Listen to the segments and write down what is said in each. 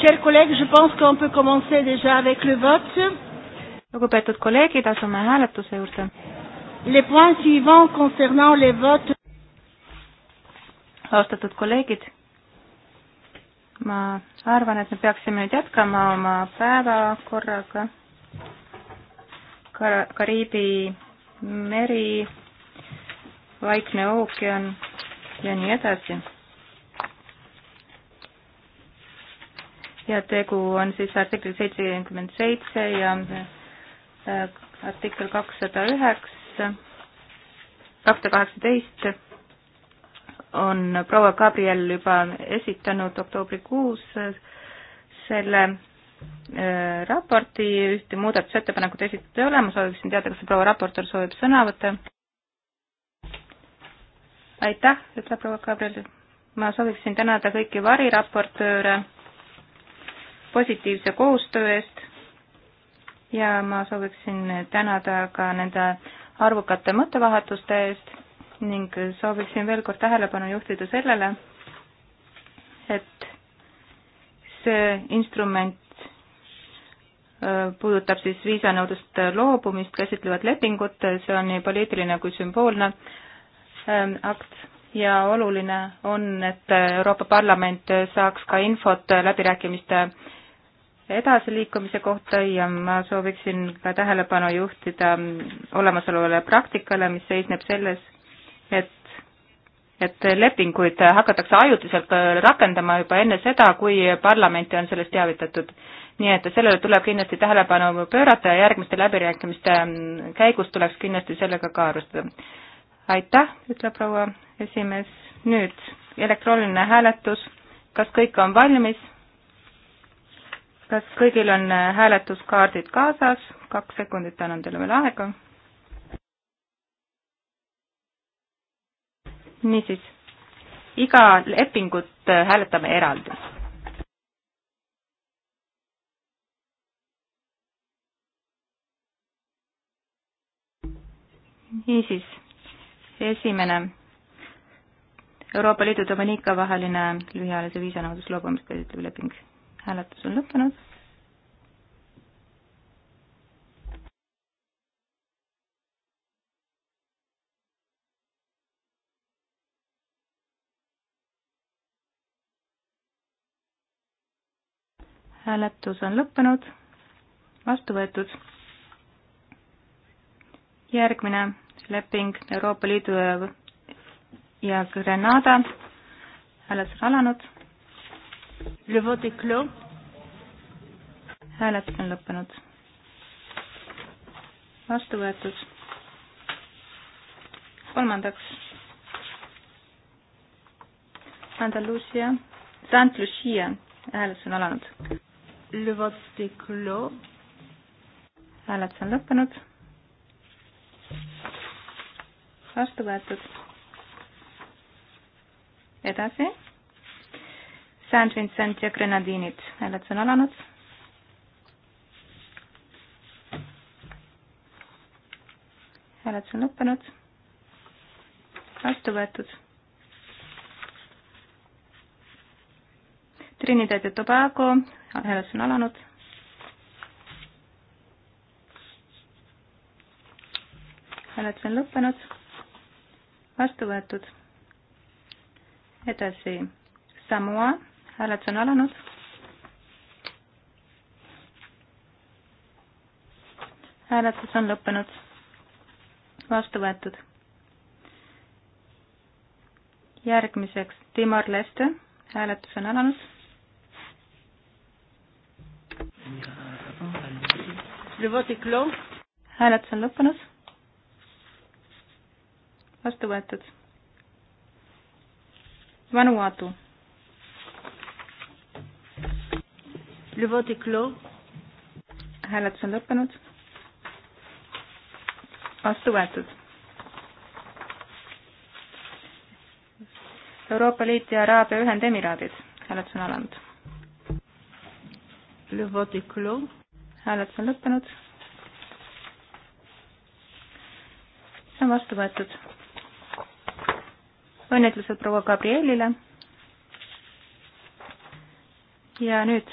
Chers collègues, je pense qu'on peut commencer déjà avec le vote. lugupeetud kolleegid, asume hääletuse juurde. Les points suivants concernant les votes. austatud kolleegid, ma arvan, et me peaksime nüüd jätkama oma päevakorraga. Kariibi meri, Vaikne ookean ja nii edasi ja tegu on siis artikkel seitsekümmend seitse ja äh, artikkel kakssada üheksa, kakssada kaheksateist on proua Gabriel juba esitanud oktoobrikuus äh, selle äh, raporti ühte muudatusettepanekut esitatud ei ole, ma sooviksin teada, kas proua raportöör soovib sõna võtta. aitäh, ütleb proua Gabriel. ma sooviksin tänada kõiki variraportööre positiivse koostöö eest ja ma sooviksin tänada ka nende arvukate mõttevahetuste eest ning sooviksin veel kord tähelepanu juhtida sellele, et see instrument äh, puudutab siis viisanõudest loobumist käsitlevat lepingut, see on nii poliitiline kui sümboolne ähm, akt ja oluline on, et Euroopa Parlament saaks ka infot läbirääkimiste edasiliikumise kohta ja ma sooviksin ka tähelepanu juhtida olemasolevale praktikale, mis seisneb selles, et et lepinguid hakatakse ajutiselt rakendama juba enne seda, kui parlamenti on sellest teavitatud. nii et sellele tuleb kindlasti tähelepanu pöörata ja järgmiste läbirääkimiste käigus tuleks kindlasti sellega ka arvestada. aitäh, ütleb proua esimees, nüüd elektrooniline hääletus, kas kõik on valmis? kas kõigil on äh, hääletuskaardid kaasas? kaks sekundit annan teile veel aega. niisiis, iga lepingut äh, hääletame eraldi niisiis, esimene Euroopa Liidu Dominika vaheline lühiajalise viisanõudluse loobumist käsitlev leping hääletus on lõppenud. hääletus on lõppenud, vastu võetud. järgmine leping Euroopa Liidu ja Grenada, hääletus on alanud hääletus on lõppenud. vastu võetud. kolmandaks. Andalusia, Saint Lucia hääletus on alanud. hääletus on lõppenud. vastu võetud. edasi Saint Vincent ja Grenadiinid, hääletus on alanud. hääletus on lõppenud. vastu võetud. Trinidad ja Tobago, hääletus on alanud hääletus on lõppenud, vastu võetud. edasi Samoa hääletus on alanud. hääletus on lõppenud. vastu võetud. järgmiseks Timor Leste, hääletus on alanud. hääletus on lõppenud. vastu võetud. Vanuatu hääletus on lõppenud. vastu võetud. Euroopa Liit ja Araabia Ühendemiraadid, hääletus on alanud. hääletus on lõppenud. see on vastu võetud. õnnitlused proua Gabrielile. ja nüüd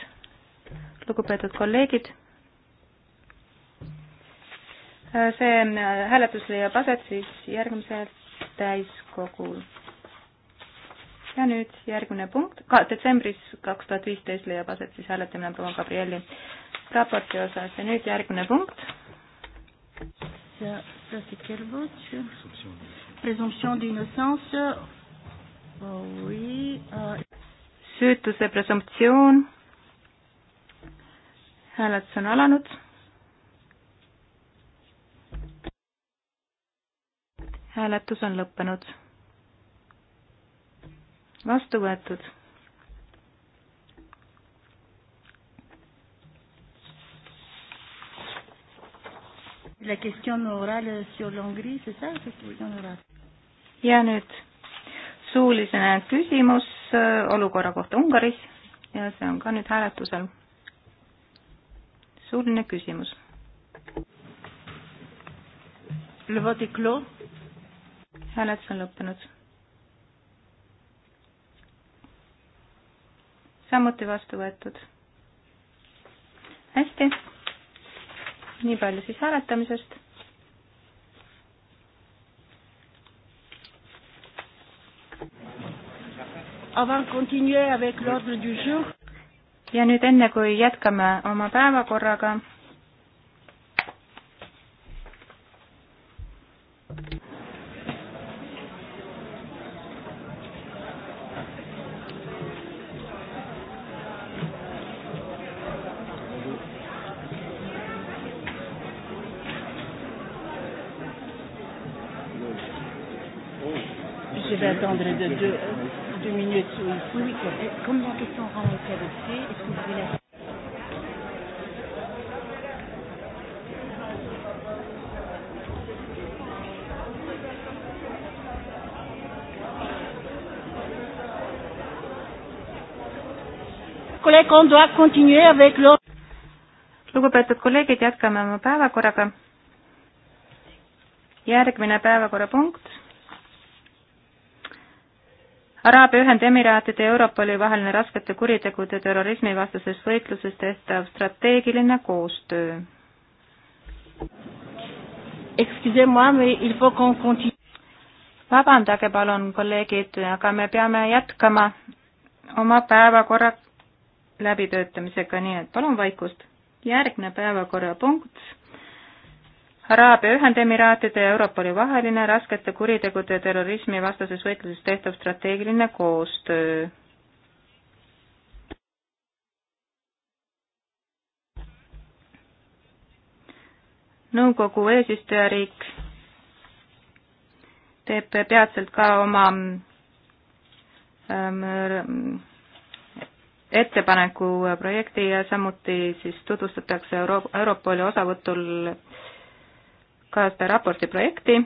lugupeetud kolleegid. Äh, see äh, hääletus leiab aset siis järgmisel täiskogul. ja nüüd järgmine punkt, ka detsembris kaks tuhat viisteist leiab aset siis hääletamine proua Gabrieli raporti osas ja nüüd järgmine punkt. ja, see on siis kell võtnud présomption d'innocence. Oh oui. Euh. Süütuse presumptsioon hääletus on alanud. hääletus on lõppenud. vastu võetud. La question orale sur l'Hongrie, c'est ça, cette question orale? ja nüüd suuline küsimus äh, olukorra kohta Ungaris ja see on ka nüüd hääletusel suuline küsimus. hääletus on lõppenud. samuti vastu võetud. hästi. nii palju siis hääletamisest avant de continuer avec l'ordre du jour ja nüüd enne, kui jätkame oma päevakorraga, je vais attendre de deux qu'on doit continuer avec l'autre. lugupeetud kolleegid, jätkame oma päevakorraga. järgmine päevakorrapunkt. Araabia Ühendemiraatide ja Europoli vaheline raskete kuritegude terrorismivastases võitluses tehtav strateegiline koostöö. vabandage palun, kolleegid, aga me peame jätkama oma päevakorra läbitöötamisega, nii et palun vaikust. järgmine päevakorrapunkt. Araabia Ühendemiraatide ja Europoli vaheline raskete kuritegude ja terrorismi vastases võitluses tehtav strateegiline koostöö. nõukogu eesistujariik teeb peatselt ka oma ähm, ettepaneku projekti ja samuti siis tutvustatakse Euro-, Europoli osavõtul ka seda raporti projekti.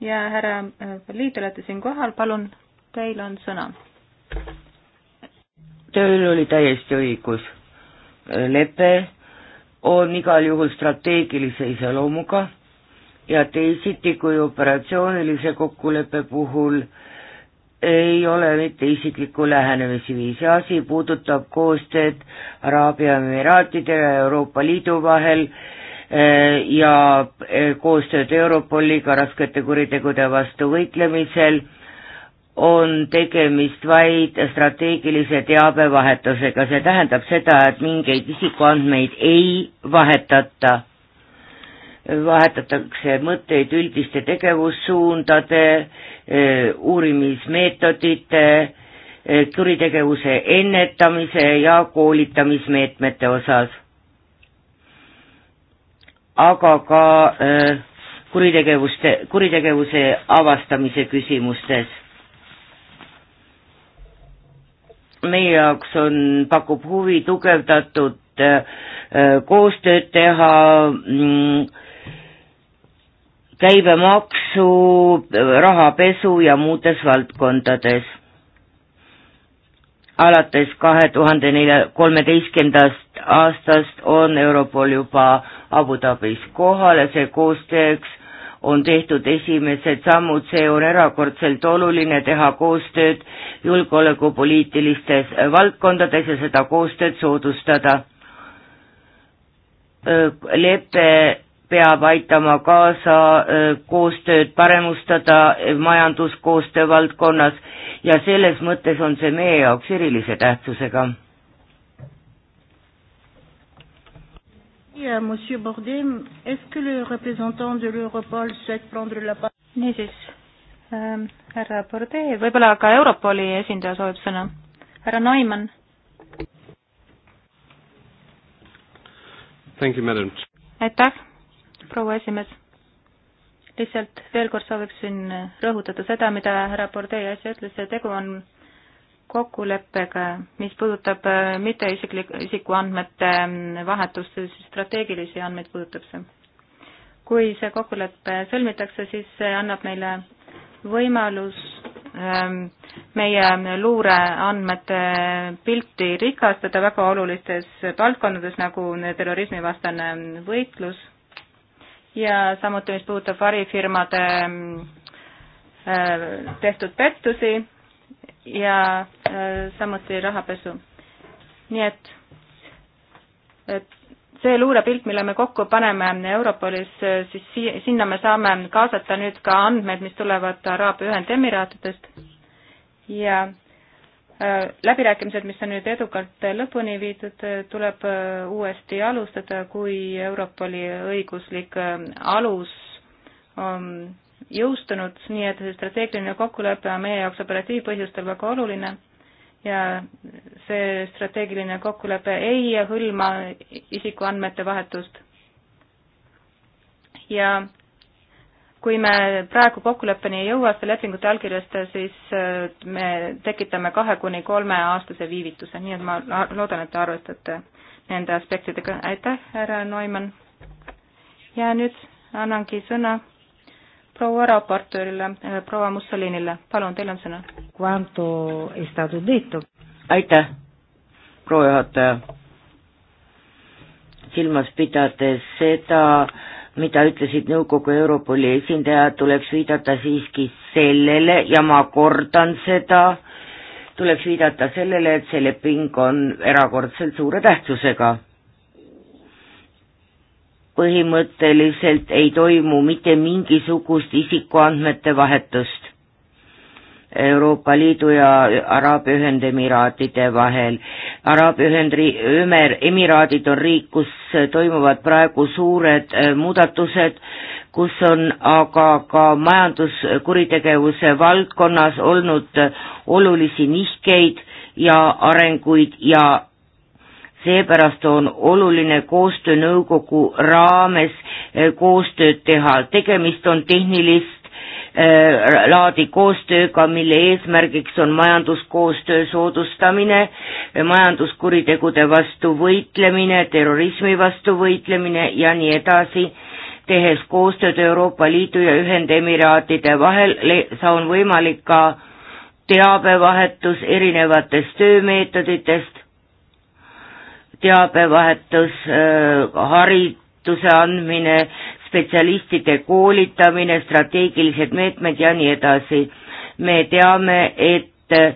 ja härra äh, Liit, olete siin kohal, palun, teil on sõna. Teil oli täiesti õigus. lepe on igal juhul strateegilise iseloomuga ja teisiti kui operatsioonilise kokkuleppe puhul äh, ei ole mitte isikliku lähenemisviisi. asi puudutab koostööd Araabia Emiraatide ja Euroopa Liidu vahel eh, ja eh, koostööd Europoliga raskete kuritegude vastu võitlemisel on tegemist vaid strateegilise teabevahetusega, see tähendab seda, et mingeid isikuandmeid ei vahetata vahetatakse mõtteid üldiste tegevussuundade, eh, uurimismeetodite, eh, kuritegevuse ennetamise ja koolitamismeetmete osas, aga ka eh, kuritegevuste, kuritegevuse avastamise küsimustes. meie jaoks on, pakub huvi tugevdatud koostööd teha mm, käibemaksu, rahapesu ja muudes valdkondades. alates kahe tuhande nelja, kolmeteistkümnendast aastast on Europol juba Abu Dhabis kohal ja see koostööks on tehtud esimesed sammud, see on erakordselt oluline teha koostööd julgeolekupoliitilistes valdkondades ja seda koostööd soodustada. lepe peab aitama kaasa äh, koostööd paremustada äh, majanduskoostöö valdkonnas ja selles mõttes on see meie jaoks erilise tähtsusega. niisiis ähm,, härra Bordet, võib-olla ka Europoli esindaja soovib sõna? härra Neumann. aitäh proua esimees. lihtsalt veel kord sooviksin rõhutada seda, mida härra Bordei äsja ütles, et tegu on kokkuleppega, mis puudutab äh, mitteisiklik, isikuandmete mm, vahetust, siis strateegilisi andmeid puudutab see. kui see kokkulepe sõlmitakse, siis see annab meile võimalus ähm, meie luureandmete pilti rikastada väga olulistes valdkondades, nagu terrorismivastane võitlus ja samuti, mis puudutab varifirmade mm, äh, tehtud pettusi ja äh, samuti rahapesu. nii et, et see luurepilt, mille me kokku paneme Europolis, äh, siis si-, sinna me saame kaasata nüüd ka andmed, mis tulevad Araabia Ühendemiraatidest ja läbirääkimised, mis on nüüd edukalt lõpuni viidud, tuleb äh, uuesti alustada, kui Europoli õiguslik äh, alus on jõustunud, nii et see strateegiline kokkulepe on meie jaoks operatiivpõhjustel väga oluline ja see strateegiline kokkulepe ei hõlma isikuandmete vahetust. ja kui me praegu kokkuleppeni ei jõua seda lepingut allkirjastada, siis äh, me tekitame kahe kuni kolme aastase viivituse, nii et ma loodan, et te arvestate nende aspektidega. aitäh, härra Neumann. ja nüüd annangi sõna proua raportöörile, äh, proua Mussolinile. palun, teil on sõna. aitäh, proua juhataja. silmas pidades seda, mida ütlesid nõukogu Europoli esindajad, tuleks viidata siiski sellele ja ma kordan seda, tuleks viidata sellele, et see leping on erakordselt suure tähtsusega. põhimõtteliselt ei toimu mitte mingisugust isikuandmete vahetust Euroopa Liidu ja Araabia Ühendemiraatide vahel. Araabia Ühendri-, Ümer-, Emiraadid on riik, kus toimuvad praegu suured äh, muudatused, kus on aga ka majanduskuritegevuse valdkonnas olnud äh, olulisi nihkeid ja arenguid ja seepärast on oluline koostöönõukogu raames äh, koostööd teha, tegemist on tehnilist Äh, laadi koostööga, mille eesmärgiks on majanduskoostöö soodustamine, majanduskuritegude vastu võitlemine, terrorismi vastu võitlemine ja nii edasi tehes koostööd Euroopa Liidu ja Ühendemiraatide vahel, on võimalik ka teabevahetus erinevatest töömeetoditest, teabevahetus, äh, hariduse andmine, spetsialistide koolitamine, strateegilised meetmed ja nii edasi. me teame, et äh,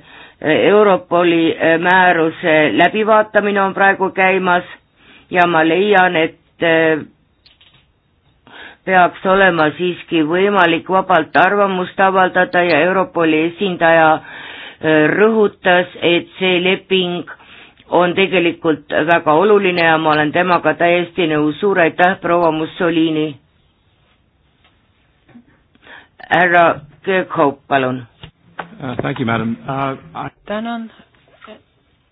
Europoli äh, määruse läbivaatamine on praegu käimas ja ma leian, et äh, peaks olema siiski võimalik vabalt arvamust avaldada ja Europoli esindaja rõhutas, et see leping on tegelikult väga oluline ja ma olen temaga täiesti nõus, suur aitäh, proua Mussolini! härra Kirkhope, palun uh,. Uh, I... tänan,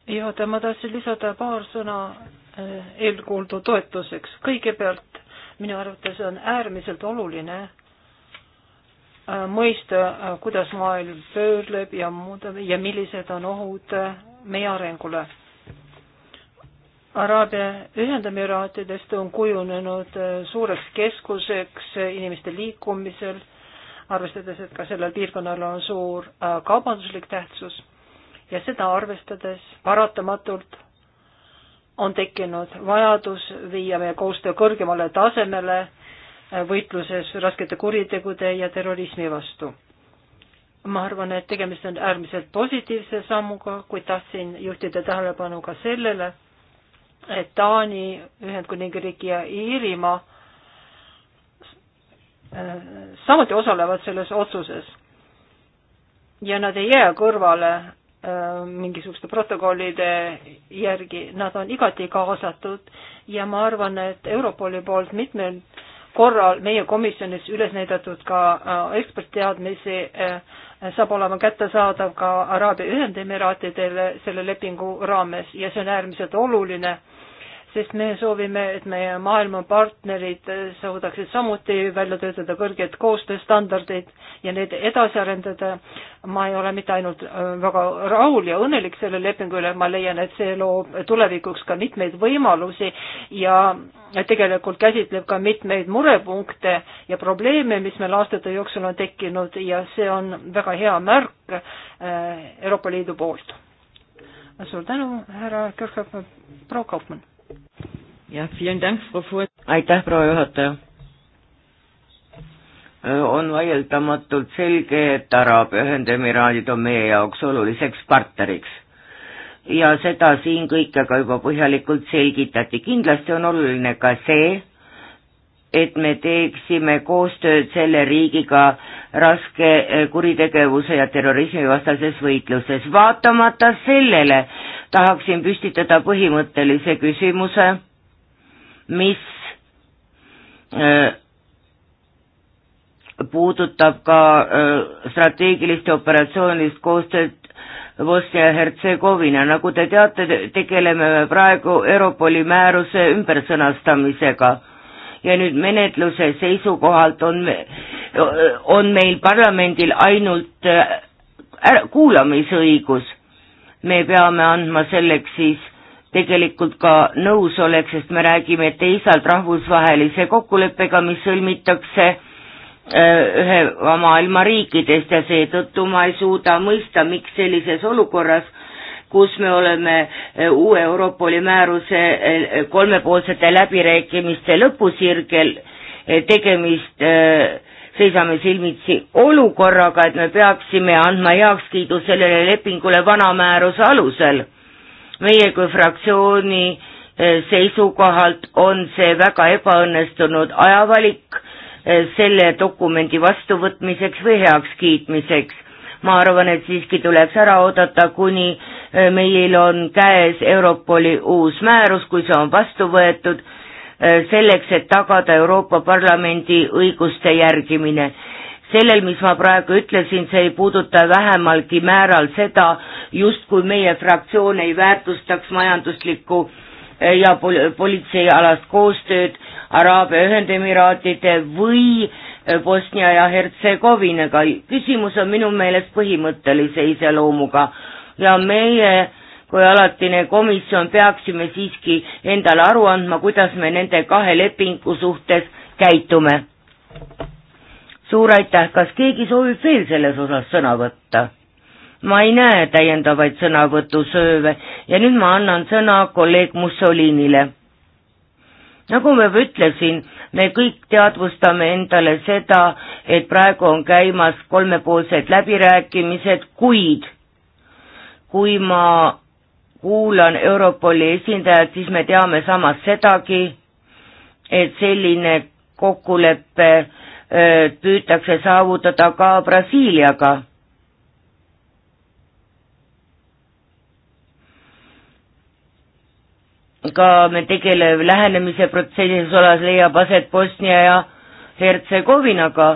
juhataja, ma tahtsin lisada paar sõna uh, eelkuuldu toetuseks. kõigepealt minu arvates on äärmiselt oluline uh, mõista, uh, kuidas maailm pöörleb ja muud ja millised on ohud meie arengule. Araabia Ühendemiraatidest on kujunenud suureks keskuseks inimeste liikumisel arvestades, et ka sellel piirkonnal on suur äh, kaubanduslik tähtsus ja seda arvestades paratamatult on tekkinud vajadus viia meie koostöö kõrgemale tasemele äh, võitluses raskete kuritegude ja terrorismi vastu. ma arvan, et tegemist on äärmiselt positiivse sammuga, kuid tahtsin juhtida tähelepanu ka sellele, et Taani, Ühendkuningriik ja Iirimaa Äh, samuti osalevad selles otsuses. ja nad ei jää kõrvale äh, mingisuguste protokollide järgi, nad on igati kaasatud ja ma arvan, et Europoli poolt mitmel korral meie komisjonis üles näidatud ka äh, ekspertteadmisi saab olema kättesaadav ka Araabia Ühendemiraatidele selle lepingu raames ja see on äärmiselt oluline äh, sest me soovime, et meie maailmapartnerid suudaksid samuti välja töötada kõrged koostööstandardid ja need edasi arendada. ma ei ole mitte ainult äh, väga rahul ja õnnelik selle lepingu üle, ma leian, et see loob tulevikuks ka mitmeid võimalusi ja tegelikult käsitleb ka mitmeid murepunkte ja probleeme, mis meil aastate jooksul on tekkinud ja see on väga hea märk äh, Euroopa Liidu poolt suur tänu, härra Kirchhoff, proua Kaupmann jah, aitäh, proua juhataja. Äh, on vaieldamatult selge, et Araabia Ühendemiraadid on meie jaoks oluliseks partneriks ja seda siin kõike ka juba põhjalikult selgitati. kindlasti on oluline ka see, et me teeksime koostööd selle riigiga raske äh, kuritegevuse ja terrorismi vastases võitluses. vaatamata sellele tahaksin püstitada põhimõttelise küsimuse mis äh, puudutab ka äh, strateegiliste operatsioonilist koostööd Bosnia-Hertsegoviina, nagu te teate, tegeleme me praegu Europoli määruse ümbersõnastamisega ja nüüd menetluse seisukohalt on, on meil parlamendil ainult äh, kuulamisõigus. me peame andma selleks siis tegelikult ka nõus oleks, sest me räägime teisalt rahvusvahelise kokkuleppega, mis sõlmitakse äh, ühe maailma riikidest ja seetõttu ma ei suuda mõista, miks sellises olukorras, kus me oleme äh, uue Europoli määruse äh, kolmepoolsete läbirääkimiste lõpusirgel tegemist, seisame silmitsi olukorraga, et me peaksime andma heakskiidu sellele lepingule vana määruse alusel meie kui fraktsiooni eh, seisukohalt on see väga ebaõnnestunud ajavalik eh, selle dokumendi vastuvõtmiseks või heakskiitmiseks. ma arvan, et siiski tuleks ära oodata, kuni eh, meil on käes Europoli uus määrus, kui see on vastu võetud, selleks, et tagada Euroopa Parlamendi õiguste järgimine sellel, mis ma praegu ütlesin, see ei puuduta vähemalgi määral seda, justkui meie fraktsioon ei väärtustaks majanduslikku eh, ja pol politseialast koostööd Araabia Ühendemiraatide või eh, Bosnia ja Hertsegoviinaga. küsimus on minu meelest põhimõttelise iseloomuga ja meie kui alatine komisjon peaksime siiski endale aru andma, kuidas me nende kahe lepingu suhtes käitume suur aitäh, kas keegi soovib veel selles osas sõna võtta? ma ei näe täiendavaid sõnavõtusööve ja nüüd ma annan sõna kolleeg Mussolinile. nagu ma juba ütlesin, me kõik teadvustame endale seda, et praegu on käimas kolmepoolsed läbirääkimised, kuid kui ma kuulan Europoli esindajat, siis me teame samas sedagi, et selline kokkulepe Äh, püütakse saavutada ka Brasiiliaga ka me tegelev lähenemise protsessis olas leiab aset Bosnia ja Hertsegovinaga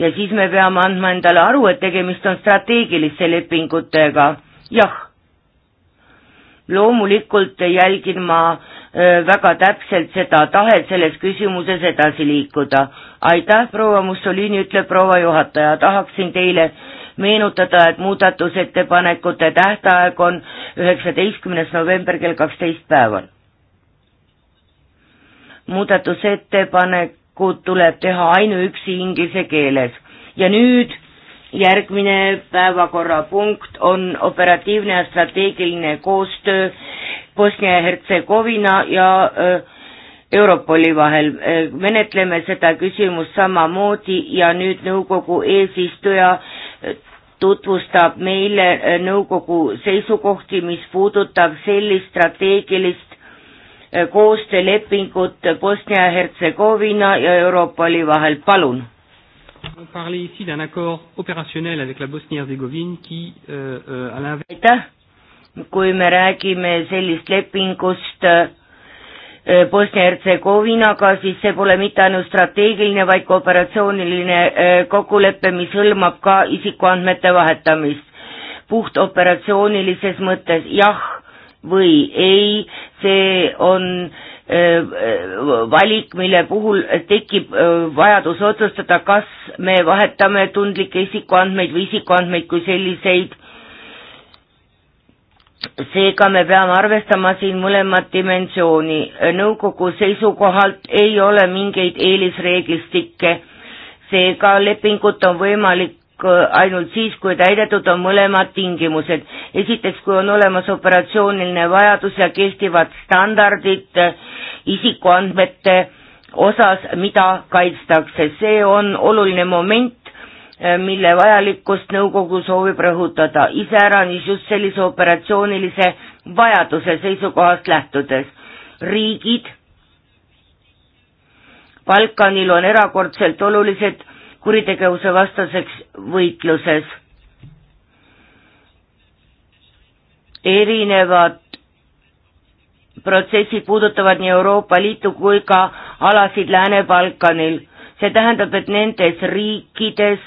ja siis me peame andma endale aru, et tegemist on strateegiliste lepingutega, jah. loomulikult jälgin ma väga täpselt seda tahet selles küsimuses edasi liikuda. aitäh, proua Mussolini, ütleb proua juhataja, tahaksin teile meenutada, et muudatusettepanekute tähtaeg on üheksateistkümnes november kell kaksteist päeval. muudatusettepanekud tuleb teha ainuüksi inglise keeles ja nüüd järgmine päevakorrapunkt on operatiivne ja strateegiline koostöö Bosnia ja Hertsegovina äh, ja Europoli vahel. Äh, menetleme seda küsimust samamoodi ja nüüd nõukogu eesistuja äh, tutvustab meile nõukogu seisukohti, mis puudutab sellist strateegilist koostöölepingut Bosnia ja Hertsegovina ja Europoli vahel, palun. Euh, euh, aitäh kui me räägime sellist lepingust äh, Bosnia-Hertsegoviinaga, siis see pole mitte ainult strateegiline, vaid ka operatsiooniline äh, kokkulepe, mis hõlmab ka isikuandmete vahetamist. puht operatsioonilises mõttes jah või ei, see on äh, valik, mille puhul tekib vajadus otsustada, kas me vahetame tundlikke isikuandmeid või isikuandmeid kui selliseid seega me peame arvestama siin mõlemat dimensiooni. nõukogu seisukohalt ei ole mingeid eelisreeglistikke, seega lepingut on võimalik äh, ainult siis, kui täidetud on mõlemad tingimused. esiteks, kui on olemas operatsiooniline vajadus ja kehtivad standardid äh, isikuandmete osas, mida kaitstakse, see on oluline moment, Äh, mille vajalikkust nõukogu soovib rõhutada, iseäranis just sellise operatsioonilise vajaduse seisukohast lähtudes. riigid Balkanil on erakordselt olulised kuritegevuse vastaseks võitluses. erinevad protsessid puudutavad nii Euroopa Liitu kui ka alasid Lääne-Balkanil. see tähendab, et nendes riikides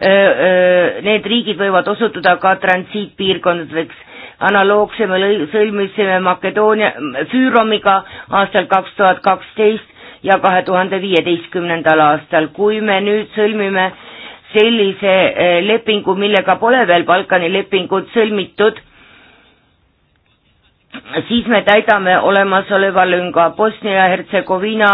need riigid võivad osutuda ka transiitpiirkondadeks. analoogse me sõlmisime Makedoonia, Füüromiga aastal kaks tuhat kaksteist ja kahe tuhande viieteistkümnendal aastal, kui me nüüd sõlmime sellise lepingu, millega pole veel Balkani lepingut sõlmitud, siis me täidame olemasoleva lünga Bosnia-Hertsegoviina,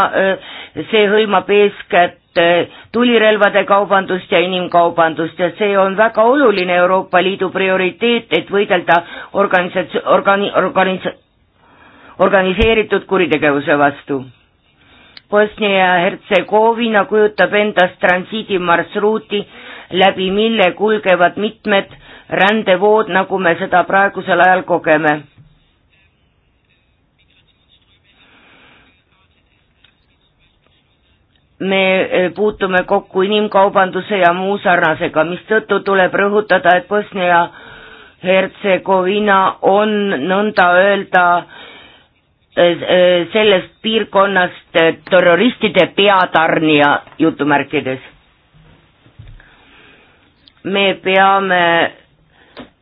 see hõlmab eeskätt Eh, tulirelvade kaubandust ja inimkaubandust ja see on väga oluline Euroopa Liidu prioriteet, et võidelda organisats-, organi-, organis-, organiseeritud kuritegevuse vastu. Bosnia ja Hertsegoviina kujutab endast transiidimarsruuti, läbi mille kulgevad mitmed rändevood, nagu me seda praegusel ajal kogeme me eh, puutume kokku inimkaubanduse ja muu sarnasega, mistõttu tuleb rõhutada, et Bosnia Hertsegoviina on nõnda öelda eh, eh, sellest piirkonnast terroristide peatarnija jutumärkides. me peame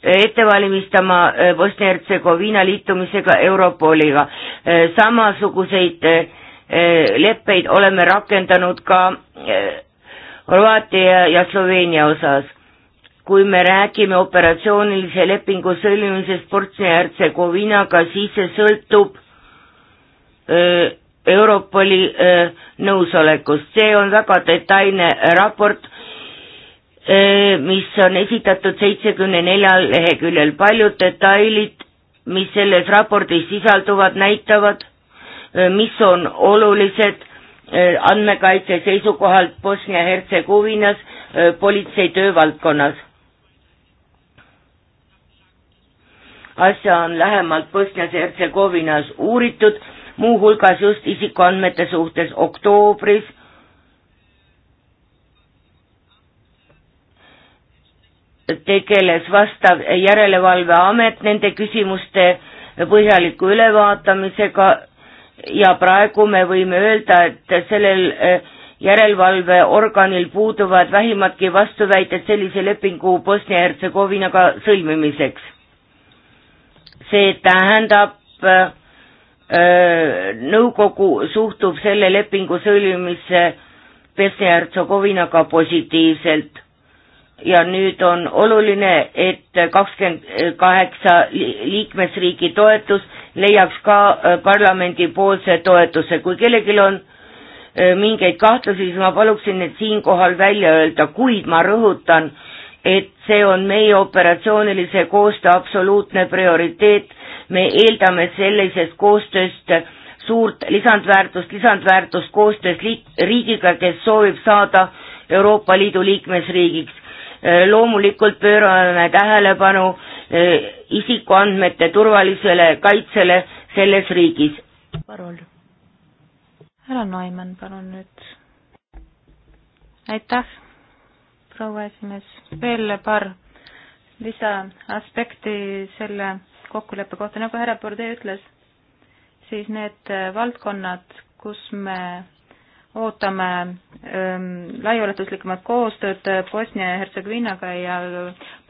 ette valmistama Bosnia-Hertsegoviina liitumisega Europoliga. samasuguseid Eh, leppeid oleme rakendanud ka eh, Horvaatia ja Sloveenia osas. kui me räägime operatsioonilise lepingu sõlmimisest Bosnia-Hertsegoviinaga, siis see sõltub eh, Europoli nõusolekust, see on väga detailne raport mis on esitatud seitsekümne neljal leheküljel. paljud detailid, mis selles raportis sisalduvad, näitavad, Äh, mis on olulised äh, andmekaitse seisukohalt Bosnia-Hertsegoviinas äh, politsei töövaldkonnas. asja on lähemalt Bosnias-Hertsegoviinas uuritud, muuhulgas just isikuandmete suhtes oktoobris tegeles vastav järelevalveamet nende küsimuste põhjaliku ülevaatamisega ja praegu me võime öelda, et sellel eh, järelevalveorganil puuduvad vähimadki vastuväited sellise lepingu Bosnia-Hertsegoviinaga sõlmimiseks. see tähendab, eh, eh, nõukogu suhtub selle lepingu sõlmimisse Bosnia-Hertsegoviinaga positiivselt ja nüüd on oluline, et kakskümmend kaheksa liikmesriigi toetus leiaks ka äh, parlamendi poolse toetuse, kui kellelgi on äh, mingeid kahtlusi, siis ma paluksin need siinkohal välja öelda, kuid ma rõhutan, et see on meie operatsioonilise koostöö absoluutne prioriteet, me eeldame sellisest koostööst suurt lisandväärtust, lisandväärtust koostöös liik-, riigiga, kes soovib saada Euroopa Liidu liikmesriigiks. Äh, loomulikult pöörame tähelepanu Eh, isikuandmete turvalisele kaitsele selles riigis. parol. härra Naiman, palun nüüd. aitäh, proua esimees. veel paar lisaaspekti selle kokkuleppe kohta, nagu härra Bordee ütles, siis need valdkonnad, kus me ootame ähm, laiaulatuslikumat koostööd Bosnia ja Hertsegoviinaga ja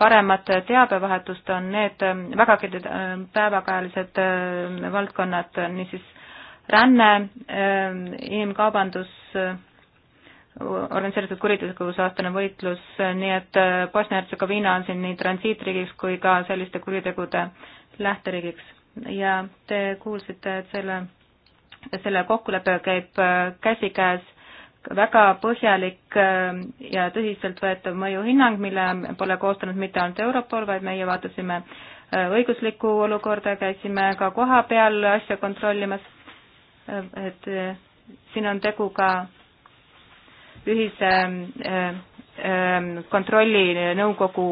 paremat teabevahetust on need ähm, vägagi äh, päevakajalised ähm, valdkonnad, niisiis ränne, inimkaubandus, äh, organiseeritud kuritegevuse vastane võitlus, äh, nii et Bosnia-Hertsegoviina on siin nii transiitriigiks kui ka selliste kuritegude lähteriigiks ja te kuulsite, et selle selle kokkulepe käib äh, käsikäes väga põhjalik äh, ja tõsiseltvõetav mõjuhinnang, mille pole koostanud mitte ainult Europol, vaid meie vaatasime äh, õiguslikku olukorda, käisime ka koha peal asja kontrollimas, et siin on tegu ka ühise kontrollinõukogu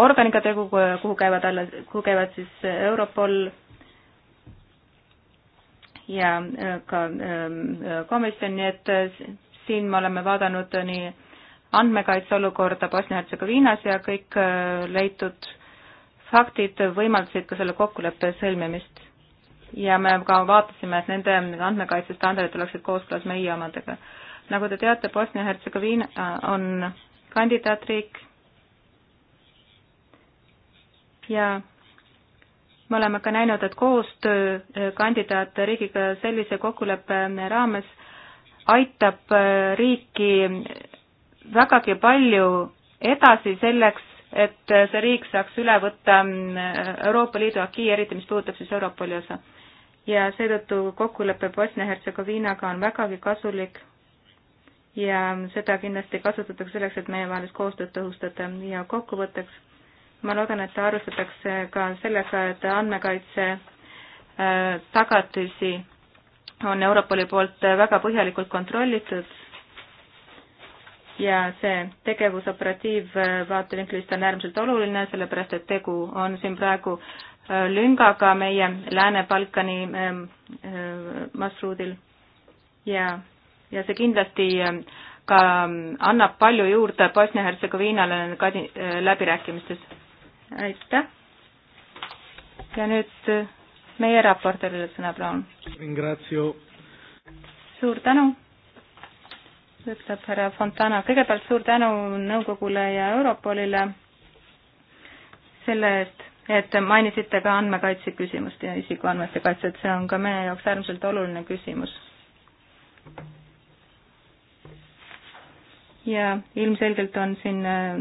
organiga tegu, kuhu käivad alla, kuhu käivad siis Europol, ja äh, ka ähm, äh, komisjon, nii et äh, siin me oleme vaadanud nii andmekaitse olukorda Bosnia-Hertsegoviinas ja kõik leitud faktid võimaldasid ka selle kokkuleppe sõlmimist. ja me ka vaatasime, et nende andmekaitsestandardid oleksid kooskõlas meie omadega. nagu te teate, Bosnia-Hertsegoviina on kandidaatriik ja me oleme ka näinud, et koostöö eh, kandidaatriigiga sellise kokkuleppe eh, raames aitab eh, riiki vägagi palju edasi selleks, et see riik saaks üle võtta mm, Euroopa Liidu aki, eriti mis puudutab siis Europoli osa. ja seetõttu kokkulepe Bosnia-Hertsegoviinaga on vägagi kasulik ja seda kindlasti kasutatakse selleks, et meievahelist koostööd tõhustada ja kokkuvõtteks ma loodan, et arvestatakse ka sellega, et andmekaitse äh, tagatisi on Europoli poolt väga põhjalikult kontrollitud ja see tegevus operatiivvaatevinklist äh, on äärmiselt oluline, sellepärast et tegu on siin praegu äh, lüngaga meie Lääne-Balkani ähm, marsruudil ja, ja see kindlasti ähm, ka ähm, annab palju juurde Bosnia-Hertsegoviinale läbirääkimistes aitäh. ja nüüd äh, meie raportöörile sõna, palun. suur tänu, ütleb härra Fontana. kõigepealt suur tänu nõukogule ja Europolile selle eest, et mainisite ka andmekaitse küsimust ja isikuandmete kaitset, see on ka meie jaoks äärmiselt oluline küsimus ja ilmselgelt on siin äh,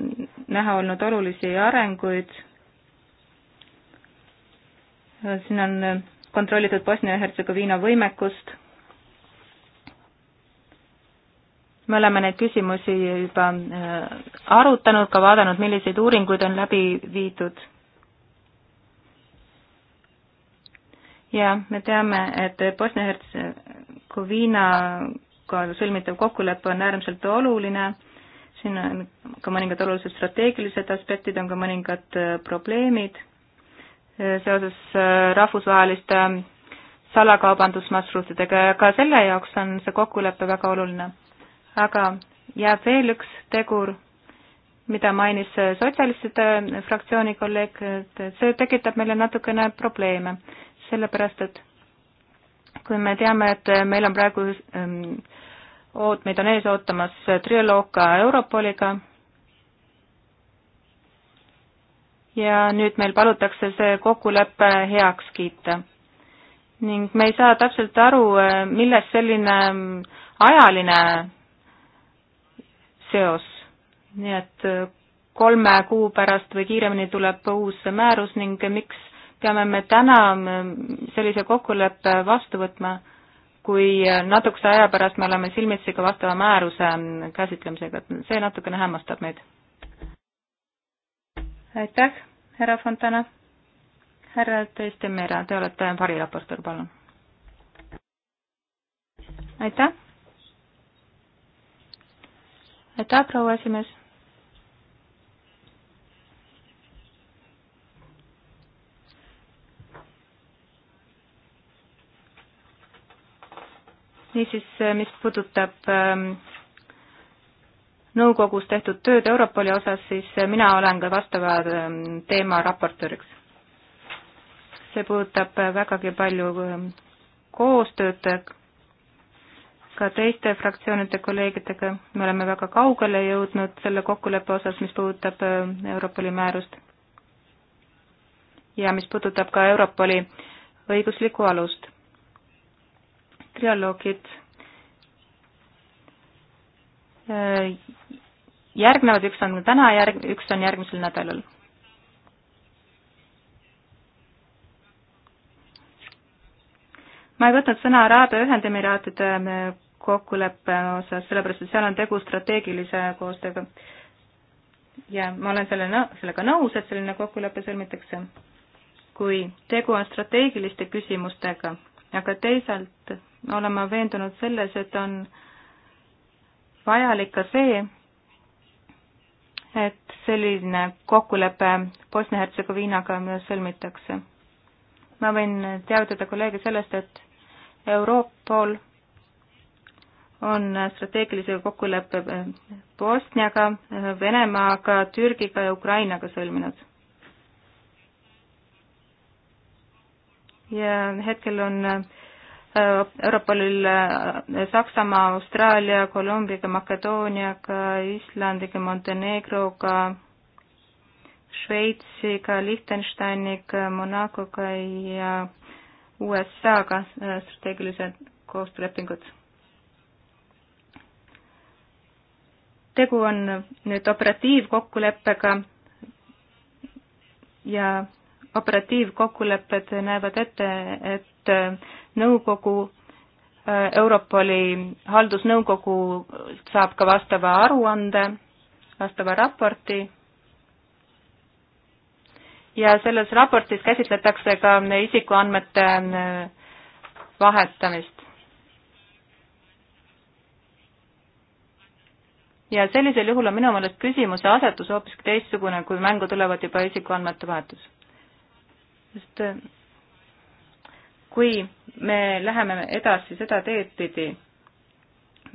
näha olnud olulisi arenguid. Äh, siin on äh, kontrollitud Bosnia-Hertsegoviina võimekust. me oleme neid küsimusi juba arutanud, ka vaadanud, milliseid uuringuid on läbi viidud. ja me teame, et Bosnia-Hertsegoviina sõlmitav kokkulepe on äärmiselt oluline, siin on ka mõningad olulised strateegilised aspektid, on ka mõningad äh, probleemid äh, seoses äh, rahvusvaheliste salakaubandusmarsruutidega ja ka selle jaoks on see kokkulepe väga oluline. aga jääb veel üks tegur, mida mainis sotsialistide fraktsiooni kolleeg, et see tekitab meile natukene probleeme, sellepärast et kui me teame, et meil on praegu ähm,, oot-, meid on ees ootamas trioloog ka Europoliga ja nüüd meil palutakse see kokkulepe heaks kiita. ning me ei saa täpselt aru, äh, milles selline ähm, ajaline seos, nii et äh, kolme kuu pärast või kiiremini tuleb uus määrus ning miks peame me täna sellise kokkuleppe vastu võtma, kui natukese aja pärast me oleme silmitsi ka vastava määruse käsitlemisega, et see natukene hämmastab meid. aitäh, härra Fontana. härra Tõistemera, te olete variraportöör, palun. aitäh. aitäh, proua esimees niisiis, eh, mis puudutab ehm, nõukogus tehtud tööd Europoli osas, siis eh, mina olen ka vastava ehm, teema raportööriks. see puudutab eh, vägagi palju ehm, koostööd ka teiste fraktsioonide kolleegidega, me oleme väga kaugele jõudnud selle kokkuleppe osas, mis puudutab Europoli määrust. ja mis puudutab ka Europoli õiguslikku alust trialoogid järgnevad, üks on täna, järg-, üks on järgmisel nädalal. ma ei võtnud sõna Araabia Ühendemiraatide kokkuleppe osas, sellepärast et seal on tegu strateegilise koostööga. ja ma olen selle, sellega nõus, et selline kokkulepe sõlmitakse, kui tegu on strateegiliste küsimustega, aga teisalt olema veendunud selles, et on vajalik ka see, et selline kokkulepe Bosnia-Hertsegoviinaga sõlmitakse. ma võin teavitada kolleege sellest, et Europol on strateegilise kokkuleppe Bosniaga, Venemaaga, Türgiga ja Ukrainaga sõlminud. ja hetkel on Äh, Europolil äh, Saksamaa, Austraalia, Kolumbiaga, Makedooniaga, Islandiga, Montenegroga, Šveitsiga, Liechtensteiniga, Monacoga ja USA-ga äh, strateegilised koostöölepingud. tegu on nüüd operatiivkokkuleppega ja operatiivkokkulepped näevad ette, et äh, nõukogu, äh, Europoli haldusnõukogu saab ka vastava aruande, vastava raporti ja selles raportis käsitletakse ka isikuandmete äh, vahetamist. ja sellisel juhul on minu meelest küsimuse asetus hoopiski teistsugune, kui mängu tulevad juba isikuandmete vahetus sest äh, kui me läheme edasi seda teed pidi,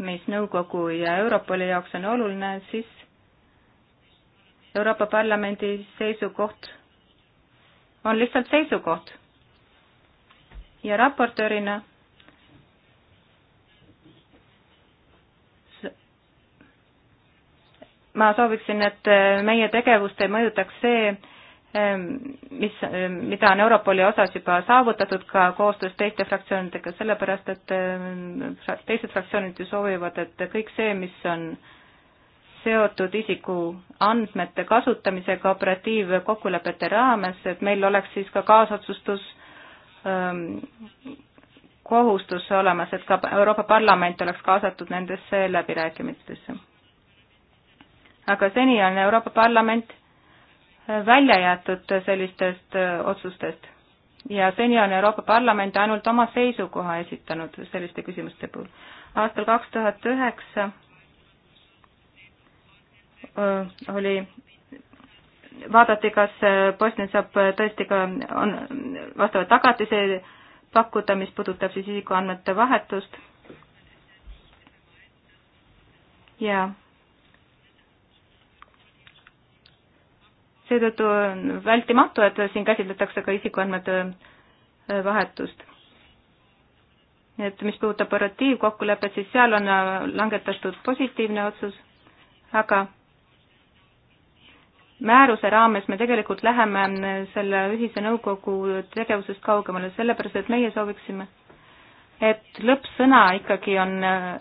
mis nõukogu ja Europoli jaoks on oluline, siis Euroopa Parlamendi seisukoht on lihtsalt seisukoht. ja raportöörina ma sooviksin, et meie tegevust ei mõjutaks see, Ehm, mis, ehm, mida on Europoli osas juba saavutatud ka koostöös teiste fraktsioonidega, sellepärast et ehm, teised fraktsioonid ju soovivad, et kõik see, mis on seotud isiku andmete kasutamisega operatiivkokkulepete raames, et meil oleks siis ka kaasotsustus kohustus olemas, et ka Euroopa Parlament oleks kaasatud nendesse läbirääkimistesse. aga seni on Euroopa Parlament välja jäetud sellistest äh, otsustest ja seni on Euroopa Parlament ainult oma seisukoha esitanud selliste küsimuste puhul. aastal kaks tuhat üheksa äh, oli, vaadati, kas äh, Bosnia saab tõesti ka, on vastavaid tagatisi pakkuda, mis puudutab siis isikuandmete vahetust ja seetõttu on vältimatu, et siin käsitletakse ka isikuandmete äh, vahetust. et mis puudutab operatiivkokkulepet, siis seal on äh, langetatud positiivne otsus, aga määruse raames me tegelikult läheme äh, selle ühise nõukogu tegevusest kaugemale, sellepärast et meie sooviksime, et lõppsõna ikkagi on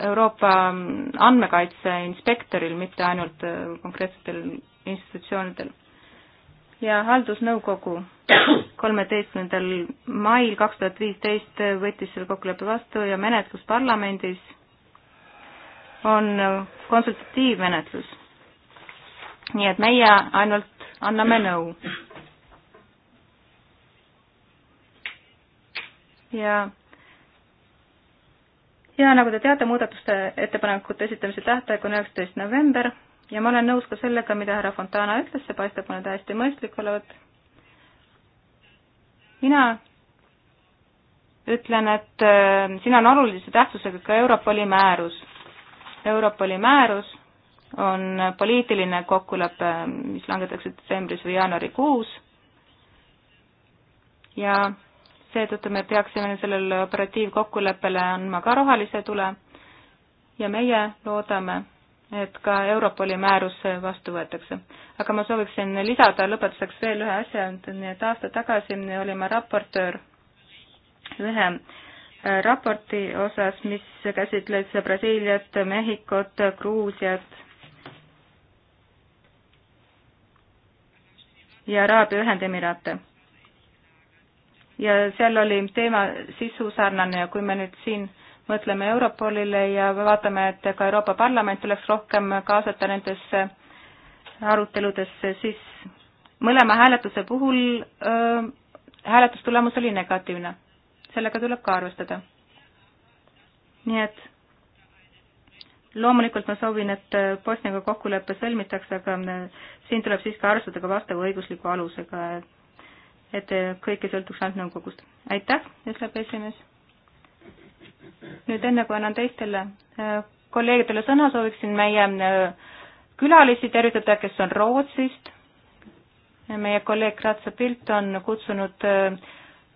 Euroopa mm, andmekaitse inspektoril, mitte ainult konkreetsetel institutsioonidel ja haldusnõukogu kolmeteistkümnendal mail kaks tuhat viisteist võttis selle kokkuleppe vastu ja menetlus parlamendis on konsultatiivmenetlus. nii et meie ainult anname nõu. ja ja nagu te teate, muudatuste ettepanekute esitamise tähtaeg on üheksateist november ja ma olen nõus ka sellega, mida härra Fontana ütles, see paistab mulle täiesti mõistlik olevat. mina ütlen, et äh, siin on olulise tähtsusega ka Europoli määrus. Europoli määrus on poliitiline kokkulepe, mis langetatakse detsembris või jaanuarikuus ja seetõttu me peaksime sellele operatiivkokkuleppele andma ka rohelise tule ja meie loodame et ka Europoli määrus vastu võetakse. aga ma sooviksin lisada lõpetuseks veel ühe asja, nii et aasta tagasi olin ma raportöör ühe äh, raporti osas, mis käsitles Brasiiliat, Mehhikot, Gruusiat ja Araabia Ühendemiraate. ja seal oli teema sisu sarnane ja kui me nüüd siin äh, mõtleme Europolile ja vaatame, et ka Euroopa Parlament tuleks rohkem kaasata nendesse aruteludesse, siis mõlema hääletuse puhul öö, hääletustulemus oli negatiivne. sellega tuleb ka arvestada. nii et loomulikult ma soovin, et Bosniaga kokkulepe sõlmitakse, aga siin tuleb siiski arvestada ka vastava õigusliku alusega, et kõike sõltuks ainult nõukogust. aitäh, ütleb esimees nüüd enne, kui annan teistele äh, kolleegidele sõna, sooviksin meie äh, külalisi tervitada, kes on Rootsist. meie kolleeg Ratsa Pilt on kutsunud äh,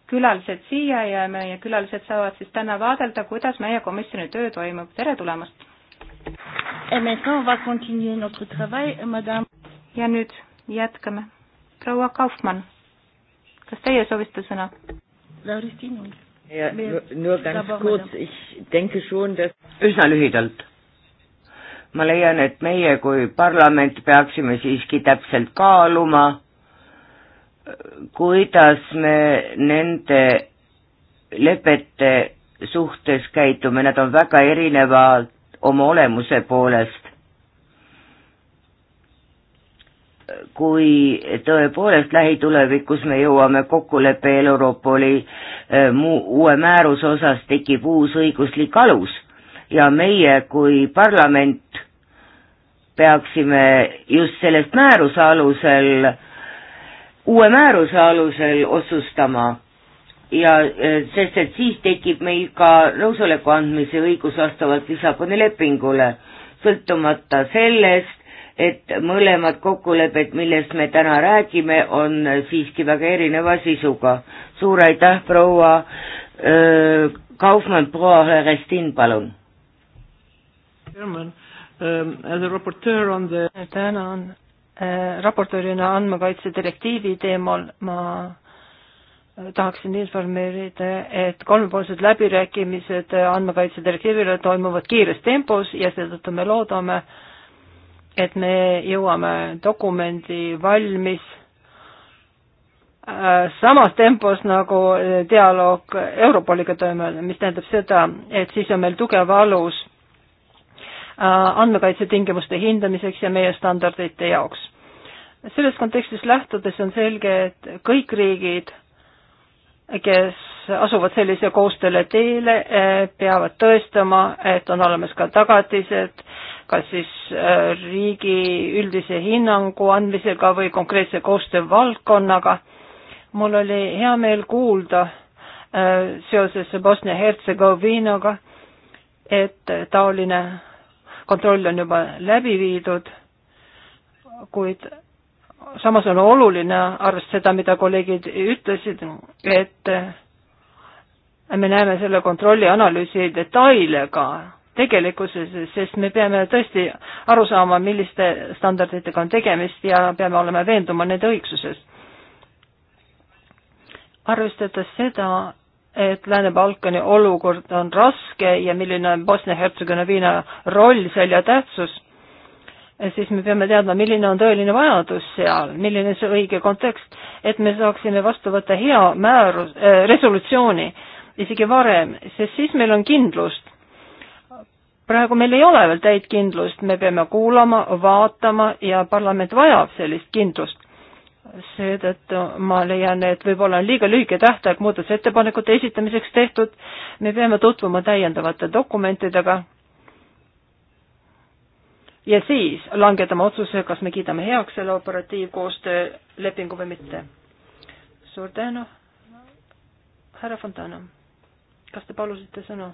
külalised siia ja meie külalised saavad siis täna vaadelda, kuidas meie komisjoni töö toimub. tere tulemast! ja nüüd jätkame. proua Kaufmann, kas teie soovisite sõna? Lauristin Ull ja, nur, nur ganz kurz, ich denke schon, dass üsna lühidalt. ma leian, et meie kui parlament peaksime siiski täpselt kaaluma, kuidas me nende lepete suhtes käitume, nad on väga erinevad oma olemuse poolest. kui tõepoolest lähitulevikus me jõuame kokkuleppele Europoli eh, uue määruse osas, tekib uus õiguslik alus ja meie kui parlament peaksime just sellest määruse alusel, uue määruse alusel otsustama ja eh, sest, et siis tekib meil ka nõusoleku andmise õigus vastavalt Lissaboni lepingule, sõltumata sellest, et mõlemad kokkulepped, millest me täna räägime, on siiski väga erineva sisuga. suur aitäh, proua äh, Kaufmann, proua Restin, palun. Ähm, tänan äh, raportöörina andmekaitse direktiivi teemal, ma äh, tahaksin informeerida, et kolmepoolsed läbirääkimised andmekaitse direktiivile toimuvad kiires tempos ja seetõttu me loodame äh, et me jõuame dokumendi valmis äh, samas tempos nagu äh, dialoog Europoliga toimub, mis tähendab seda, et siis on meil tugev alus äh, andmekaitse tingimuste hindamiseks ja meie standardite jaoks. selles kontekstis lähtudes on selge, et kõik riigid, kes asuvad sellise koostööle teele, peavad tõestama, et on olemas ka tagatised äh, kas siis äh, riigi üldise hinnangu andmisega või konkreetse koostöövaldkonnaga. mul oli hea meel kuulda äh, seoses Bosnia-Hertsegoviinaga, et taoline kontroll on juba läbi viidud, kuid samas on oluline arvestada seda, mida kolleegid ütlesid, et me näeme selle kontrolli analüüsi detaile ka tegelikkuses, sest me peame tõesti aru saama, milliste standarditega on tegemist ja peame olema veenduma nende õigsuses. arvestades seda, et Lääne-Balkani olukord on raske ja milline on Bosnia-Hertsegoviina roll seal ja tähtsus, siis me peame teadma, milline on tõeline vajadus seal, milline see õige kontekst, et me saaksime vastu võtta hea määrus äh,, resolutsiooni isegi varem, sest siis meil on kindlust, praegu meil ei ole veel täit kindlust, me peame kuulama, vaatama ja parlament vajab sellist kindlust. seetõttu ma leian, et võib-olla on liiga lühike tähtaeg muudatusettepanekute esitamiseks tehtud, me peame tutvuma täiendavate dokumentidega ja siis langetama otsuse, kas me kiidame heaks selle operatiivkoostöö lepingu või mitte. suur tänu, härra Fontana, kas te palusite sõna?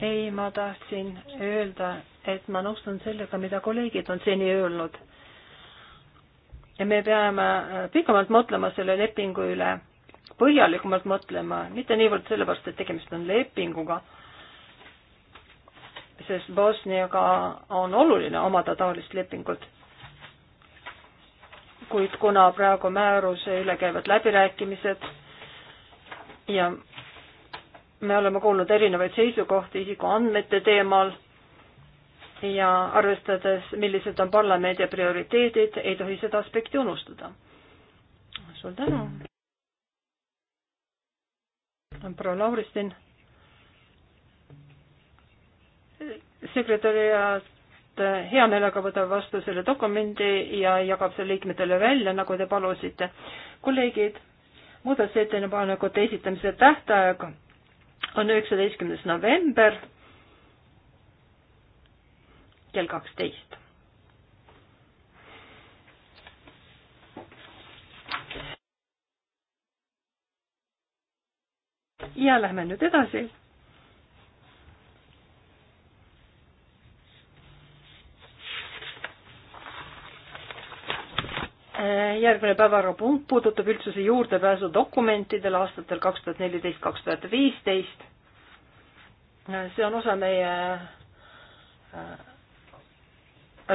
ei, ma tahtsin öelda, et ma nõustun sellega, mida kolleegid on seni öelnud. ja me peame pikemalt mõtlema selle lepingu üle, põhjalikumalt mõtlema, mitte niivõrd sellepärast, et tegemist on lepinguga, sest Bosniaga on oluline omada taolist lepingut. kuid kuna praegu määruse üle käivad läbirääkimised ja me oleme kuulnud erinevaid seisukohti isikuandmete teemal ja arvestades, millised on parlamendi prioriteedid, ei tohi seda aspekti unustada. suur tänu. proua Lauristin. sekretäriaat hea meelega võtab vastu selle dokumendi ja jagab selle liikmetele välja, nagu te palusite. kolleegid, muudatusettepanekute esitamise tähtaeg on üheksateistkümnes november kell kaksteist. ja lähme nüüd edasi Äh, järgmine päevakorrapunkt puudutab üldsuse juurdepääsu dokumentidele aastatel kaks tuhat neliteist, kaks tuhat viisteist. Äh, see on osa meie äh,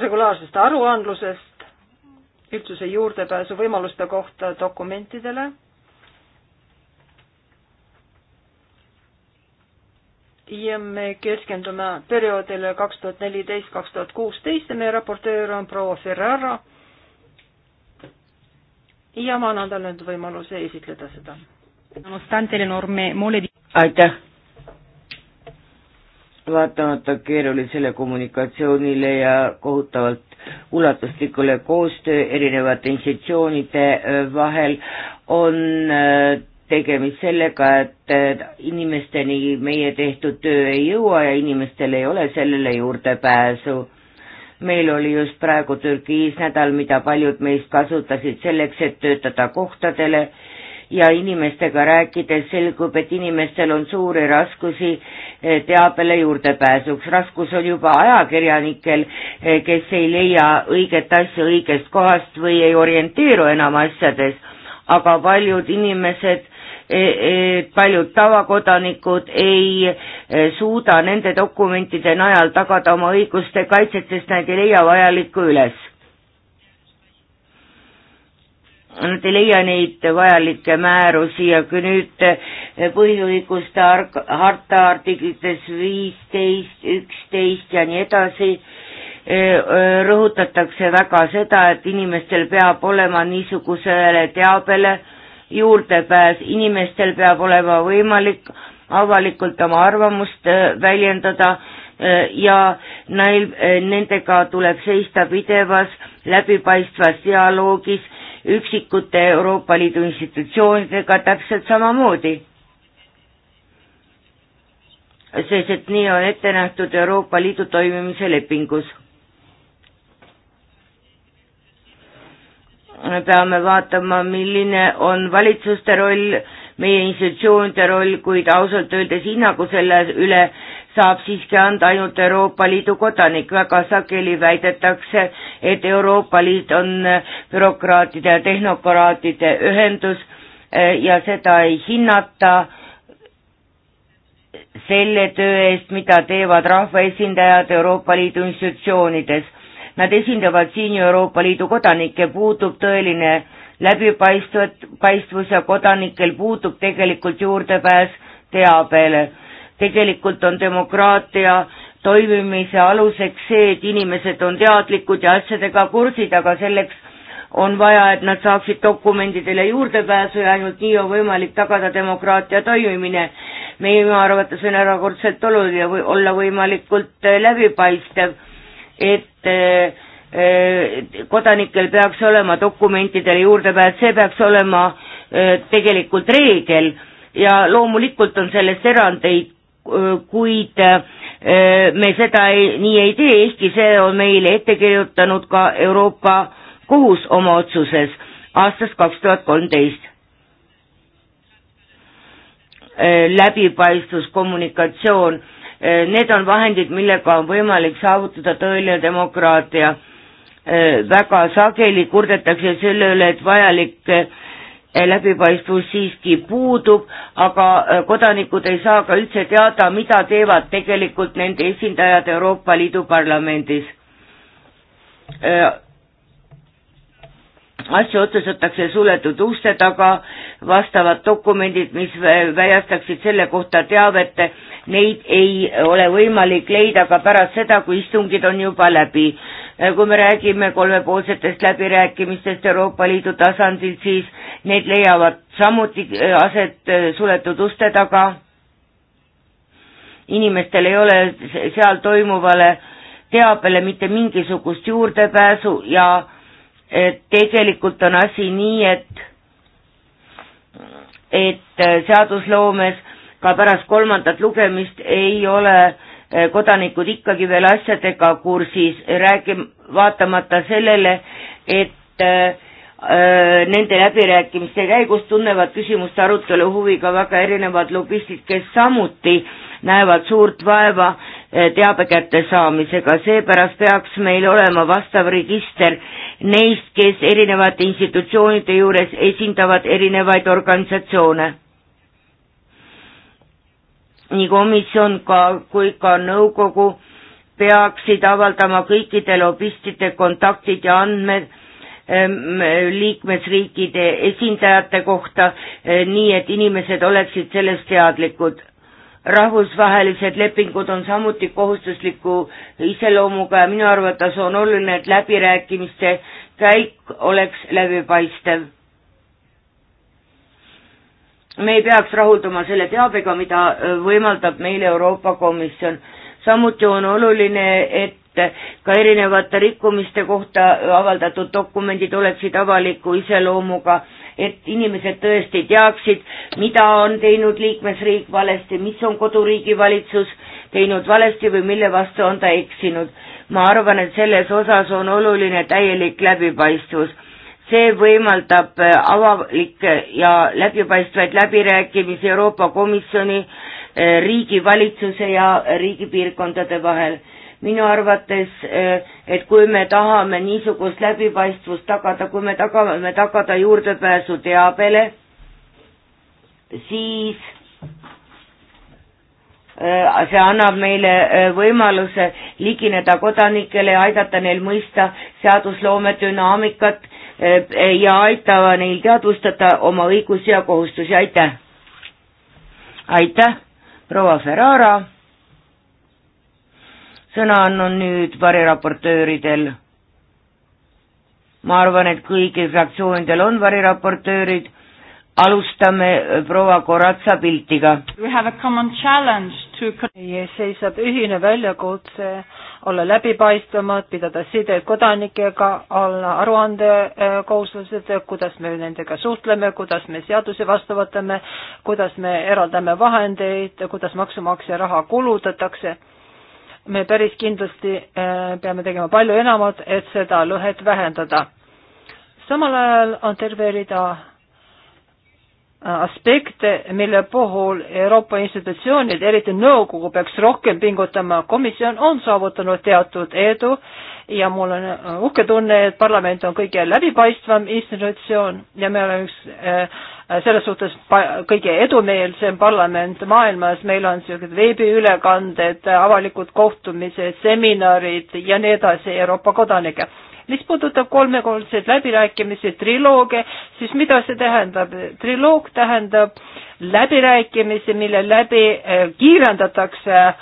regulaarsest aruandlusest üldsuse juurdepääsu võimaluste kohta dokumentidele. ja me keskendume perioodile kaks tuhat neliteist, kaks tuhat kuusteist ja meie raportöör on proua Ferrara ja ma annan talle nüüd võimaluse esitleda seda. aitäh! vaatamata keerulisele kommunikatsioonile ja kohutavalt ulatuslikule koostöö erinevate institutsioonide äh, vahel on äh, tegemist sellega, et äh, inimesteni meie tehtud töö ei jõua ja inimestel ei ole sellele juurdepääsu meil oli just praegu Türgis nädal, mida paljud meist kasutasid selleks, et töötada kohtadele ja inimestega rääkides selgub, et inimestel on suuri raskusi eh, teabele juurdepääsuks. raskus on juba ajakirjanikel, eh, kes ei leia õiget asja õigest kohast või ei orienteeru enam asjades, aga paljud inimesed E, e paljud tavakodanikud ei e, suuda nende dokumentide najal tagada oma õiguste kaitset, sest nad ei leia vajalikku üles. Nad ei leia neid vajalikke määrusi ja kui nüüd põhiõiguste harta artiklites viisteist, üksteist ja nii edasi, rõhutatakse väga seda, et inimestel peab olema niisugusele teabele juurdepääs, inimestel peab olema võimalik avalikult oma arvamust äh, väljendada äh, ja neil, äh, nendega tuleb seista pidevas läbipaistvas dialoogis üksikute Euroopa Liidu institutsioonidega täpselt samamoodi. sest et nii on ette nähtud Euroopa Liidu toimimise lepingus me peame vaatama, milline on valitsuste roll, meie institutsioonide roll, kuid ausalt öeldes hinnangu selle üle saab siiski anda ainult Euroopa Liidu kodanik, väga sageli väidetakse, et Euroopa Liit on bürokraatide ja tehnokraatide ühendus eh, ja seda ei hinnata selle töö eest, mida teevad rahvaesindajad Euroopa Liidu institutsioonides nad esindavad siin ju Euroopa Liidu kodanikke, puudub tõeline läbipaistvat, paistvus ja kodanikel puudub tegelikult juurdepääs teabele. tegelikult on demokraatia toimimise aluseks see, et inimesed on teadlikud ja asjadega kursid, aga selleks on vaja, et nad saaksid dokumentidele juurdepääsu ja ainult nii on võimalik tagada demokraatia toimimine. meie arvates on erakordselt oluline või olla võimalikult läbipaistev et eh, kodanikel peaks olema dokumentidele juurdepääs, see peaks olema eh, tegelikult reegel ja loomulikult on sellest erandeid, eh, kuid me seda ei, nii ei tee, ehkki see on meile ette kirjutanud ka Euroopa Kohus oma otsuses aastast kaks tuhat kolmteist. läbipaistvus, kommunikatsioon Eh, need on vahendid, millega on võimalik saavutada tõeline demokraatia. Eh, väga sageli kurdetakse selle üle, et vajalik eh, läbipaistvus siiski puudub, aga kodanikud ei saa ka üldse teada, mida teevad tegelikult nende esindajad Euroopa Liidu parlamendis asju otsustatakse suletud uste taga, vastavad dokumendid, mis väljastaksid selle kohta teavet, neid ei ole võimalik leida ka pärast seda, kui istungid on juba läbi. kui me räägime kolmepoolsetest läbirääkimistest Euroopa Liidu tasandil, siis need leiavad samuti äh, aset äh, suletud uste taga. inimestel ei ole seal toimuvale teabele mitte mingisugust juurdepääsu ja et tegelikult on asi nii, et, et äh, seadusloomes ka pärast kolmandat lugemist ei ole äh, kodanikud ikkagi veel asjadega kursis, räägi-, vaatamata sellele, et äh, äh, nende läbirääkimiste käigus tunnevad küsimuste arutelu huviga väga erinevad lobistid, kes samuti näevad suurt vaeva teabe kättesaamisega, seepärast peaks meil olema vastav register neist, kes erinevate institutsioonide juures esindavad erinevaid organisatsioone. nii komisjon ka, kui ka nõukogu peaksid avaldama kõikide lobistide kontaktid ja andmed ehm, liikmesriikide esindajate kohta, eh, nii et inimesed oleksid sellest teadlikud rahvusvahelised lepingud on samuti kohustusliku iseloomuga ja minu arvates on oluline, et läbirääkimiste käik oleks läbipaistev. me ei peaks rahulduma selle teabega, mida äh, võimaldab meile Euroopa Komisjon. samuti on oluline, et ka erinevate rikkumiste kohta avaldatud dokumendid oleksid avaliku iseloomuga et inimesed tõesti teaksid, mida on teinud liikmesriik valesti, mis on koduriigi valitsus teinud valesti või mille vastu on ta eksinud. ma arvan, et selles osas on oluline täielik läbipaistvus. see võimaldab äh, avalikke ja läbipaistvaid läbirääkimisi Euroopa Komisjoni, äh, riigivalitsuse ja riigipiirkondade vahel minu arvates, eh, et kui me tahame niisugust läbipaistvust tagada, kui me tagame tagada juurdepääsu teabele, siis eh, see annab meile eh, võimaluse ligineda kodanikele ja aidata neil mõista seadusloome dünaamikat ja aitava neil teadvustada oma õigusi ja kohustusi, aitäh! aitäh, proua Ferrara! sõna annan nüüd variraportööridel. ma arvan, et kõigil fraktsioonidel on variraportöörid, alustame äh, proua Koratsa piltiga. meie seisab ühine väljakutse olla läbipaistvamad, pidada sideid kodanikega, olla aruandekohuslased, äh, kuidas me nendega suhtleme, kuidas me seadusi vastu võtame, kuidas me eraldame vahendeid, kuidas maksumaksja raha kulutatakse me päris kindlasti äh, peame tegema palju enamat, et seda lõhet vähendada. samal ajal on terve rida äh, aspekte, mille puhul Euroopa institutsioonid, eriti nõukogu, peaks rohkem pingutama. komisjon on saavutanud teatud edu ja mul on äh, uhke tunne, et parlament on kõige läbipaistvam institutsioon ja me oleme üks selles suhtes kõige edumeelsem parlament maailmas, meil on niisugused veebiülekanded, avalikud kohtumised, seminarid ja nii edasi Euroopa kodanike. mis puudutab kolmekordseid läbirääkimisi, triloogia, siis mida see tähendab? triloog tähendab läbirääkimisi, mille läbi eh, kiirendatakse äh,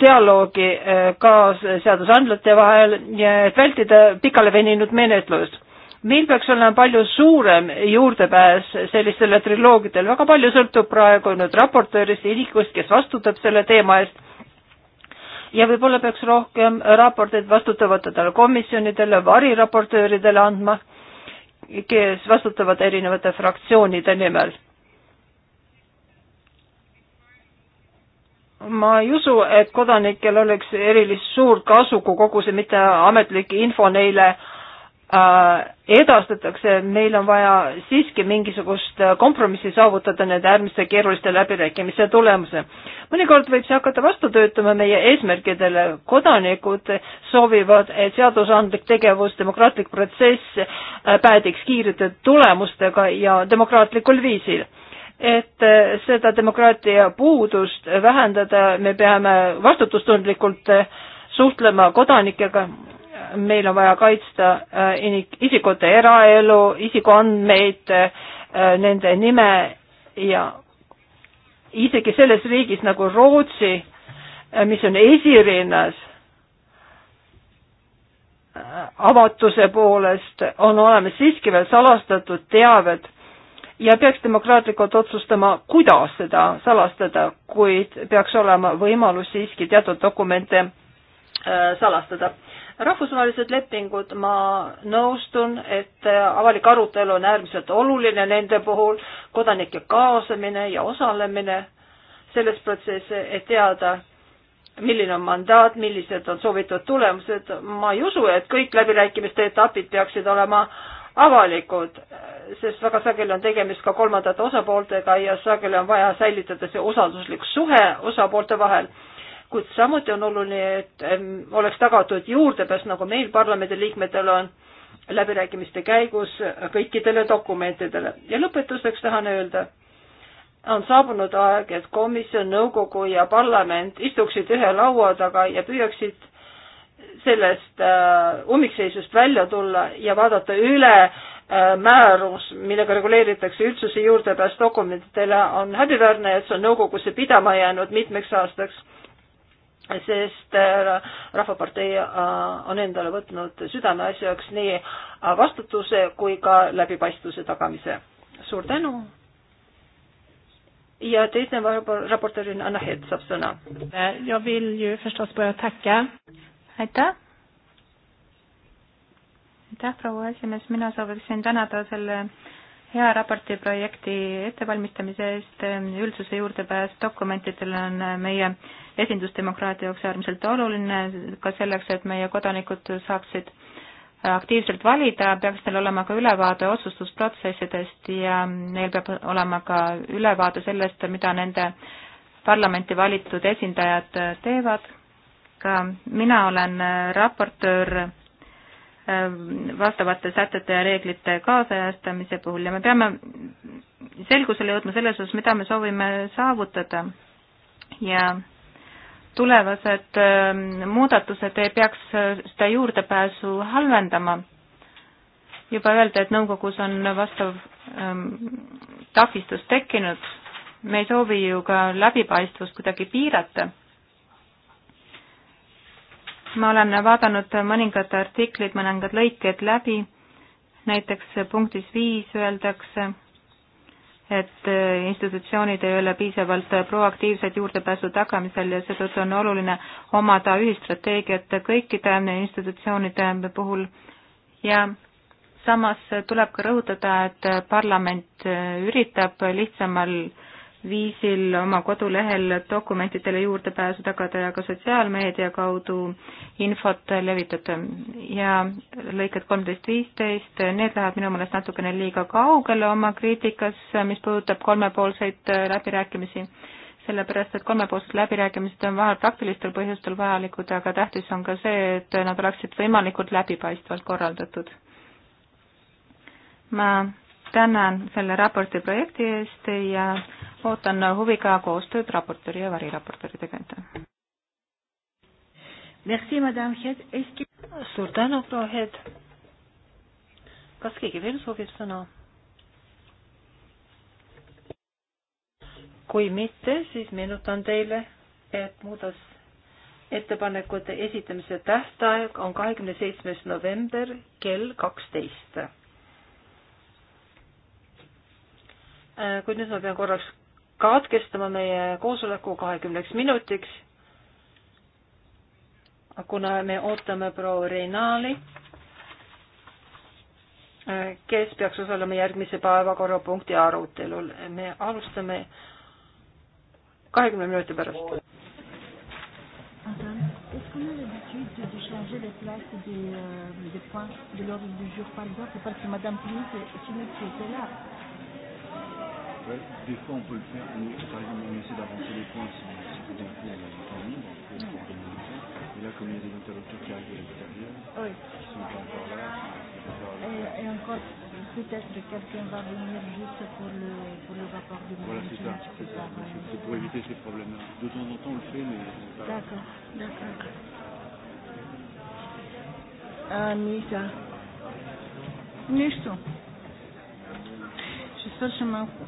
dialoogi eh, kaasseadusandlate vahel, et vältida pikale veninud menetlust meil peaks olema palju suurem juurdepääs sellistele triloogidele, väga palju sõltub praegu nüüd raportöörist, isikust, kes vastutab selle teema eest. ja võib-olla peaks rohkem raporteid vastutavatele komisjonidele, variraportööridele andma, kes vastutavad erinevate fraktsioonide nimel. ma ei usu, et kodanikel oleks erilist suurt kasu, kui kogu see mitteametlik info neile äh, Äh, edastatakse, meil on vaja siiski mingisugust äh, kompromissi saavutada nende äärmiselt keeruliste läbirääkimiste tulemusel. mõnikord võib see hakata vastu töötama meie eesmärkidele, kodanikud soovivad, et seadusandlik tegevus, demokraatlik protsess äh, päädiks kiirete tulemustega ja demokraatlikul viisil et seda demokraatia puudust vähendada, me peame vastutustundlikult suhtlema kodanikega meil on vaja kaitsta äh, isikute eraelu, isikuandmeid, äh, nende nime ja isegi selles riigis nagu Rootsi, äh, mis on esirinnas avatuse poolest, on olemas siiski veel salastatud teavet ja peaks demokraatlikult otsustama, kuidas seda salastada, kuid peaks olema võimalus siiski teatud dokumente salastada rahvusvahelised lepingud, ma nõustun, et avalik arutelu on äärmiselt oluline nende puhul, kodanike kaasamine ja osalemine selles protsessis, et teada, milline on mandaat, millised on soovitud tulemused, ma ei usu, et kõik läbirääkimiste etapid peaksid olema avalikud, sest väga sageli on tegemist ka kolmandate osapooltega ja sageli on vaja säilitada see usalduslik suhe osapoolte vahel kuid samuti on oluline, et ähm, oleks tagatud juurdepääs, nagu meil parlamendi liikmetel on, läbirääkimiste käigus kõikidele dokumentidele. ja lõpetuseks tahan öelda, on saabunud aeg, et komisjon, nõukogu ja parlament istuksid ühe laua taga ja püüaksid sellest äh, ummikseisust välja tulla ja vaadata üle äh, määrus, millega reguleeritakse üldsuse juurdepääs dokumentidele, on häbiväärne, et see on nõukogusse pidama jäänud mitmeks aastaks sest äh, Rahvapartei äh, on endale võtnud südameasjaks nii äh, vastutuse kui ka läbipaistvuse tagamise. suur tänu! ja teine raportöörin Anna Hed saab sõna. Jag vill ju förstås börja tacka. aitäh! aitäh, proua esimees, mina sooviksin tänada selle äh, hea raporti projekti ettevalmistamise eest. üldsuse juurdepääs dokumentidele on meie esindusdemokraatia jaoks äärmiselt oluline, ka selleks, et meie kodanikud saaksid aktiivselt valida, peaks neil olema ka ülevaade otsustusprotsessidest ja neil peab olema ka ülevaade sellest, mida nende parlamenti valitud esindajad teevad. ka mina olen raportöör Ähm, vastavate sätete ja reeglite kaasajastamise puhul ja me peame selgusele jõudma selles osas, mida me soovime saavutada ja tulevased ähm, muudatused ei peaks seda juurdepääsu halvendama. juba öelda, et nõukogus on vastav ähm, takistus tekkinud, me ei soovi ju ka läbipaistvust kuidagi piirata ma olen vaadanud mõningad artiklid, mõningad lõiked läbi, näiteks punktis viis öeldakse, et institutsioonid ei ole piisavalt proaktiivsed juurdepääsu tagamisel ja seetõttu on oluline omada ühistrateegiat kõikide institutsioonide puhul ja samas tuleb ka rõhutada, et parlament üritab lihtsamal viisil oma kodulehel dokumentidele juurdepääsu tagada ja ka sotsiaalmeedia kaudu infot levitada. ja lõiked kolmteist, viisteist, need lähevad minu meelest natukene liiga kaugele oma kriitikas, mis puudutab kolmepoolseid äh, läbirääkimisi, sellepärast et kolmepoolsed läbirääkimised on vahel praktilistel põhjustel vajalikud, aga tähtis on ka see, et nad oleksid võimalikult läbipaistvalt korraldatud. ma tänan selle raporti projekti eest ja ootan huviga koostööd raportööri ja variraportööridega, aitäh! Merci, madame Hed. Eski... suur tänu, proua Hed. kas keegi veel soovib sõna? kui mitte, siis meenutan teile, et muudas ettepanekute esitamise tähtaeg on kahekümne seitsmes november kell kaksteist. Äh, kuid nüüd ma pean korraks katkestama meie koosoleku kahekümneks minutiks, kuna me ootame proua Reinaali, äh, kes peaks osalema järgmise päevakorrapunkti arutelul. me alustame kahekümne minuti pärast. Est-ce qu'on a l'habitude de changer les places des, euh, des points de l'ordre du jour, par exemple, parce que Madame Plinc, sinon, qui était là, Ouais. Des fois, on peut le faire. On, par exemple, on essaie d'avancer les points si, si tout d'un coup on a du temps libre pour oui. organiser ça. Et là, comme il y a des interlocuteurs qui arrivent de l'extérieur, oui. qui sont pas encore là, et, et encore, peut-être quelqu'un va venir juste pour le, pour le rapport du Voilà, c'est ça. C'est ça. Ouais. Euh, c'est pour éviter ces problèmes-là. De temps en temps, on le fait, mais. D'accord, d'accord. Anita. Nisto. Ще свършим малко.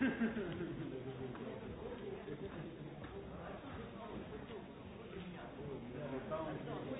Thank you.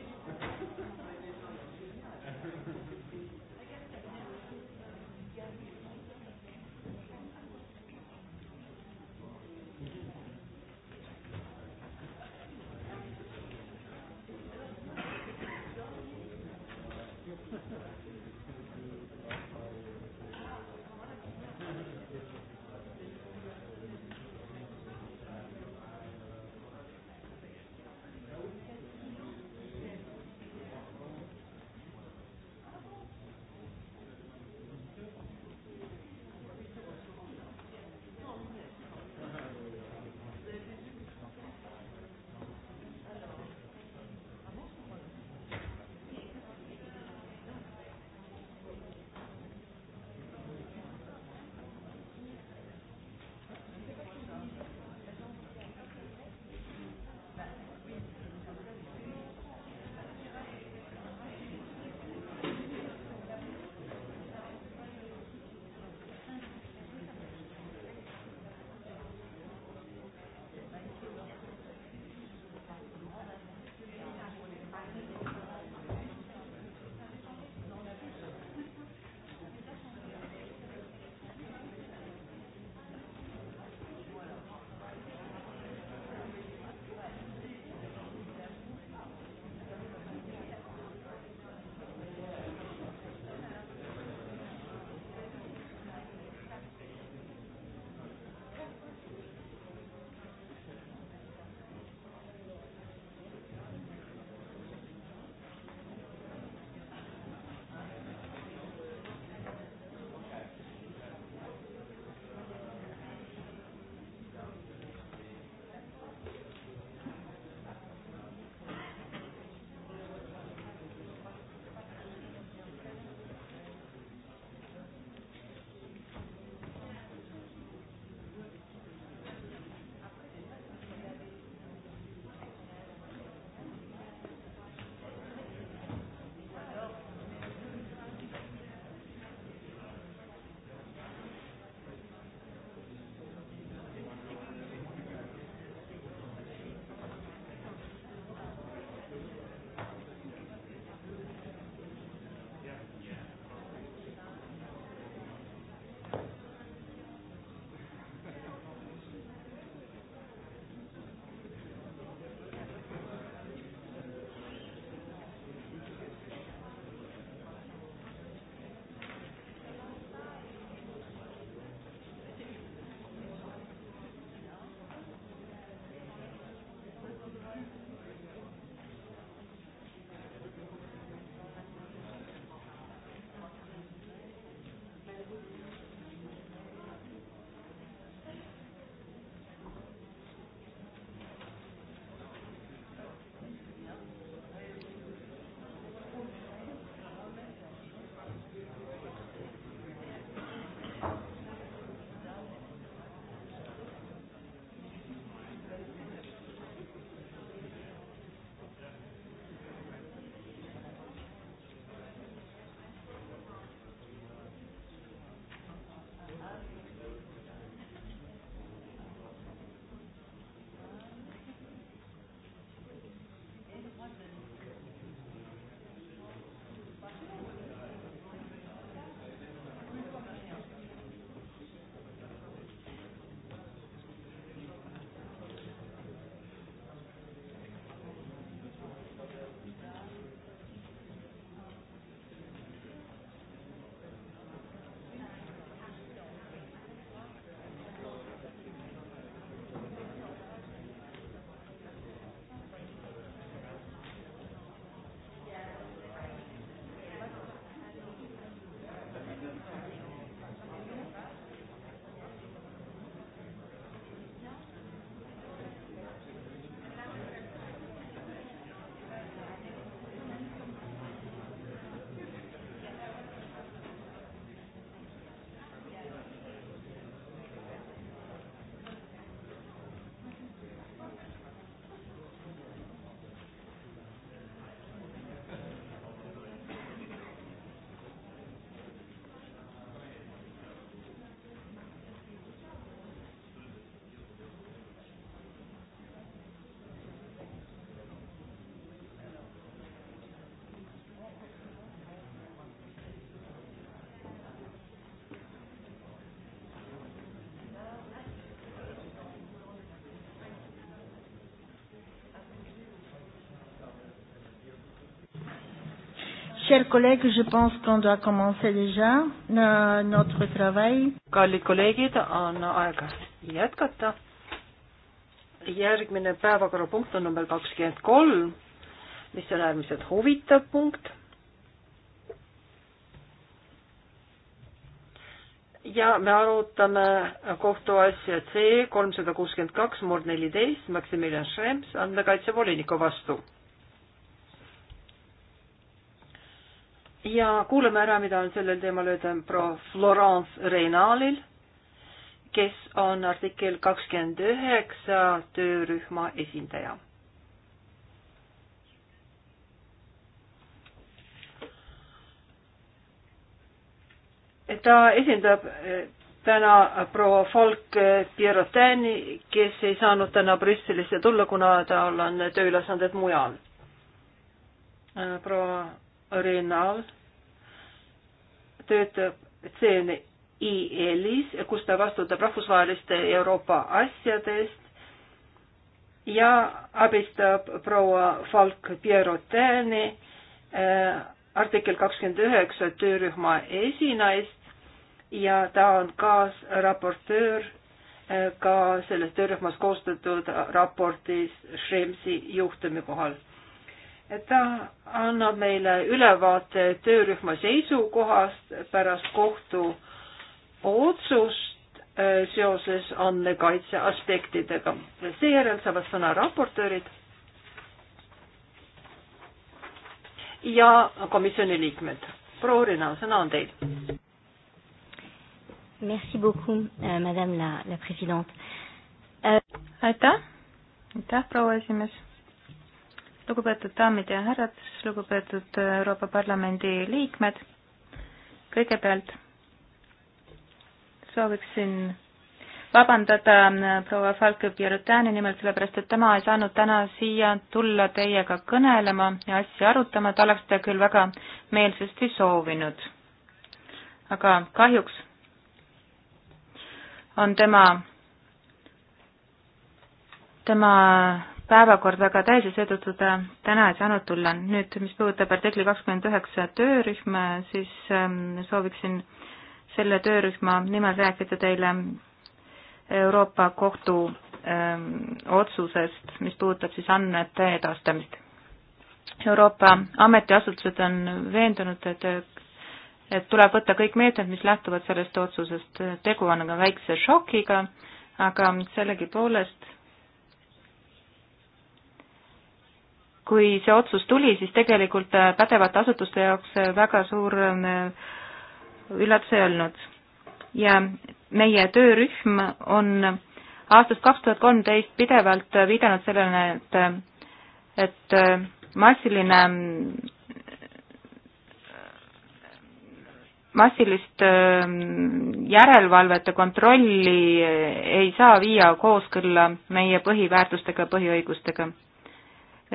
Chers collègues, je pense qu'on doit commencer déjà euh, notre travail. Kallid kolleegid, on aega jätkata. Järgmine päevakorrapunkt on number 23, mis on äärmiselt huvitav punkt. ja me arutame kohtuasja C kolmsada kuuskümmend kaks murd neliteist Maximilian Schrems andmekaitsevoliniku vastu ja kuulame ära, mida on sellel teemal öelda proua Florence Reinalil, kes on artikkel kakskümmend üheksa töörühma esindaja. ta esindab eh, täna proua Falk eh, Pierotani, kes ei saanud täna Brüsselisse tulla, kuna tal on tööülesanded mujal. Eh, proua Reinal töötab CNIL-is, kus ta vastutab rahvusvaheliste Euroopa asjadest ja abistab proua Falk Pierotäni äh, artikkel kakskümmend üheksa töörühma esinaist ja ta on kaasraportöör äh, ka selles töörühmas koostatud raportis Schremsi juhtumi kohal ta annab meile ülevaate töörühma seisukohast pärast kohtu otsust äh, seoses andmekaitse aspektidega. seejärel saavad sõna raportöörid ja komisjoni liikmed. proua Rina, sõna on teil. Merci beaucoup, euh, madame la, la president. aitäh, aitäh, proua esimees lugupeetud daamid ja härrad, lugupeetud Euroopa Parlamendi liikmed, kõigepealt sooviksin vabandada proua Falkõb Jerutani nimelt, sellepärast et tema ei saanud täna siia tulla teiega kõnelema ja asja arutama, ta oleks seda küll väga meelsasti soovinud. aga kahjuks on tema, tema päevakord väga täis ja seetõttu ta täna ei saanud tulla. nüüd, mis puudutab artikli kakskümmend üheksa töörühma, siis ähm, sooviksin selle töörühma nimel rääkida teile Euroopa Kohtu ähm, otsusest, mis puudutab siis andmete edastamist. Euroopa ametiasutused on veendunud, et et tuleb võtta kõik meetmed, mis lähtuvad sellest otsusest. tegu on aga väikse šokiga, aga sellegipoolest kui see otsus tuli, siis tegelikult äh, pädevate asutuste jaoks äh, väga suur äh, üllatus ei olnud. ja meie töörühm on aastast kaks tuhat kolmteist pidevalt viidanud sellele, et, et massiline, massilist järelevalvet ja kontrolli ei saa viia kooskõlla meie põhiväärtustega, põhiõigustega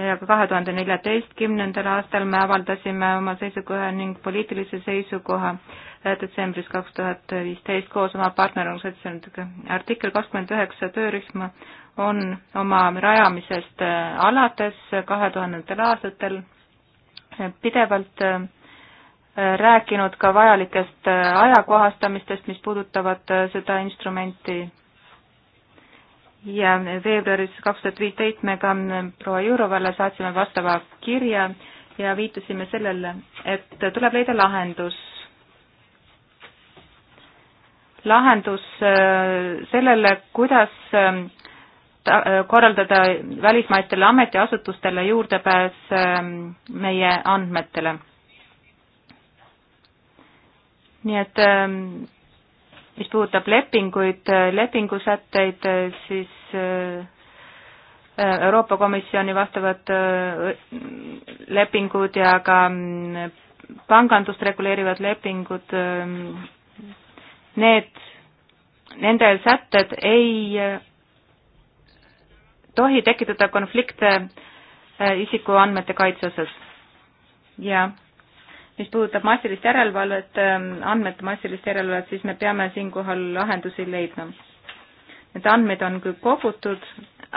ja ka kahe tuhande neljateistkümnendal aastal me avaldasime oma seisukoha ning poliitilise seisukoha äh, detsembris kaks tuhat viisteist koos oma partnerorganisatsioonidega. artikkel kakskümmend üheksa töörühma on oma rajamisest äh, alates kahe tuhandendatel aastatel äh, pidevalt rääkinud ka vajalikest ajakohastamistest, mis puudutavad seda instrumenti ja veebruaris kaks tuhat viiteist me ka proua Jurovale saatsime vastava kirja ja viitasime sellele, et tuleb leida lahendus. lahendus äh, sellele, kuidas äh, äh, korraldada välismaistele ametiasutustele juurdepääs ähm, meie andmetele. nii et ähm, mis puudutab lepinguid, lepingusätteid, siis äh, Euroopa Komisjoni vastavad äh, lepingud ja ka mm, pangandust reguleerivad lepingud, äh, need, nende sätted ei tohi tekitada konflikte isikuandmete kaitse osas. ja mis puudutab massilist järelevalvet, ähm, andmete massilist järelevalvet, siis me peame siinkohal lahendusi leidma. Need andmed on küll kogutud,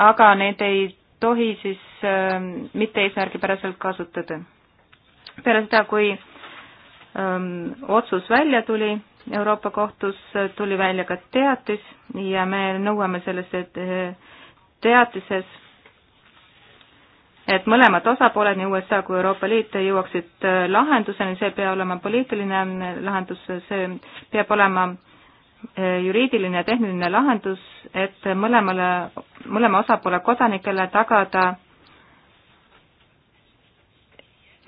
aga need ei tohi siis äh, mitte eesmärgipäraselt kasutada. peale seda, kui ähm, otsus välja tuli, Euroopa Kohtus tuli välja ka teatis ja me nõuame selles äh, teatises et mõlemad osapooled, nii USA kui Euroopa Liit, jõuaksid äh, lahenduseni, see ei pea olema poliitiline äh, lahendus, see peab olema äh, juriidiline ja tehniline lahendus, et mõlemale, mõlema osapoole kodanikele tagada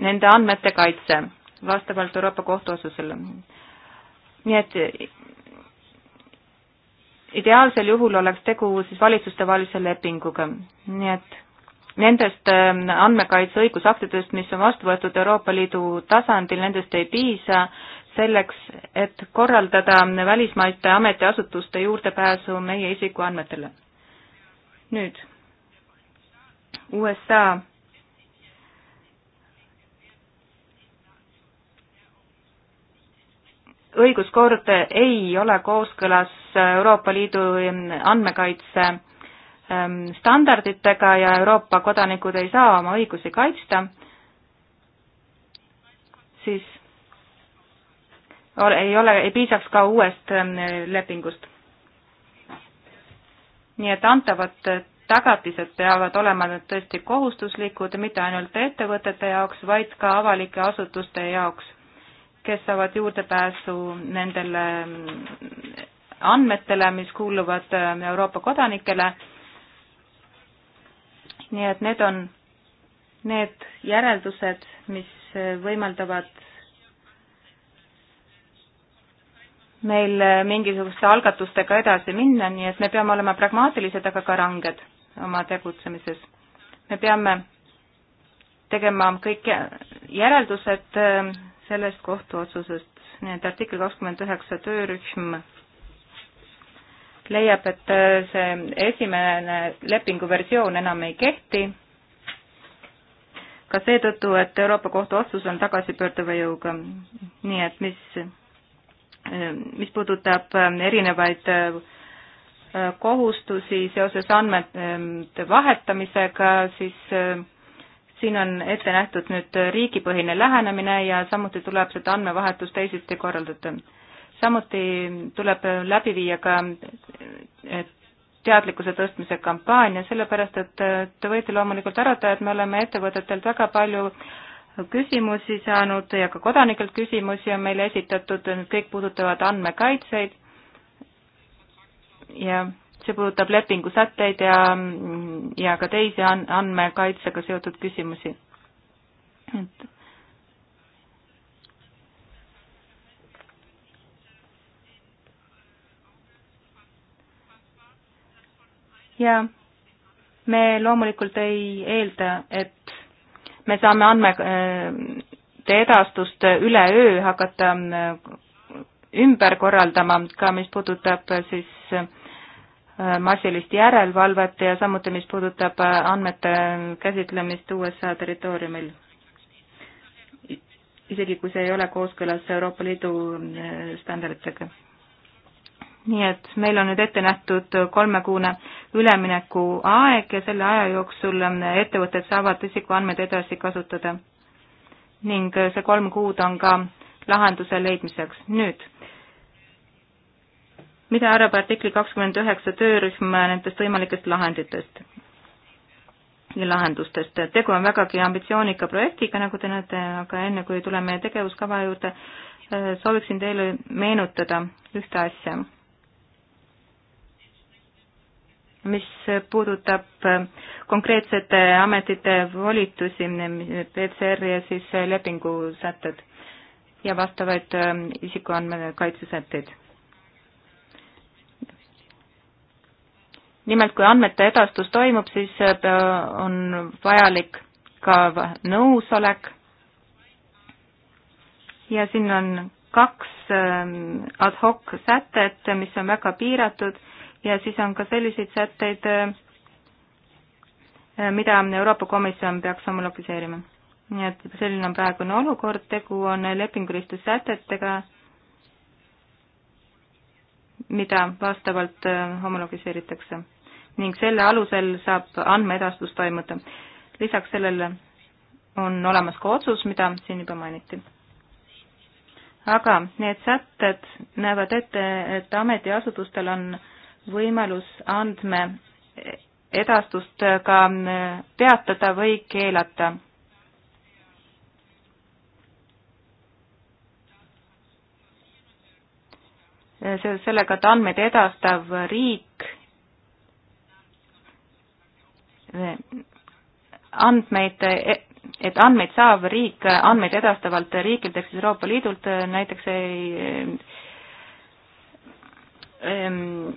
nende andmete kaitse vastavalt Euroopa Kohtu otsusele. nii et ideaalsel juhul oleks tegu siis valitsustevahelise lepinguga, nii et nendest ähm, andmekaitse õigusaktidest, mis on vastu võetud Euroopa Liidu tasandil, nendest ei piisa selleks, et korraldada välismaiste ametiasutuste juurdepääsu meie isikuandmetele. nüüd USA õiguskord ei ole kooskõlas Euroopa Liidu andmekaitse Ähm, standarditega ja Euroopa kodanikud ei saa oma õigusi kaitsta, siis ei ole, ei piisaks ka uuest ähm, lepingust. nii et antavad äh, tagatised peavad olema nüüd tõesti kohustuslikud mitte ainult ettevõtete jaoks, vaid ka avalike asutuste jaoks, kes saavad juurdepääsu nendele ähm, andmetele, mis kuuluvad Euroopa kodanikele nii et need on need järeldused, mis võimaldavad meil mingisuguste algatustega edasi minna, nii et me peame olema pragmaatilised, aga ka ranged oma tegutsemises. me peame tegema kõik järeldused äh, sellest kohtuotsusest, nii et artikkel kakskümmend üheksa töörühm leiab, et äh, see esimene lepingu versioon enam ei kehti, ka seetõttu, et Euroopa Kohtu otsus on tagasipöörduva jõuga. nii et mis, äh, mis puudutab ähm, erinevaid äh, kohustusi seoses andmete vahetamisega, siis siin on ette nähtud nüüd riigipõhine lähenemine ja samuti tuleb seda andmevahetust teisiti korraldada samuti tuleb läbi viia ka eh, teadlikkuse tõstmise kampaania, sellepärast et eh, te võite loomulikult arvata, et me oleme ettevõtetelt väga palju küsimusi saanud ja ka kodanikelt küsimusi on meile esitatud, need kõik puudutavad andmekaitseid ja see puudutab lepingusätteid ja, ja ka teisi andmekaitsega seotud küsimusi. et ja me loomulikult ei eelda, et me saame andmete äh, edastust üleöö hakata äh, ümber korraldama, ka mis puudutab äh, siis massilist järelevalvet ja samuti, mis puudutab andmete käsitlemist USA territooriumil. isegi kui see ei ole kooskõlas Euroopa Liidu standarditega nii et meil on nüüd ette nähtud kolmekuune üleminekuaeg ja selle aja jooksul ettevõtted saavad isikuandmeid edasi kasutada. ning see kolm kuud on ka lahenduse leidmiseks. nüüd, mida arvab artikli kakskümmend üheksa töörühm nendest võimalikest lahenditest ja lahendustest? tegu on vägagi ambitsioonika projektiga, nagu te näete, aga enne kui tuleme tegevuskava juurde, sooviksin teile meenutada ühte asja mis puudutab konkreetsete ametite volitusi, PCR ja siis lepingusätted ja vastavaid ähm, isikuandmete kaitsesätteid. nimelt, kui andmete edastus toimub, siis äh, on vajalik ka nõusolek ja siin on kaks ähm, ad hoc sätet, mis on väga piiratud ja siis on ka selliseid sätteid, äh, mida Euroopa Komisjon peaks homologiseerima. nii et selline on praegune olukord, tegu on lepinguliste sätetega, mida vastavalt äh, homologiseeritakse ning selle alusel saab andmeedastus toimuda. lisaks sellele on olemas ka otsus, mida siin juba mainiti. aga need sätted näevad ette, et ametiasutustel on äh, võimalus andme edastust ka peatada või keelata. seoses sellega, et andmeid edastav riik andmeid, et andmeid saav riik andmeid edastavalt riikilt ehk siis Euroopa Liidult näiteks ei Ehm,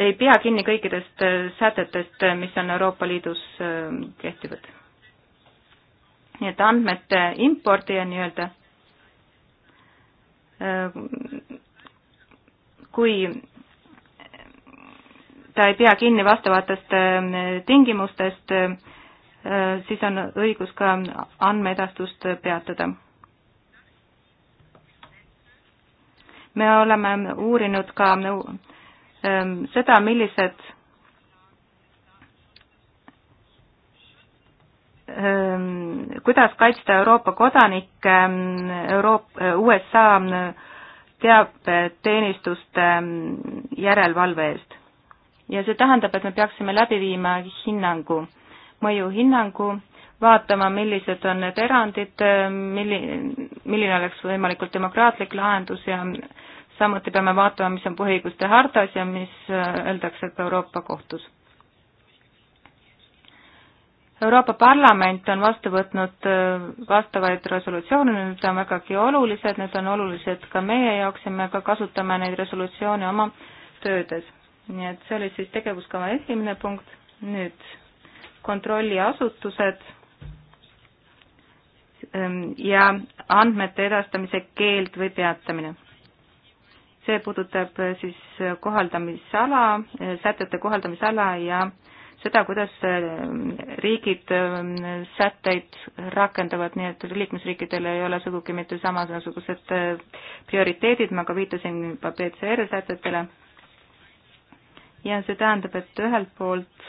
ei pea kinni kõikidest äh, sätetest, äh, mis on Euroopa Liidus ähm, kehtivad. nii et andmete impordija nii-öelda, äh, kui ta ei pea kinni vastavatest ähm, tingimustest, siis on õigus ka andmeedastust peatada me oleme uurinud ka ähm, seda, millised ähm, kuidas kaitsta Euroopa kodanikke ähm, Euroop-, äh, USA teabeteenistuste järelevalve eest. ja see tähendab, et me peaksime läbi viima hinnangu, mõjuhinnangu, vaatama, millised on need erandid, äh, milli-, milline oleks võimalikult demokraatlik lahendus ja samuti peame vaatama, mis on põhiõiguste hartas ja mis äh, öeldakse ka Euroopa Kohtus. Euroopa Parlament on vastu võtnud äh, vastavaid resolutsioone, need on vägagi olulised, need on olulised ka meie jaoks ja me ka kasutame neid resolutsioone oma töödes. nii et see oli siis tegevuskava esimene punkt, nüüd kontrolliasutused ähm, ja andmete edastamise keeld või peatamine see puudutab eh, siis eh, kohaldamisala, eh, sätete kohaldamisala ja seda, kuidas riigid sätteid rakendavad, nii et liikmesriikidel ei ole sugugi mitte samasugused prioriteedid, ma ka viitasin juba PCR sätetele. ja see tähendab, et ühelt poolt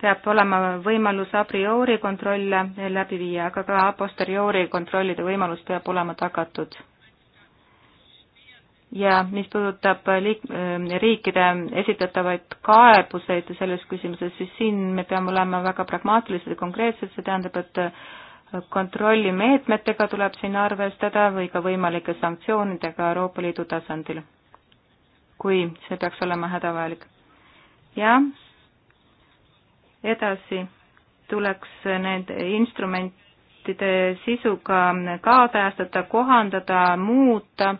peab olema võimalus a priori kontrolle läbi viia, aga ka a posteriori kontrollide võimalus peab olema tagatud ja mis puudutab liik-, riikide esitatavaid kaebuseid selles küsimuses, siis siin me peame olema väga pragmaatilised ja konkreetsed, see tähendab, et kontrollimeetmetega tuleb siin arvestada või ka võimalike sanktsioonidega Euroopa Liidu tasandil, kui see peaks olema hädavajalik. ja edasi tuleks need instrumentide sisuga kaasajastada, kohandada, muuta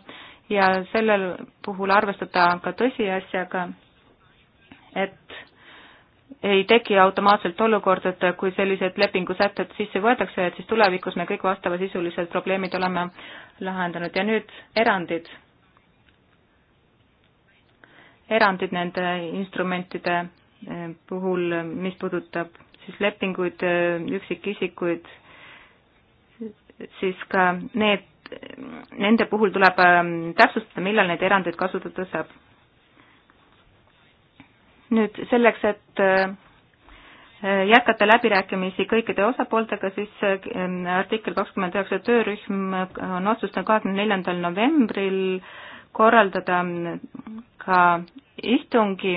ja sellel puhul arvestada ka tõsiasjaga, et ei teki automaatselt olukord, et kui sellised lepingusätted sisse võetakse, et siis tulevikus me kõik vastavasisulised probleemid oleme lahendanud ja nüüd erandid. erandid nende instrumentide eh, puhul, mis puudutab siis lepinguid, eh, üksikisikuid, siis ka need nende puhul tuleb ähm, täpsustada, millal neid erandeid kasutada saab. nüüd selleks, et äh, jätkata läbirääkimisi kõikide osapooltega, siis ähm, artikkel kakskümmend üheksa töörühm on otsustanud kahekümne neljandal novembril korraldada ähm, ka istungi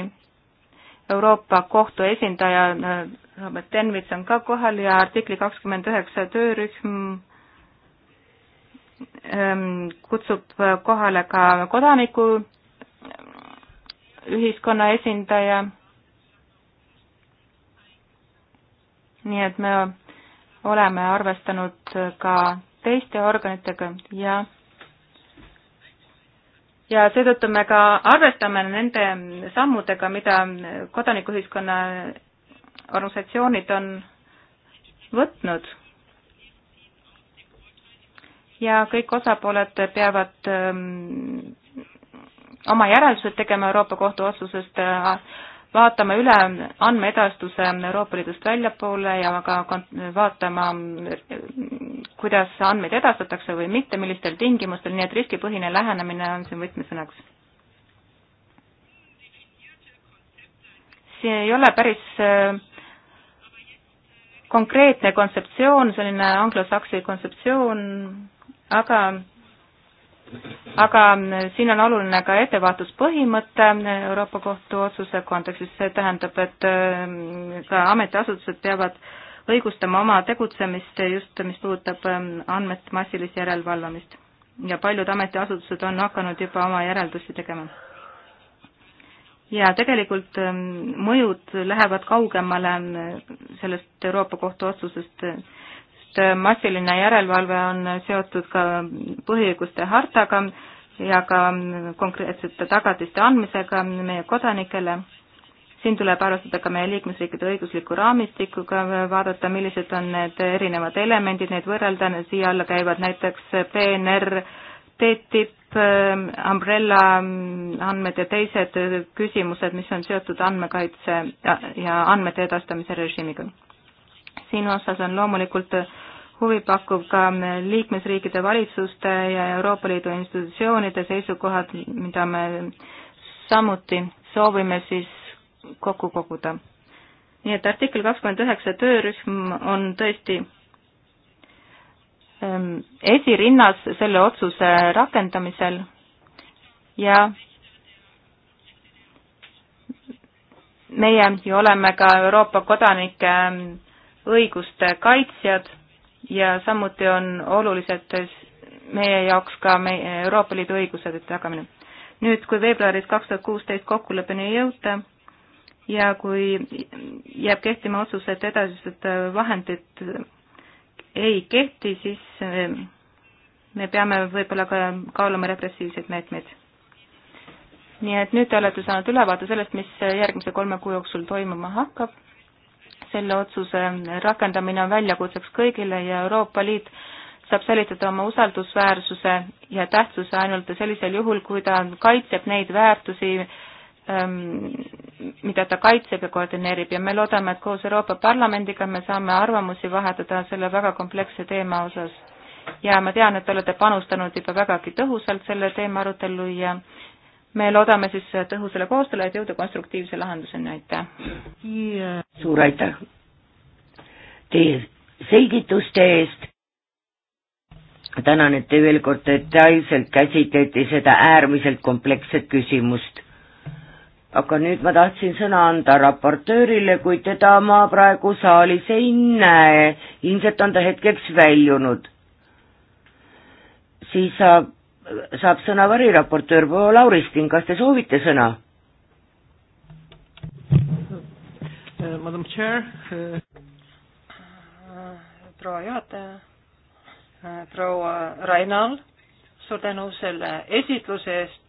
Euroopa Kohtu esindaja äh, Robert Denvits on ka kohal ja artikli kakskümmend üheksa töörühm Ähm, kutsub kohale ka kodanikuühiskonna ähm, esindaja. nii et me oleme arvestanud ka teiste organitega ja ja seetõttu me ka arvestame nende sammudega, mida kodanikuühiskonna organisatsioonid on võtnud ja kõik osapooled peavad ähm, oma järeldused tegema Euroopa Kohtu otsusest, äh, vaatama üle andmeedastuse Euroopa Liidust väljapoole ja ka vaatama, kuidas andmeid edastatakse või mitte, millistel tingimustel, nii et riskipõhine lähenemine on siin võtmesõnaks. see ei ole päris äh, konkreetne kontseptsioon, selline anglosaksi kontseptsioon, aga aga siin on oluline ka ettevaatuspõhimõte Euroopa Kohtu otsuse kontekstis, see tähendab, et ähm, ka ametiasutused peavad õigustama oma tegutsemist just, mis puudutab ähm, andmete massilist järelevalvamist. ja paljud ametiasutused on hakanud juba oma järeldusi tegema. ja tegelikult ähm, mõjud lähevad kaugemale sellest Euroopa Kohtu otsusest, et massiline järelevalve on seotud ka põhiõiguste hartaga ja ka konkreetsete tagatiste andmisega meie kodanikele. siin tuleb arvestada ka meie liikmesriikide õigusliku raamistikuga, vaadata, millised on need erinevad elemendid, neid võrrelda, siia alla käivad näiteks PNR, TTIP, Umbrella andmed ja teised küsimused, mis on seotud andmekaitse ja, ja andmete edastamise režiimiga. siin osas on loomulikult huvipakkuv ka liikmesriikide valitsuste ja Euroopa Liidu institutsioonide seisukohad, mida me samuti soovime siis kokku koguda. nii et artikkel kakskümmend üheksa töörühm on tõesti ähm, esirinnas selle otsuse rakendamisel ja meie ju oleme ka Euroopa kodanike ähm, õiguste kaitsjad ja samuti on olulised meie jaoks ka meie Euroopa Liidu õigused tagamine. nüüd, kui veebruaris kaks tuhat kuusteist kokkuleppeni ei jõuta ja kui jääb kehtima otsus, et edasised vahendid ei kehti, siis eh, me peame võib-olla ka kaaluma repressiivseid meetmeid. nii et nüüd te olete saanud ülevaate sellest, mis järgmise kolme kuu jooksul toimuma hakkab selle otsuse rakendamine on väljakutseks kõigile ja Euroopa Liit saab säilitada oma usaldusväärsuse ja tähtsuse ainult sellisel juhul, kui ta kaitseb neid väärtusi, ähm, mida ta kaitseb ja koordineerib ja me loodame, et koos Euroopa Parlamendiga me saame arvamusi vahetada selle väga kompleksse teema osas. ja ma tean, et te olete panustanud juba vägagi tõhusalt selle teema arutellu ja me loodame siis tõhusale koostööle, et jõuda konstruktiivse lahenduseni, aitäh yeah.! suur aitäh teie selgituste eest, tänan, et te veel kord detailselt käsitleti seda äärmiselt kompleksset küsimust. aga nüüd ma tahtsin sõna anda raportöörile, kuid teda ma praegu saalis ei näe, ilmselt on ta hetkeks väljunud. siis saab saab sõna variraportöör proua Lauristin, kas te soovite sõna? Eh, Madam Chair. Eh, proua juhataja, eh, proua Rainal, suur tänu selle esitluse eest.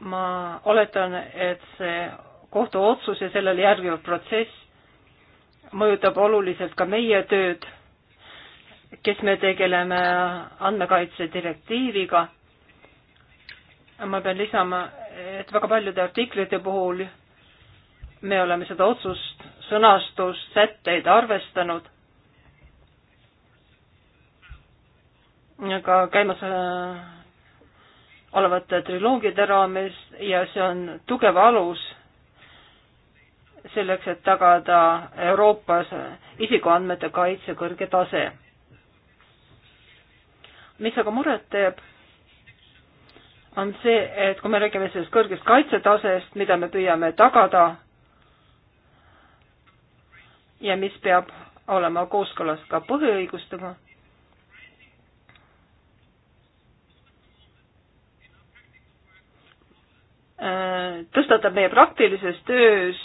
ma oletan, et see kohtuotsus ja sellele järgnev protsess mõjutab oluliselt ka meie tööd kes me tegeleme andmekaitse direktiiviga. ma pean lisama, et väga paljude artiklite puhul me oleme seda otsust, sõnastust, sätteid arvestanud. ka käimas äh, olevate triloogide raames ja see on tugev alus selleks, et tagada Euroopas isikuandmete kaitse kõrge tase mis aga muret teeb, on see, et kui me räägime sellest kõrgest kaitsetasest, mida me püüame tagada ja mis peab olema kooskõlas ka põhiõigustega, äh, tõstatab meie praktilises töös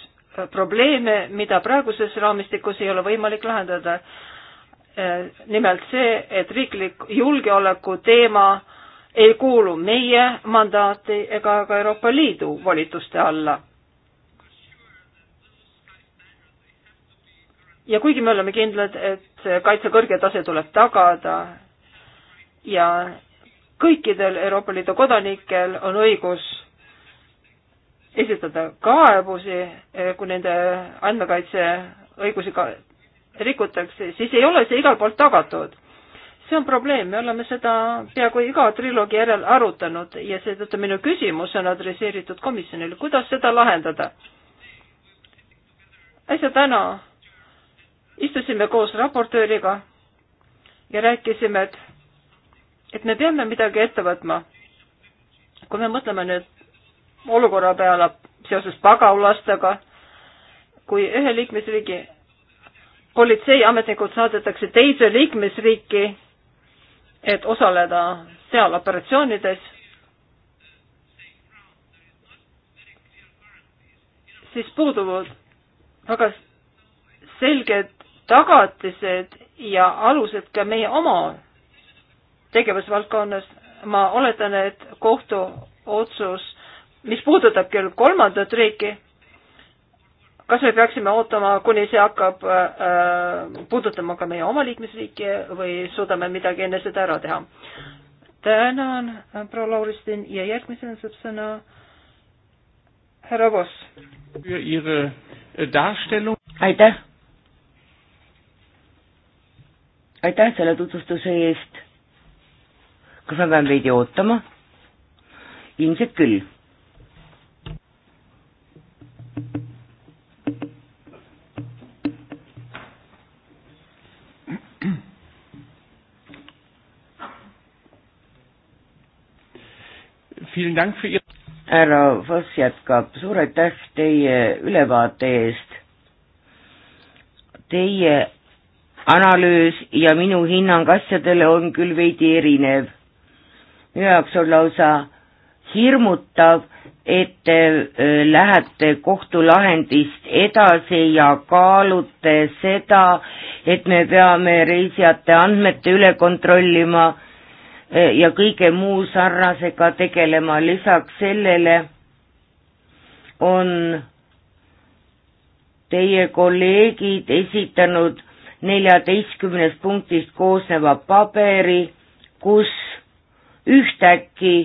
probleeme, mida praeguses raamistikus ei ole võimalik lahendada nimelt see, et riiklik julgeoleku teema ei kuulu meie mandaati ega ka Euroopa Liidu volituste alla. ja kuigi me oleme kindlad, et kaitse kõrge tase tuleb tagada ja kõikidel Euroopa Liidu kodanikel on õigus esitada kaebusi, eh, kui nende andmekaitse õigusi rikutakse, siis ei ole see igalt poolt tagatud. see on probleem, me oleme seda peaaegu iga triloogi järel arutanud ja seetõttu minu küsimus on adresseeritud komisjonile, kuidas seda lahendada. äsja täna istusime koos raportööriga ja rääkisime, et, et me peame midagi ette võtma. kui me mõtleme nüüd olukorra peale seoses pagalastega, kui ühe liikmesriigi politseiametnikud saadetakse teise liikmesriiki, et osaleda seal operatsioonides, siis puuduvad väga selged tagatised ja alused ka meie oma tegevusvaldkonnas. ma oletan, et kohtuotsus, mis puudutab küll kolmandat riiki, kas me peaksime ootama, kuni see hakkab äh, puudutama ka meie oma liikmesriike või suudame midagi enne seda ära teha? tänan, äh, proua Lauristin ja järgmisena saab sõna härra Voss. Äh, aitäh. aitäh selle tutvustuse eest. kas ma pean veidi ootama? ilmselt küll härra Voss jätkab, suur aitäh teie ülevaate eest. Teie analüüs ja minu hinnang asjadele on küll veidi erinev. minu jaoks on lausa hirmutav, et te lähete kohtulahendist edasi ja kaalute seda, et me peame reisijate andmete üle kontrollima Eh, ja kõige muu sarnasega tegelema, lisaks sellele on teie kolleegid esitanud neljateistkümnest punktist koosneva paberi, kus ühtäkki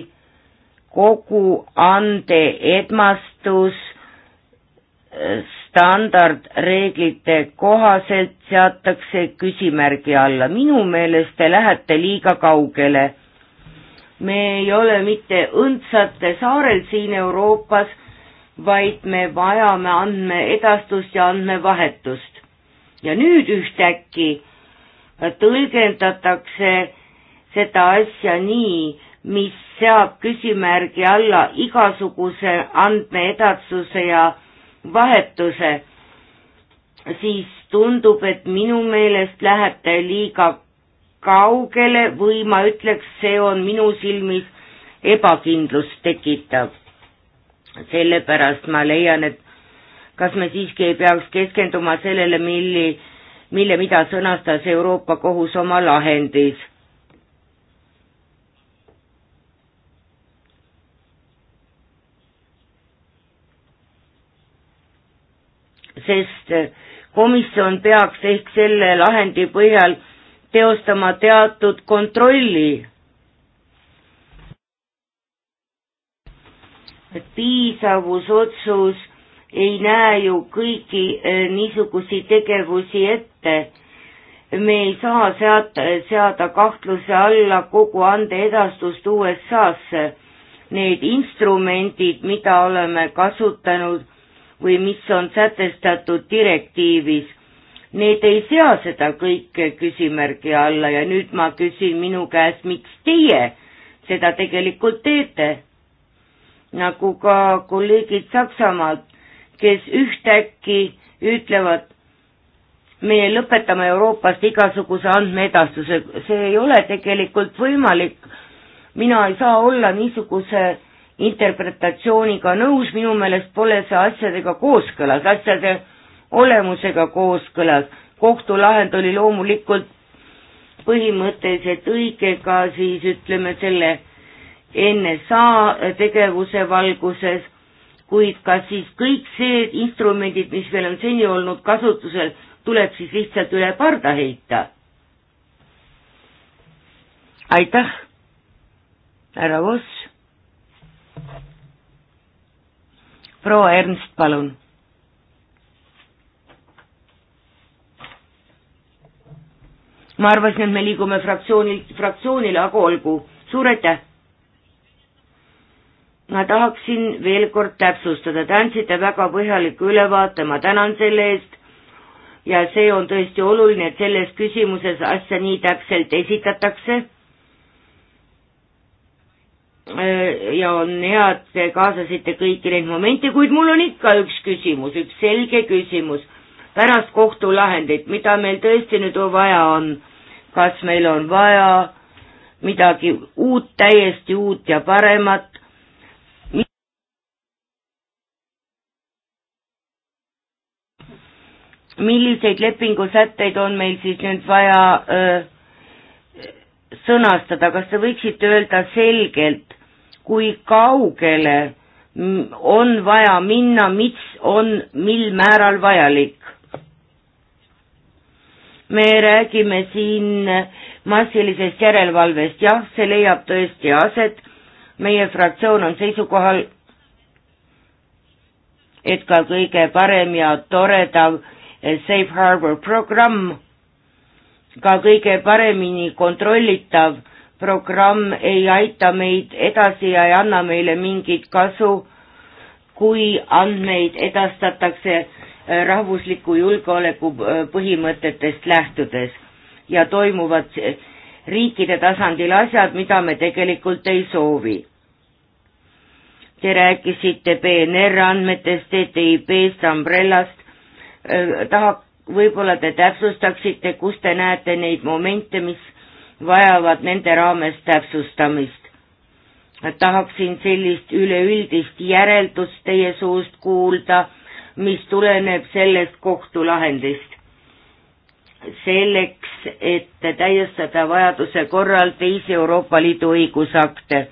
kogu ande edmastus eh, standardreeglite kohaselt seatakse küsimärgi alla. minu meelest te lähete liiga kaugele. me ei ole mitte õndsate saarel siin Euroopas, vaid me vajame andmeedastust ja andmevahetust. ja nüüd ühtäkki tõlgendatakse seda asja nii, mis seab küsimärgi alla igasuguse andmeedatsuse ja vahetuse, siis tundub, et minu meelest lähete liiga kaugele või ma ütleks, see on minu silmis ebakindlust tekitav. sellepärast ma leian, et kas me siiski ei peaks keskenduma sellele, milli, mille, mida sõnastas Euroopa Kohus oma lahendis sest komisjon peaks ehk selle lahendi põhjal teostama teatud kontrolli. piisavusotsus ei näe ju kõiki eh, niisugusi tegevusi ette. me ei saa seata, seada kahtluse alla kogu andeedastust USA-sse. Need instrumendid, mida oleme kasutanud või mis on sätestatud direktiivis. Need ei sea seda kõike küsimärgi alla ja nüüd ma küsin minu käest, miks teie seda tegelikult teete? nagu ka kolleegid Saksamaalt, kes ühtäkki ütlevad, meie lõpetame Euroopast igasuguse andmeedastuse, see ei ole tegelikult võimalik. mina ei saa olla niisuguse interpretatsiooniga nõus, minu meelest pole see asjadega kooskõlas, asjade olemusega kooskõlas. kohtulahend oli loomulikult põhimõtteliselt õige ka siis ütleme selle NSA tegevuse valguses, kuid kas siis kõik see instrumendid, mis meil on seni olnud kasutusel, tuleb siis lihtsalt üle parda heita? aitäh, härra Voss. proua Ernst, palun. ma arvasin, et me liigume fraktsioonilt fraktsioonile, aga olgu, suur aitäh. ma tahaksin veel kord täpsustada, te andsite väga põhjaliku ülevaate, ma tänan selle eest ja see on tõesti oluline, et selles küsimuses asja nii täpselt esitatakse Äh, ja on hea, et te kaasasite kõiki neid momente, kuid mul on ikka üks küsimus, üks selge küsimus. pärast kohtulahendit, mida meil tõesti nüüd vaja on, kas meil on vaja midagi uut, täiesti uut ja paremat, milliseid lepingusätteid on meil siis nüüd vaja öö, äh, sõnastada, kas te võiksite öelda selgelt, kui kaugele on vaja minna, mis on mil määral vajalik. me räägime siin massilisest järelevalvest, jah, see leiab tõesti aset, meie fraktsioon on seisukohal, et ka kõige parem ja toredav Safe Harbor programm, ka kõige paremini kontrollitav programm ei aita meid edasi ja ei anna meile mingit kasu, kui andmeid edastatakse äh, rahvusliku julgeoleku äh, põhimõtetest lähtudes ja toimuvad äh, riikide tasandil asjad, mida me tegelikult ei soovi. Te rääkisite PNR andmetest, TTIP-st, Umbrellast, taha, võib-olla te täpsustaksite, kus te näete neid momente, mis vajavad nende raames täpsustamist. tahaksin sellist üleüldist järeldust teie suust kuulda, mis tuleneb sellest kohtulahendist. selleks, et täiustada vajaduse korral teisi Euroopa Liidu õigusakte.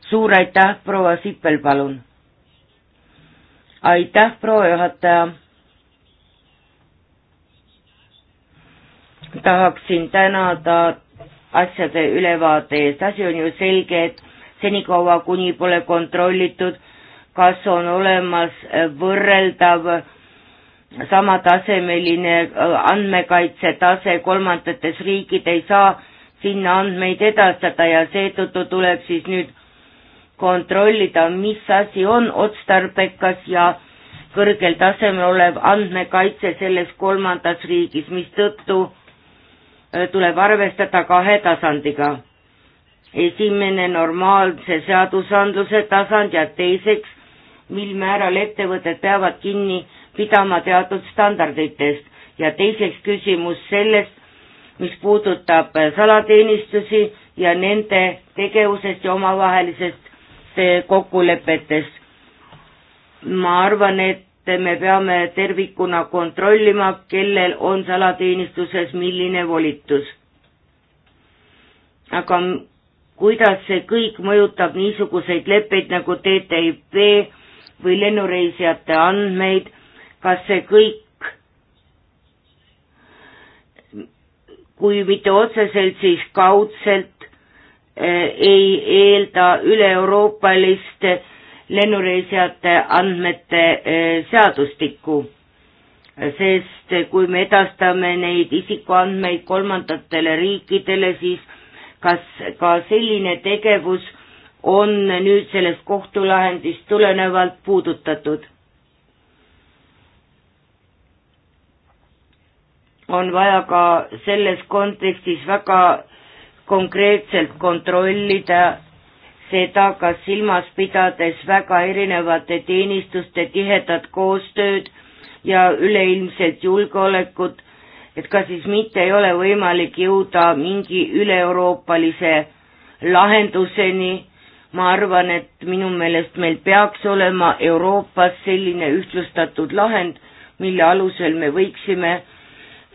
suur aitäh, proua Sippel, palun! aitäh, proua juhataja! tahaksin tänada asjade ülevaate eest. asi on ju selge, et senikaua, kuni pole kontrollitud, kas on olemas võrreldav samatasemeline äh, andmekaitse tase kolmandates riikid, ei saa sinna andmeid edastada ja seetõttu tuleb siis nüüd kontrollida, mis asi on otstarbekas ja kõrgel tasemel olev andmekaitse selles kolmandas riigis, mistõttu Äh, tuleb arvestada kahe tasandiga. esimene normaalse seadusandluse tasand ja teiseks, mil määral ettevõtted peavad kinni pidama teatud standarditest ja teiseks küsimus sellest, mis puudutab äh, salateenistusi ja nende tegevusest ja omavahelisest äh, kokkulepetest. ma arvan, et me peame tervikuna kontrollima, kellel on salateenistuses milline volitus. aga kuidas see kõik mõjutab niisuguseid leppeid nagu TTIP või lennureisijate andmeid, kas see kõik kui mitte otseselt, siis kaudselt eh, ei eelda üle-euroopalist eh, lennureisijate andmete eh, seadustikku, sest kui me edastame neid isikuandmeid kolmandatele riikidele, siis kas ka selline tegevus on nüüd sellest kohtulahendist tulenevalt puudutatud? on vaja ka selles kontekstis väga konkreetselt kontrollida seda ka silmas pidades väga erinevate teenistuste tihedat koostööd ja üleilmset julgeolekut, et ka siis mitte ei ole võimalik jõuda mingi üle-euroopalise lahenduseni, ma arvan, et minu meelest meil peaks olema Euroopas selline ühtlustatud lahend, mille alusel me võiksime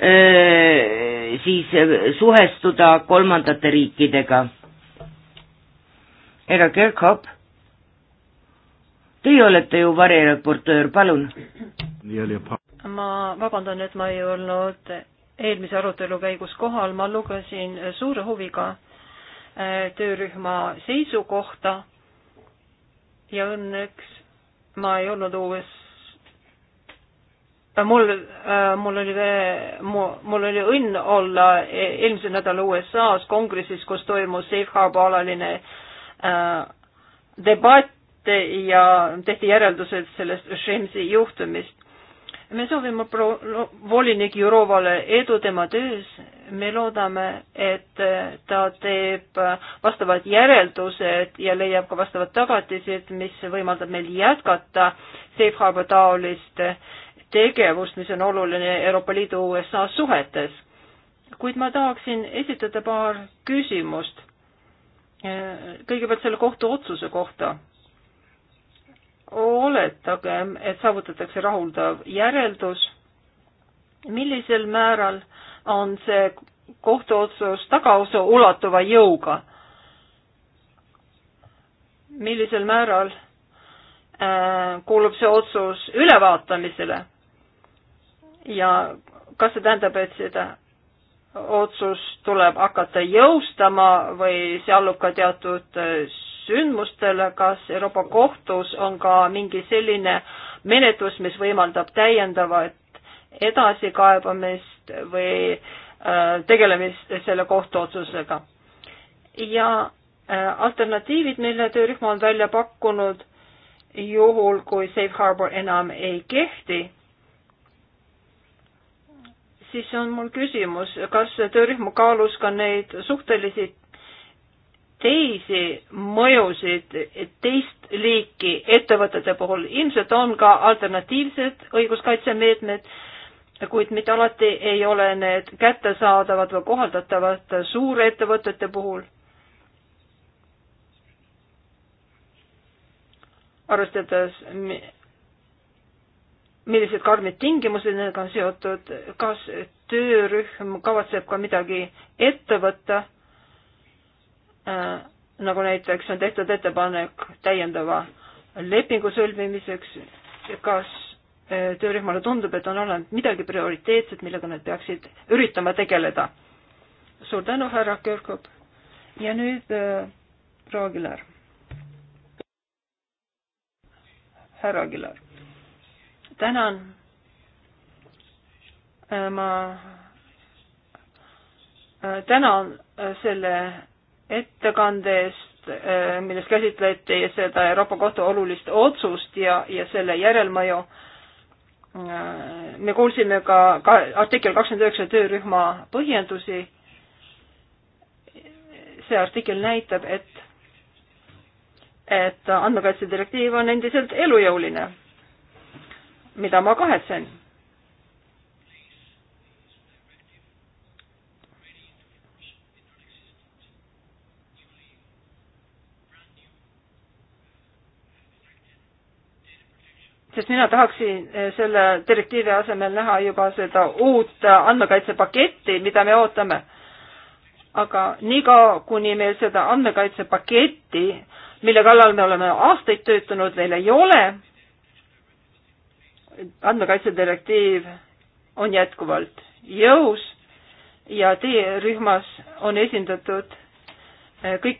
öö, siis suhestuda kolmandate riikidega härra Kirchhoff, teie olete ju variraportöör, palun. ma vabandan, et ma ei olnud eelmise arutelu käigus kohal, ma lugesin suure huviga äh, töörühma seisukohta ja õnneks ma ei olnud uues äh, mul, äh, mul oli, mul oli õnn olla e-, eelmisel nädalal USA-s kongressis, kus toimus Safe Harbor alaline äh, Äh, debatte ja tehti järeldused sellest Šemsi juhtumist. me soovime pro-, volinik Jurovale edu tema töös, me loodame, et ta teeb vastavad järeldused ja leiab ka vastavad tagatised, mis võimaldab meil jätkata safe harbor taolist tegevust, mis on oluline Euroopa Liidu USA suhetes kuid ma tahaksin esitada paar küsimust kõigepealt selle kohtuotsuse kohta. oletagem, et saavutatakse rahuldav järeldus, millisel määral on see kohtuotsus tagaosa ulatuva jõuga? millisel määral äh, kuulub see otsus ülevaatamisele? ja kas see tähendab, et seda otsus tuleb hakata jõustama või see allub ka teatud äh, sündmustele, kas Euroopa Kohtus on ka mingi selline menetlus, mis võimaldab täiendavat edasikaebamist või äh, tegelemist selle kohtuotsusega. ja äh, alternatiivid, mille töörühm on välja pakkunud, juhul kui safe harbor enam ei kehti siis on mul küsimus, kas töörühm kaalus ka neid suhtelisi teisi mõjusid teist liiki ettevõtete puhul, ilmselt on ka alternatiivsed õiguskaitsemeetmed, kuid mitte alati ei ole need kättesaadavad või kohaldatavad suurettevõtete puhul. arvestades millised karmid tingimused nendega on seotud, kas töörühm kavatseb ka midagi ette võtta äh,, nagu näiteks on tehtud ettepanek täiendava lepingu sõlmimiseks, kas äh, töörühmale tundub, et on olnud midagi prioriteetset, millega nad peaksid üritama tegeleda? suur tänu, härra Kirkup. ja nüüd äh, proua Aguilar. härra Aguilar tänan. Äh, ma äh, tänan äh, selle ettekande eest, milles käsitleti seda Euroopa Kohtu olulist otsust ja, ja selle järelmõju. me kuulsime ka, ka artikkel kakskümmend üheksa töörühma põhjendusi. see artikkel näitab, et, et andmekaitse direktiiv on endiselt elujõuline mida ma kahetsen. sest mina tahaksin eh, selle direktiivi asemel näha juba seda uut eh, andmekaitsepaketti, mida me ootame. aga niikaua, kuni meil seda andmekaitsepaketti, mille kallal me oleme aastaid töötanud, veel ei ole andmekaitse direktiiv on jätkuvalt jõus ja teie rühmas on esindatud eh, kõik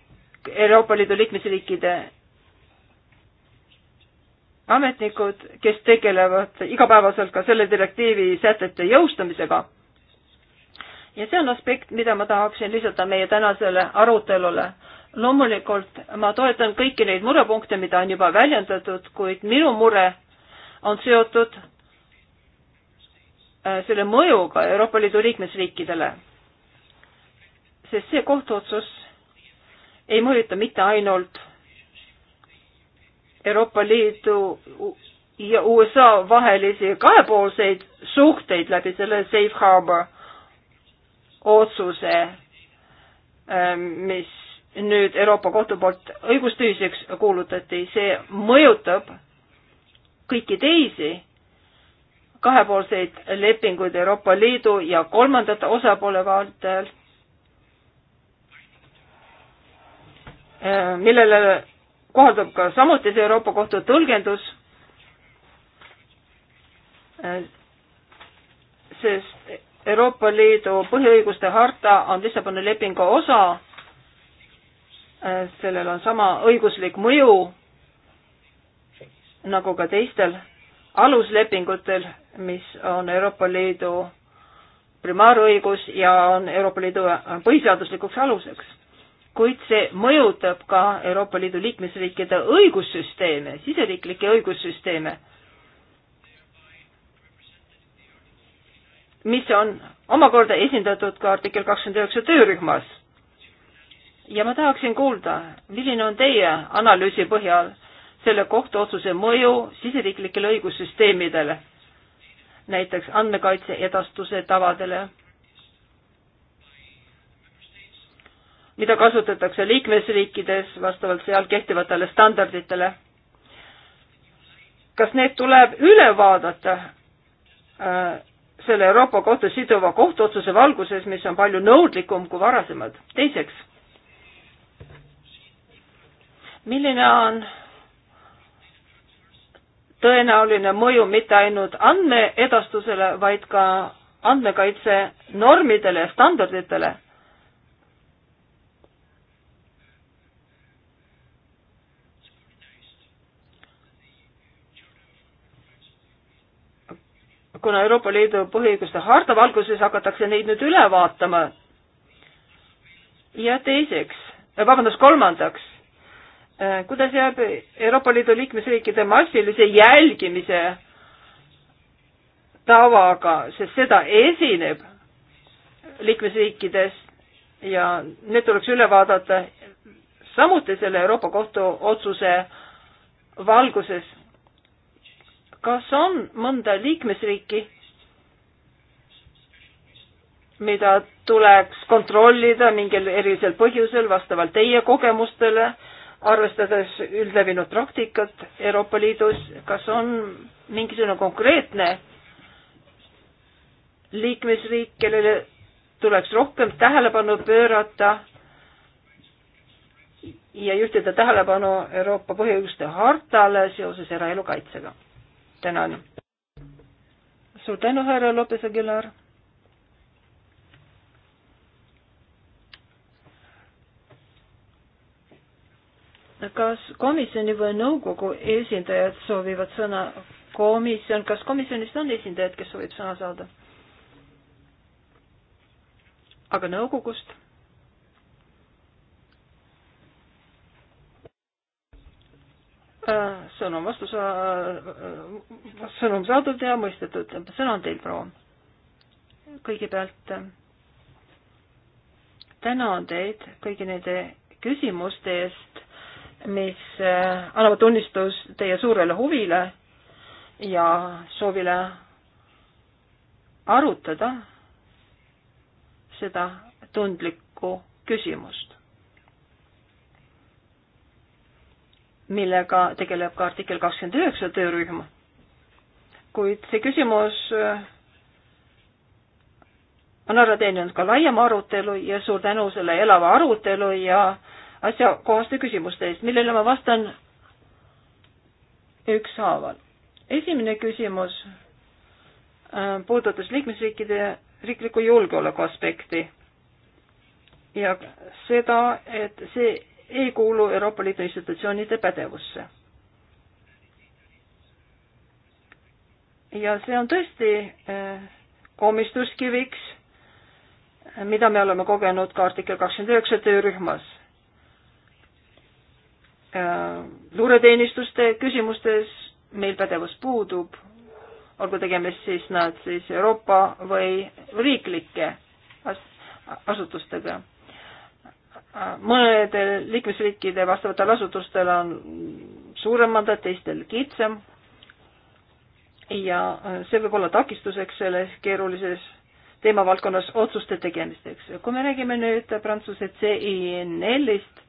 Euroopa Liidu liikmesriikide ametnikud, kes tegelevad igapäevaselt ka selle direktiivi sätete jõustamisega. ja see on aspekt, mida ma tahaksin lisada meie tänasele arutelule. loomulikult ma toetan kõiki neid murepunkte, mida on juba väljendatud, kuid minu mure on seotud äh, selle mõjuga Euroopa Liidu liikmesriikidele. sest see kohtuotsus ei mõjuta mitte ainult Euroopa Liidu ja USA vahelisi kahepoolseid suhteid läbi selle safe harbor otsuse, ähm, mis nüüd Euroopa Kohtu poolt õigustühiseks kuulutati, see mõjutab kõiki teisi kahepoolseid lepinguid Euroopa Liidu ja kolmandate osapoole vahel, äh, millele kohaldub ka samuti see Euroopa Kohtu tõlgendus, äh, sest Euroopa Liidu põhiõiguste harta on Lissaboni lepingu osa, äh, sellel on sama õiguslik mõju nagu ka teistel aluslepingutel, mis on Euroopa Liidu primaarõigus ja on Euroopa Liidu põhiseaduslikuks aluseks. kuid see mõjutab ka Euroopa Liidu liikmesriikide õigussüsteeme, siseriiklikke õigussüsteeme, mis on omakorda esindatud ka artikkel kakskümmend üheksa töörühmas. ja ma tahaksin kuulda, milline on teie analüüsi põhjal selle kohtuotsuse mõju siseriiklikele õigussüsteemidele, näiteks andmekaitse edastuse tavadele, mida kasutatakse liikmesriikides vastavalt seal kehtivatele standarditele. kas need tuleb üle vaadata äh, selle Euroopa Kohtu siduva kohtuotsuse valguses, mis on palju nõudlikum kui varasemad? teiseks, milline on tõenäoline mõju mitte ainult andmeedastusele, vaid ka andmekaitse normidele ja standarditele. kuna Euroopa Liidu põhiõiguste harta valguses hakatakse neid nüüd üle vaatama. ja teiseks, vabandust, kolmandaks, Äh, kuidas jääb Euroopa Liidu liikmesriikide massilise jälgimise tavaga, sest seda esineb liikmesriikides ja need tuleks üle vaadata samuti selle Euroopa Kohtu otsuse valguses. kas on mõnda liikmesriiki, mida tuleks kontrollida mingil erilisel põhjusel vastavalt teie kogemustele äh, arvestades üldlevinud praktikat Euroopa Liidus, kas on mingisugune konkreetne liikmesriik, kellele tuleks rohkem tähelepanu pöörata ja juhtida tähelepanu Euroopa põhiõiguste hartale seoses eraelu kaitsega. tänan. suur tänu, härra Lopes Aguilar kas komisjoni või nõukogu esindajad soovivad sõna? komisjon, kas komisjonist on esindajad, kes soovib sõna saada? aga nõukogust? Äh, sõnum vastu saa-, äh, sõnum saadud ja mõistetud, sõna on teil, proua. kõigepealt äh, tänan teid kõigi nende küsimuste eest mis äh, annavad tunnistust teie suurele huvile ja soovile arutada seda tundlikku küsimust, millega tegeleb ka artikkel kakskümmend üheksa töörühm. kuid see küsimus äh, on ära teeninud ka laiema arutelu ja suur tänu selle elava arutelu ja äh, asjakohaste küsimuste eest, millele ma vastan ükshaaval. esimene küsimus äh, puudutas liikmesriikide riikliku julgeoleku aspekti ja seda, et see ei kuulu Euroopa Liidu institutsioonide pädevusse. ja see on tõesti äh, komistuskiviks, äh, mida me oleme kogenud ka artikkel kakskümmend üheksa töörühmas Äh, luureteenistuste küsimustes meil pädevus puudub, olgu tegemist siis nad siis Euroopa või riiklike asutustega. mõnedel liikmesriikide vastavatel asutustel on suurem mandaat, teistel kitsam ja see võib olla takistuseks selles keerulises teemavaldkonnas otsuste tegemisteks. kui me räägime nüüd Prantsuse CINL-ist,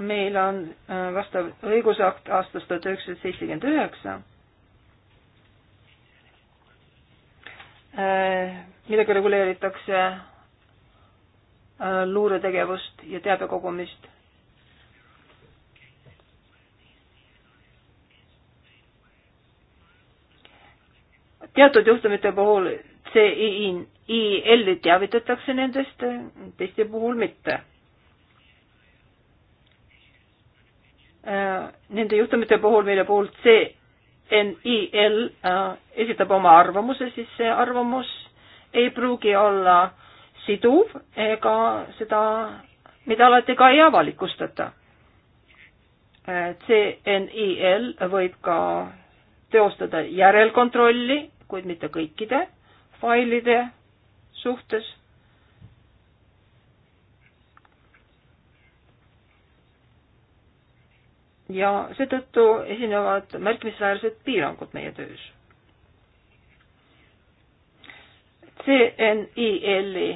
meil on äh, vastav õigusakt aastast tuhat üheksasada seitsekümmend üheksa, äh, millega reguleeritakse äh, luuretegevust ja teabe kogumist. teatud juhtumite puhul CII-l teavitatakse nendest, teiste puhul mitte Äh, nende juhtumite puhul, mille puhul CNIL äh, esitab oma arvamuse, siis see arvamus ei pruugi olla siduv ega seda, mida alati ka ei avalikustata. Äh, CNIL võib ka teostada järelkontrolli, kuid mitte kõikide failide suhtes ja seetõttu esinevad märkimisväärsed piirangud meie töös. CNIL-i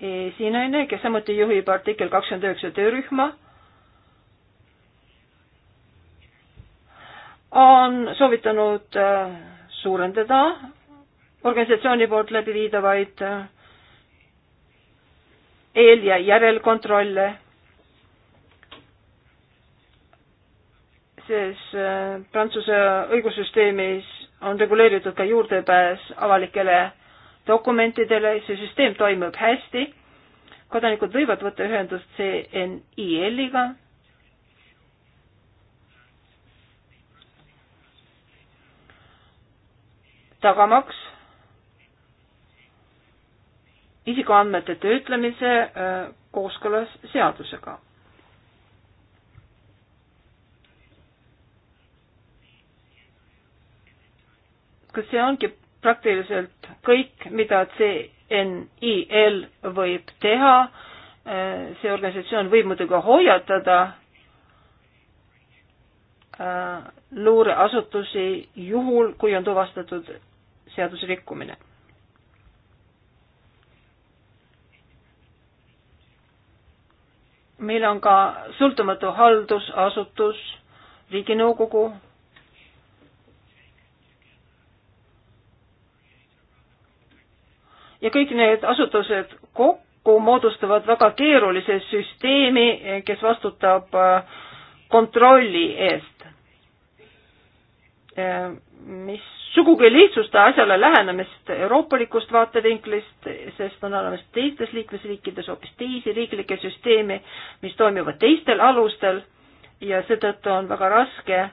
esinaine, kes samuti juhib artikkel kakskümmend üheksa töörühma, on soovitanud äh, suurendada organisatsiooni poolt läbi viidavaid äh, eel- ja järelkontrolle teises äh, Prantsuse õigussüsteemis on reguleeritud ka juurdepääs avalikele dokumentidele, see süsteem toimib hästi, kodanikud võivad võtta ühendust CNIL-iga, tagamaks isikuandmete töötlemise äh, kooskõlas seadusega kas see ongi praktiliselt kõik, mida CNIL võib teha, see organisatsioon võib muidugi hoiatada äh, luureasutusi juhul, kui on tuvastatud seadusrikkumine meil on ka sõltumatu haldusasutus, riiginõukogu, ja kõik need asutused kokku moodustavad väga keerulise süsteemi, kes vastutab äh, kontrolli eest, äh, mis sugugi ei lihtsusta asjale lähenemist euroopalikust vaatevinklist, sest on olemas teistes liikmesriikides hoopis teisi riiklikke süsteeme, mis toimivad teistel alustel ja seetõttu on väga raske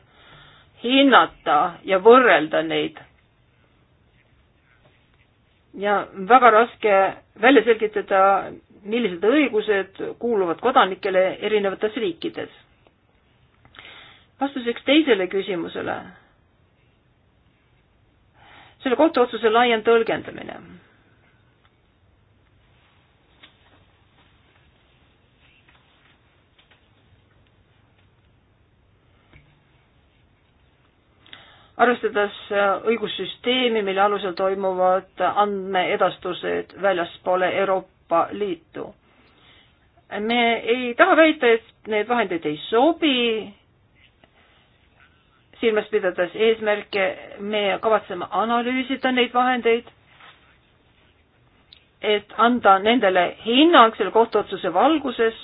hinnata ja võrrelda neid ja väga raske välja selgitada, millised õigused kuuluvad kodanikele erinevates riikides. vastuseks teisele küsimusele. selle kohtuotsuse laiem tõlgendamine arvestades äh, õigussüsteemi, mille alusel toimuvad andmeedastused väljaspoole Euroopa Liitu. me ei taha väita, et need vahendid ei sobi, silmas pidades eesmärke, me kavatseme analüüsida neid vahendeid, et anda nendele hinnang selle kohtuotsuse valguses,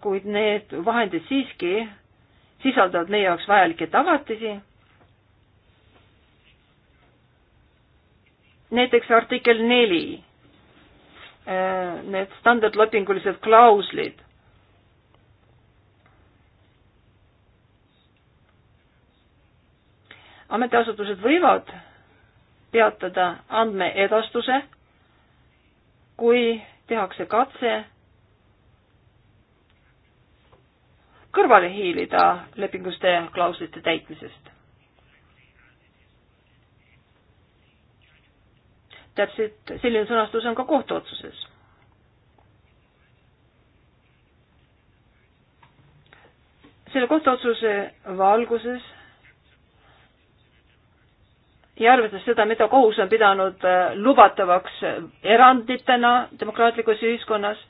kuid need vahendid siiski sisaldavad meie jaoks vajalikke tagatisi näiteks artikkel neli, äh, need standardlepingulised klauslid. ametiasutused võivad peatada andmeedastuse, kui tehakse katse kõrvale hiilida lepinguste klauslite täitmisest täpselt selline sõnastus on ka kohtuotsuses. selle kohtuotsuse valguses ja arvestades seda, mida kohus on pidanud äh, lubatavaks äh, eranditena demokraatlikus ühiskonnas,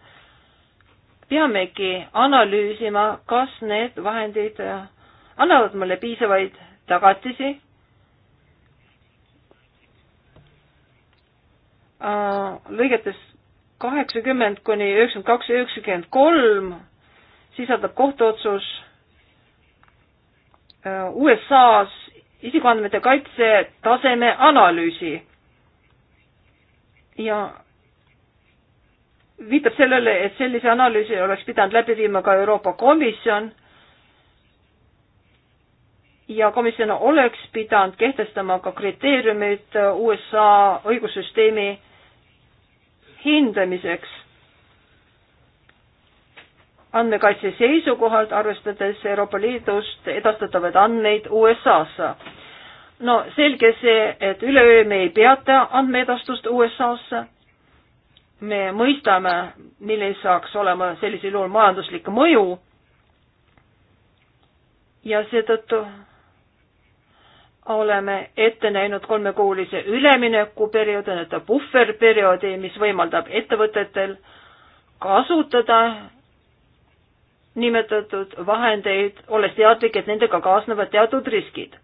peamegi analüüsima, kas need vahendid äh, annavad mulle piisavaid tagatisi Äh, lõigetes kaheksakümmend kuni üheksakümmend kaks ja üheksakümmend kolm sisaldab kohtuotsus äh, USA-s isikuandmete kaitse taseme analüüsi ja viitab sellele, et sellise analüüsi oleks pidanud läbi viima ka Euroopa Komisjon ja komisjon oleks pidanud kehtestama ka kriteeriumid äh, USA õigussüsteemi hindamiseks. andmekaitse seisukohalt, arvestades Euroopa Liidust edastatavaid andmeid USA-sse. no selge see, et üleöö me ei peata andmeedastust USA-sse me mõistame, milline saaks olema sellisel juhul majanduslik mõju ja seetõttu oleme ette näinud kolmekuulise üleminekuperioodi, nii-öelda puhverperioodi, mis võimaldab ettevõtetel kasutada nimetatud vahendeid, olles teadlik, et nendega kaasnevad teatud riskid.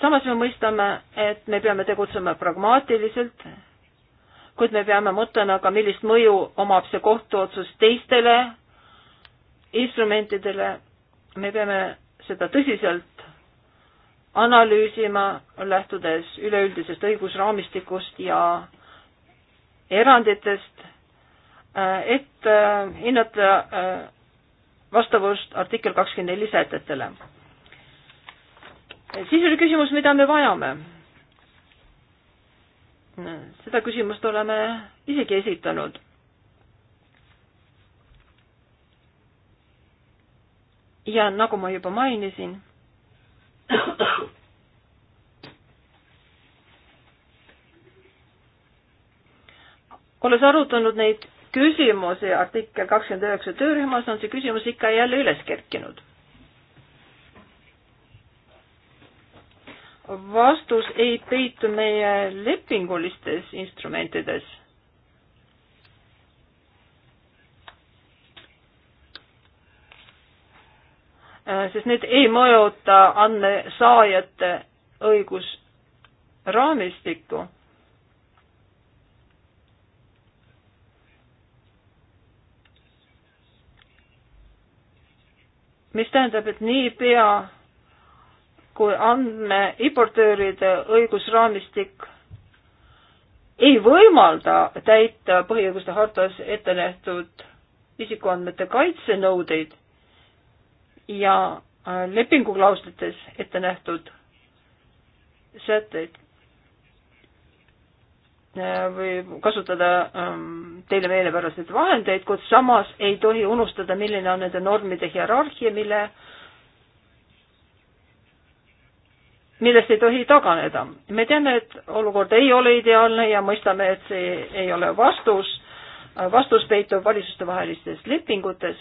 samas me mõistame, et me peame tegutsema pragmaatiliselt, kuid me peame mõtlema ka, millist mõju omab see kohtuotsus teistele instrumentidele. me peame seda tõsiselt analüüsima, lähtudes üleüldisest õigusraamistikust ja eranditest, äh, et äh, hinnata äh, vastavust artikkel kakskümmend neli sätetele. siis oli küsimus, mida me vajame. seda küsimust oleme isegi esitanud ja nagu ma juba mainisin, olles arutanud neid küsimusi artikkel kakskümmend üheksa töörühmas, on see küsimus ikka ja jälle üles kerkinud. vastus ei peitu meie lepingulistes instrumentides Äh, sest need ei mõjuta andmesaajate õigusraamistikku. mis tähendab, et niipea kui andmeimportööride õigusraamistik ei võimalda täita põhiõiguste hartas ette nähtud isikuandmete kaitsenõudeid ja äh, lepinguklauslites ette nähtud sätteid äh, võib kasutada ähm, teile meelepäraseid vahendeid, kuid samas ei tohi unustada, milline on nende normide hierarhia, mille, millest ei tohi taganeda. me teame, et olukord ei ole ideaalne ja mõistame, et see ei ole vastus. vastus peitub valitsustevahelistes lepingutes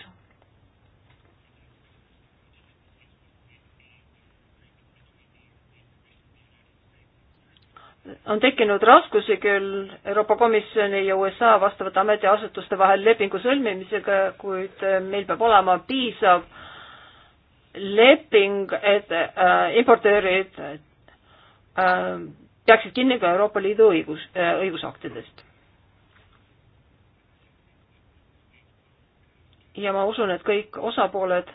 on tekkinud raskusi küll Euroopa Komisjoni ja USA vastavate ametiasutuste vahel lepingu sõlmimisega, kuid äh, meil peab olema piisav leping, et äh, importöörid äh, peaksid kinni ka Euroopa Liidu õigus äh,, õigusaktidest. ja ma usun, et kõik osapooled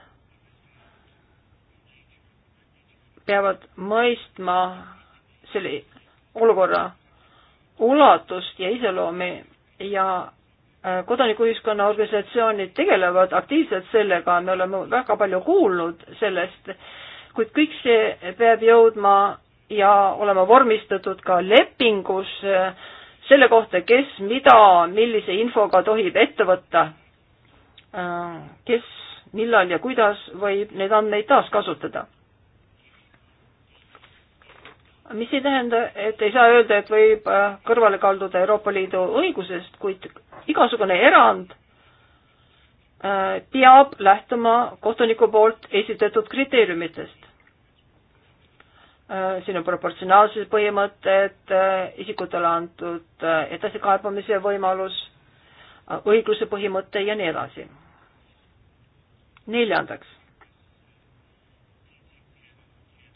peavad mõistma selle olukorra ulatust ja iseloomi ja äh, kodanikuühiskonna organisatsioonid tegelevad aktiivselt sellega, me oleme väga palju kuulnud sellest, kuid kõik see peab jõudma ja olema vormistatud ka lepingus äh, selle kohta, kes mida, millise infoga tohib ette võtta, äh, kes, millal ja kuidas võib neid andmeid taaskasutada mis ei tähenda, et ei saa öelda, et võib äh, kõrvale kalduda Euroopa Liidu õigusest, kuid igasugune erand äh, peab lähtuma kohtuniku poolt esitatud kriteeriumitest. Äh, siin on proportsionaalsuse põhimõtted, isikutele antud edasikaebamise võimalus, õigluse põhimõte ja nii edasi. neljandaks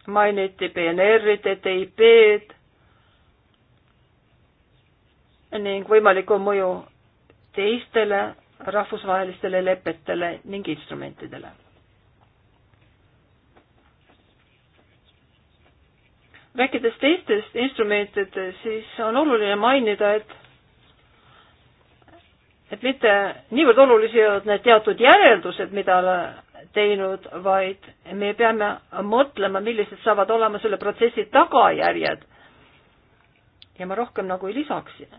mainiti PNR-i, e TTIP-d ning võimalikku mõju teistele rahvusvahelistele lepetele ning instrumentidele. rääkides teistest instrumentidest, siis on oluline mainida, et et mitte niivõrd olulised need teatud järeldused, mida teinud, vaid me peame mõtlema, millised saavad olema selle protsessi tagajärjed. ja ma rohkem nagu ei lisaksin.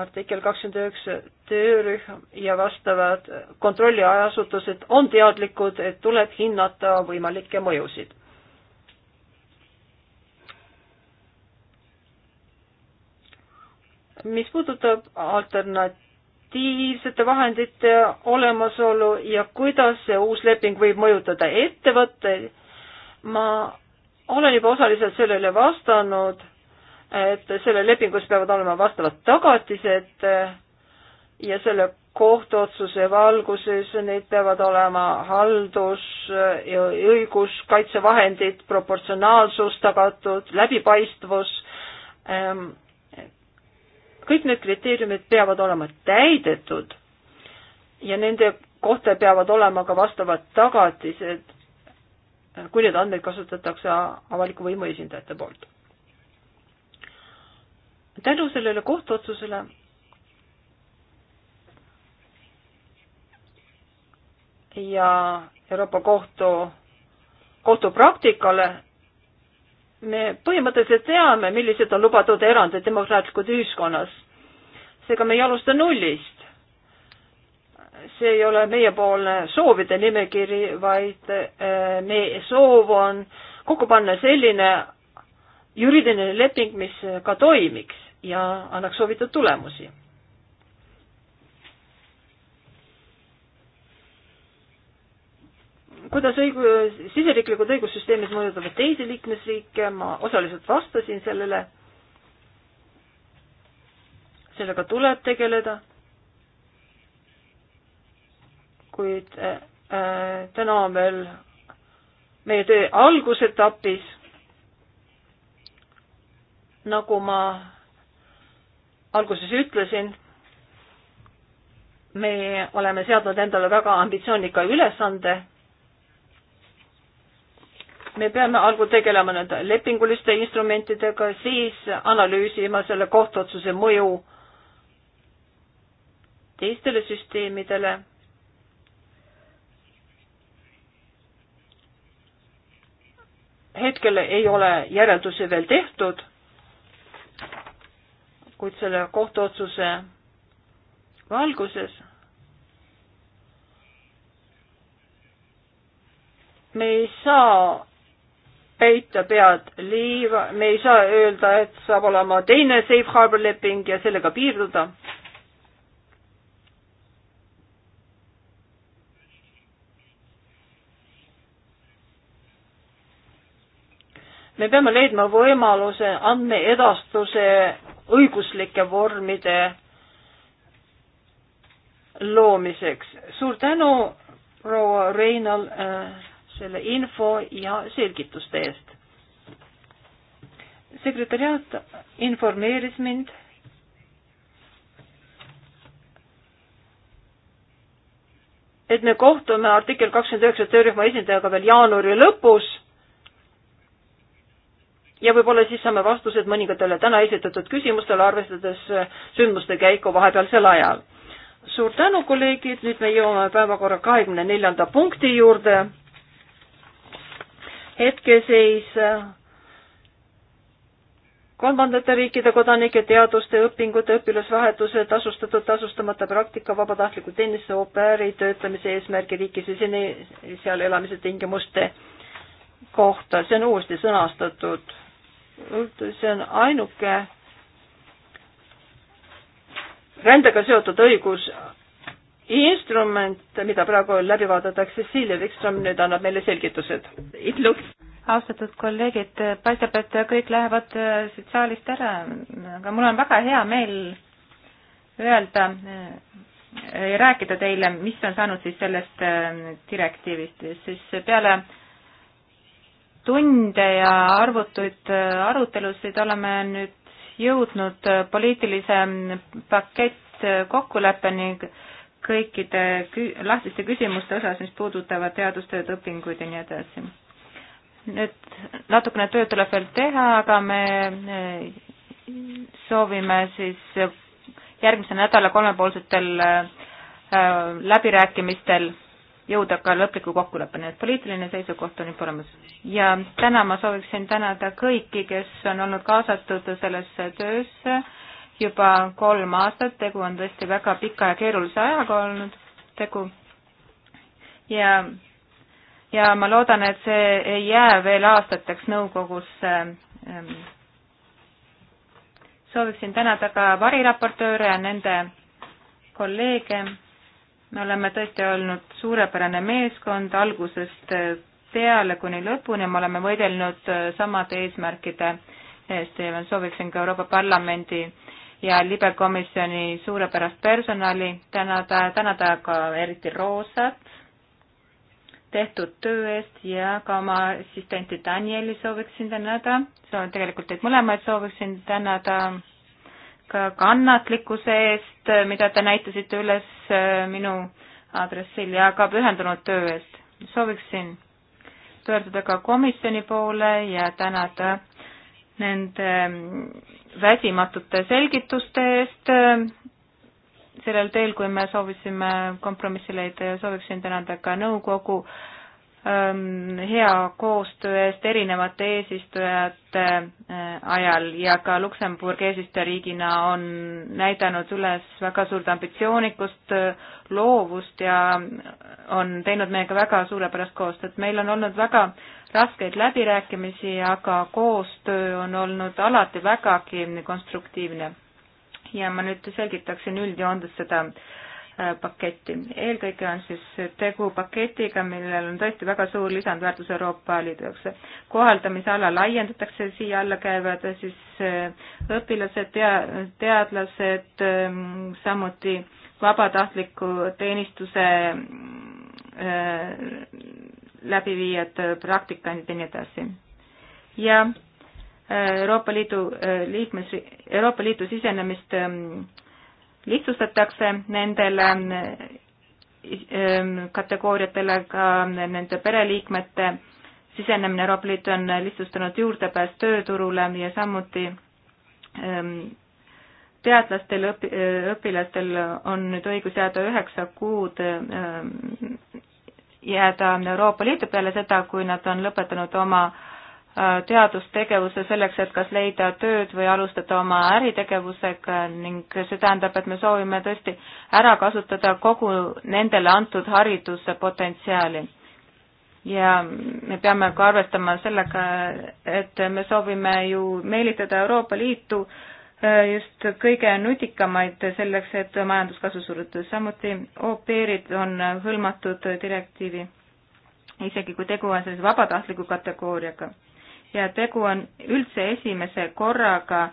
artikkel kakskümmend üheksa töörühm ja vastavad kontrolliasutused on teadlikud, et tuleb hinnata võimalikke mõjusid. mis puudutab alternat-, alternatiivsete vahendite olemasolu ja kuidas see uus leping võib mõjutada ettevõtteid. ma olen juba osaliselt sellele vastanud, et selle lepingus peavad olema vastavad tagatised ja selle kohtuotsuse valguses need peavad olema haldus- ja õiguskaitsevahendid, proportsionaalsus tagatud, läbipaistvus ähm,, kõik need kriteeriumid peavad olema täidetud ja nende kohta peavad olema ka vastavad tagatised, kui neid andmeid kasutatakse avaliku võimu esindajate poolt. tänu sellele kohtuotsusele ja Euroopa Kohtu kohtupraktikale me põhimõtteliselt teame, millised on lubatud erandid demokraatlikud ühiskonnas. seega me ei alusta nullist. see ei ole meiepoolne soovide nimekiri, vaid eh, meie soov on kokku panna selline juriidiline leping, mis ka toimiks ja annaks soovitud tulemusi kuidas õigus, siseriiklikud õigussüsteemid mõjutavad teisi liikmesriike, ma osaliselt vastasin sellele. sellega tuleb tegeleda. kuid äh, äh, täna on veel meie töö algusetapis. nagu ma alguses ütlesin me oleme seadnud endale väga ambitsioonika ülesande me peame algul tegelema nende lepinguliste instrumentidega, siis analüüsima selle kohtuotsuse mõju teistele süsteemidele. hetkel ei ole järeldusi veel tehtud, kuid selle kohtuotsuse valguses me ei saa peita pead liiva, me ei saa öelda, et saab olema teine safe harbor leping ja sellega piirduda. me peame leidma võimaluse andmeedastuse õiguslike vormide loomiseks. suur tänu, proua Reinal äh, selle info ja selgituste eest. sekretäriaat informeeris mind et me kohtume artikkel kakskümmend üheksa töörühma esindajaga veel jaanuari lõpus ja võib-olla siis saame vastused mõningatele täna esitatud küsimustele, arvestades sündmuste käiku vahepealsel ajal. suur tänu, kolleegid, nüüd me jõuame päevakorra kahekümne neljanda punkti juurde hetkeseis äh, kolmandate riikide kodanike teaduste, õpingute, õpilasvahetuse, tasustatud, tasustamata praktika, vabatahtliku teenistuse, au pair'i töötamise eesmärgi riigisisene, seal elamise tingimuste kohta, see on uuesti sõnastatud. see on ainuke rändega seotud õigus instrument, mida praegu läbi vaadatakse, Silja Vikström nüüd annab meile selgitused. austatud kolleegid, paistab, et kõik lähevad äh, siit saalist ära, aga mul on väga hea meel öelda, äh, rääkida teile, mis on saanud siis sellest äh, direktiivist, siis peale tunde ja arvutuid arutelusid oleme nüüd jõudnud poliitilise mm, pakett kokkuleppeni, kõikide kü-, lahtiste küsimuste osas, mis puudutavad teadustööd, õpinguid ja nii edasi. nüüd natukene tööd tuleb veel teha, aga me eh, soovime siis järgmise nädala kolmepoolsetel eh, läbirääkimistel jõuda ka lõpliku kokkuleppeni, et poliitiline seisukoht on juba olemas. ja täna ma sooviksin tänada kõiki, kes on olnud kaasatud sellesse töösse juba kolm aastat, tegu on tõesti väga pika ja keerulise ajaga olnud, tegu. ja, ja ma loodan, et see ei jää veel aastateks nõukogusse ähm, sooviksin tänada ka variraportööre ja nende kolleege. me oleme tõesti olnud suurepärane meeskond algusest äh, peale kuni lõpuni, me oleme võidelnud äh, samade eesmärkide eest ja sooviksin ka Euroopa Parlamendi ja libekomisjoni suurepärast personali, tänada, tänada ka eriti Roosat tehtud töö eest ja ka oma assistenti Danieli sooviksin tänada, soovin tegelikult teid mõlemaid sooviksin tänada ka kannatlikkuse eest, mida te näitasite üles äh, minu aadressil ja ka pühendunud töö eest. sooviksin pöörduda ka komisjoni poole ja tänada nende mm, väsimatute selgituste eest mm, sellel teel, kui me soovisime kompromissi leida ja sooviksin tänada ka nõukogu äh, Ähm, hea koostöö eest erinevate eesistujate äh, ajal ja ka Luksemburg eesistujariigina on näidanud üles väga suurt ambitsioonikust, äh, loovust ja äh, on teinud meiega väga suurepärast koostööd. meil on olnud väga raskeid läbirääkimisi, aga koostöö on olnud alati vägagi konstruktiivne. ja ma nüüd selgitaksin üldjoontes seda äh, Äh, paketti. eelkõige on siis tegu paketiga, millel on tõesti väga suur lisandväärtus Euroopa Liidu jaoks. kohaldamisala laiendatakse, siia alla käivad siis äh, õpilased, tea-, teadlased, ähm, samuti vabatahtliku teenistuse äh, läbiviijad, praktikandid ja nii edasi. ja Euroopa Liidu liikmes, Euroopa Liidu sisenemist ähm, lihtsustatakse nendele ähm, ähm, kategooriatele ka nende pereliikmete sisenemine Euroopa Liitu on lihtsustanud juurdepääs tööturule ja samuti ähm, teadlastel, äh, õpilastel on nüüd õigus jääda üheksa kuud, jääda Euroopa Liitu peale seda, kui nad on lõpetanud oma äh, teadustegevuse selleks, et kas leida tööd või alustada oma äritegevusega ning see tähendab, et me soovime tõesti ära kasutada kogu nendele antud hariduse potentsiaali. ja me peame ka arvestama sellega, et me soovime ju meelitada Euroopa Liitu äh, just kõige nutikamaid selleks, et majanduskasu surutada, samuti au-pair'id on hõlmatud direktiivi, isegi kui tegu on sellise vabatahtliku kategooriaga ja tegu on üldse esimese korraga,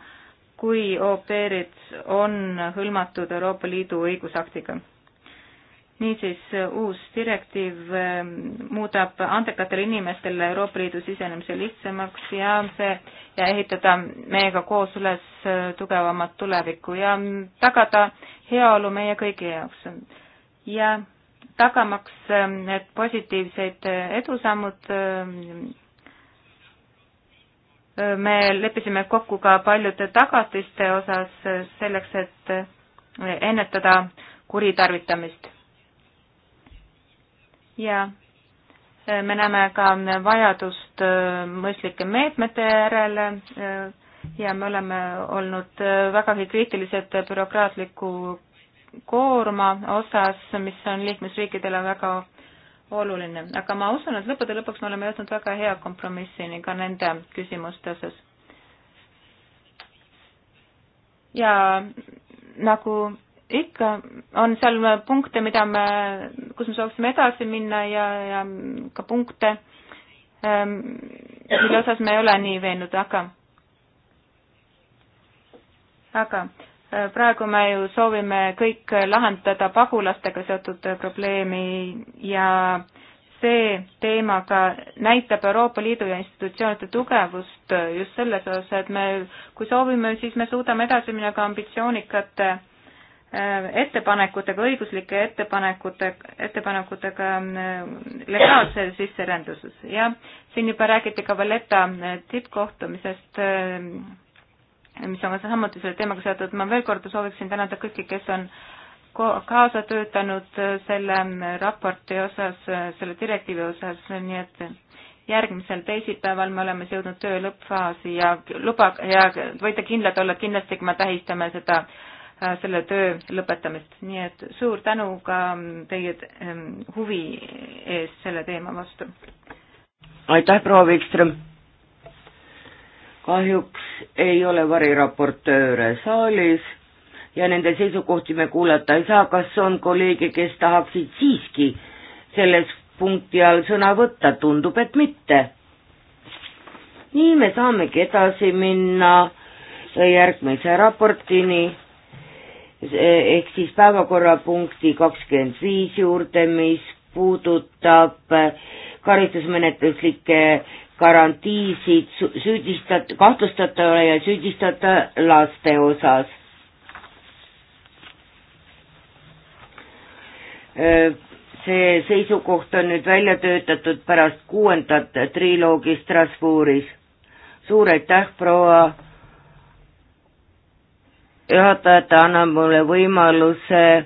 kui au pair'id on hõlmatud Euroopa Liidu õigusaktiga. niisiis, uus direktiiv ähm, muudab andekatele inimestele Euroopa Liidu sisenemise lihtsamaks ja see, ja ehitada meiega koos üles äh, tugevamat tulevikku ja mm, tagada heaolu meie kõigi jaoks. ja tagamaks ähm, need positiivsed äh, edusammud ähm, me leppisime kokku ka paljude tagatiste osas selleks, et ennetada kuritarvitamist. ja me näeme ka vajadust mõistlike meetmete järele ja me oleme olnud vägagi kriitilised bürokraatliku koorma osas, mis on liikmesriikidele väga oluline, aga ma usun, et lõppude lõpuks me oleme jõudnud väga hea kompromissini ka nende küsimuste osas. ja nagu ikka, on seal punkte, mida me, kus me sooviksime edasi minna ja, ja ka punkte, ähm, mille osas me ei ole nii veendunud, aga aga praegu me ju soovime kõik lahendada pagulastega seotud probleemi ja see teema ka näitab Euroopa Liidu ja institutsioonide tugevust just selles osas, et me, kui soovime, siis me suudame edasi minna ka ambitsioonikate äh, ettepanekutega, õiguslike ettepanekute, ettepanekutega äh, legaalse sisseränduses ja siin juba räägiti ka Valletta äh, tippkohtumisest mis on ka samuti selle teemaga seotud. ma veel kord sooviksin tänada kõiki, kes on kaasa töötanud selle raporti osas, selle direktiivi osas, nii et järgmisel teisipäeval me oleme jõudnud töö lõppfaasi ja luba ja võite kindlad olla, et kindlasti me tähistame seda, selle töö lõpetamist, nii et suur tänu ka teie ehm, huvi eest selle teema vastu. aitäh, proua Vikström! kahjuks ei ole variraportööre saalis ja nende seisukohti me kuulata ei saa, kas on kolleege, kes tahaksid siiski selles punkti all sõna võtta, tundub, et mitte. nii me saamegi edasi minna järgmise raportini ehk siis päevakorrapunkti kakskümmend viis juurde, mis puudutab karistusmenetluslike garantiisid süüdistat-, kahtlustatavale ja süüdistatav laste osas. Äh, see seisukoht on nüüd välja töötatud pärast kuuendat triloogi Strasbourgis. suur aitäh, proua juhataja, ta annab mulle võimaluse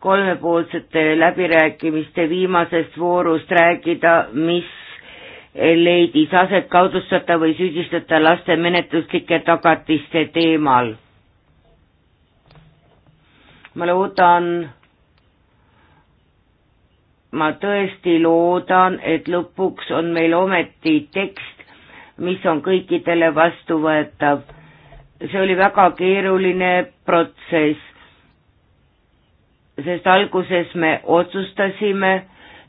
kolmepoolsete läbirääkimiste viimasest voorust rääkida, mis leidis aset kaudustata või süüdistata laste menetluslike tagatiste teemal. ma loodan, ma tõesti loodan, et lõpuks on meil ometi tekst, mis on kõikidele vastuvõetav. see oli väga keeruline protsess, sest alguses me otsustasime,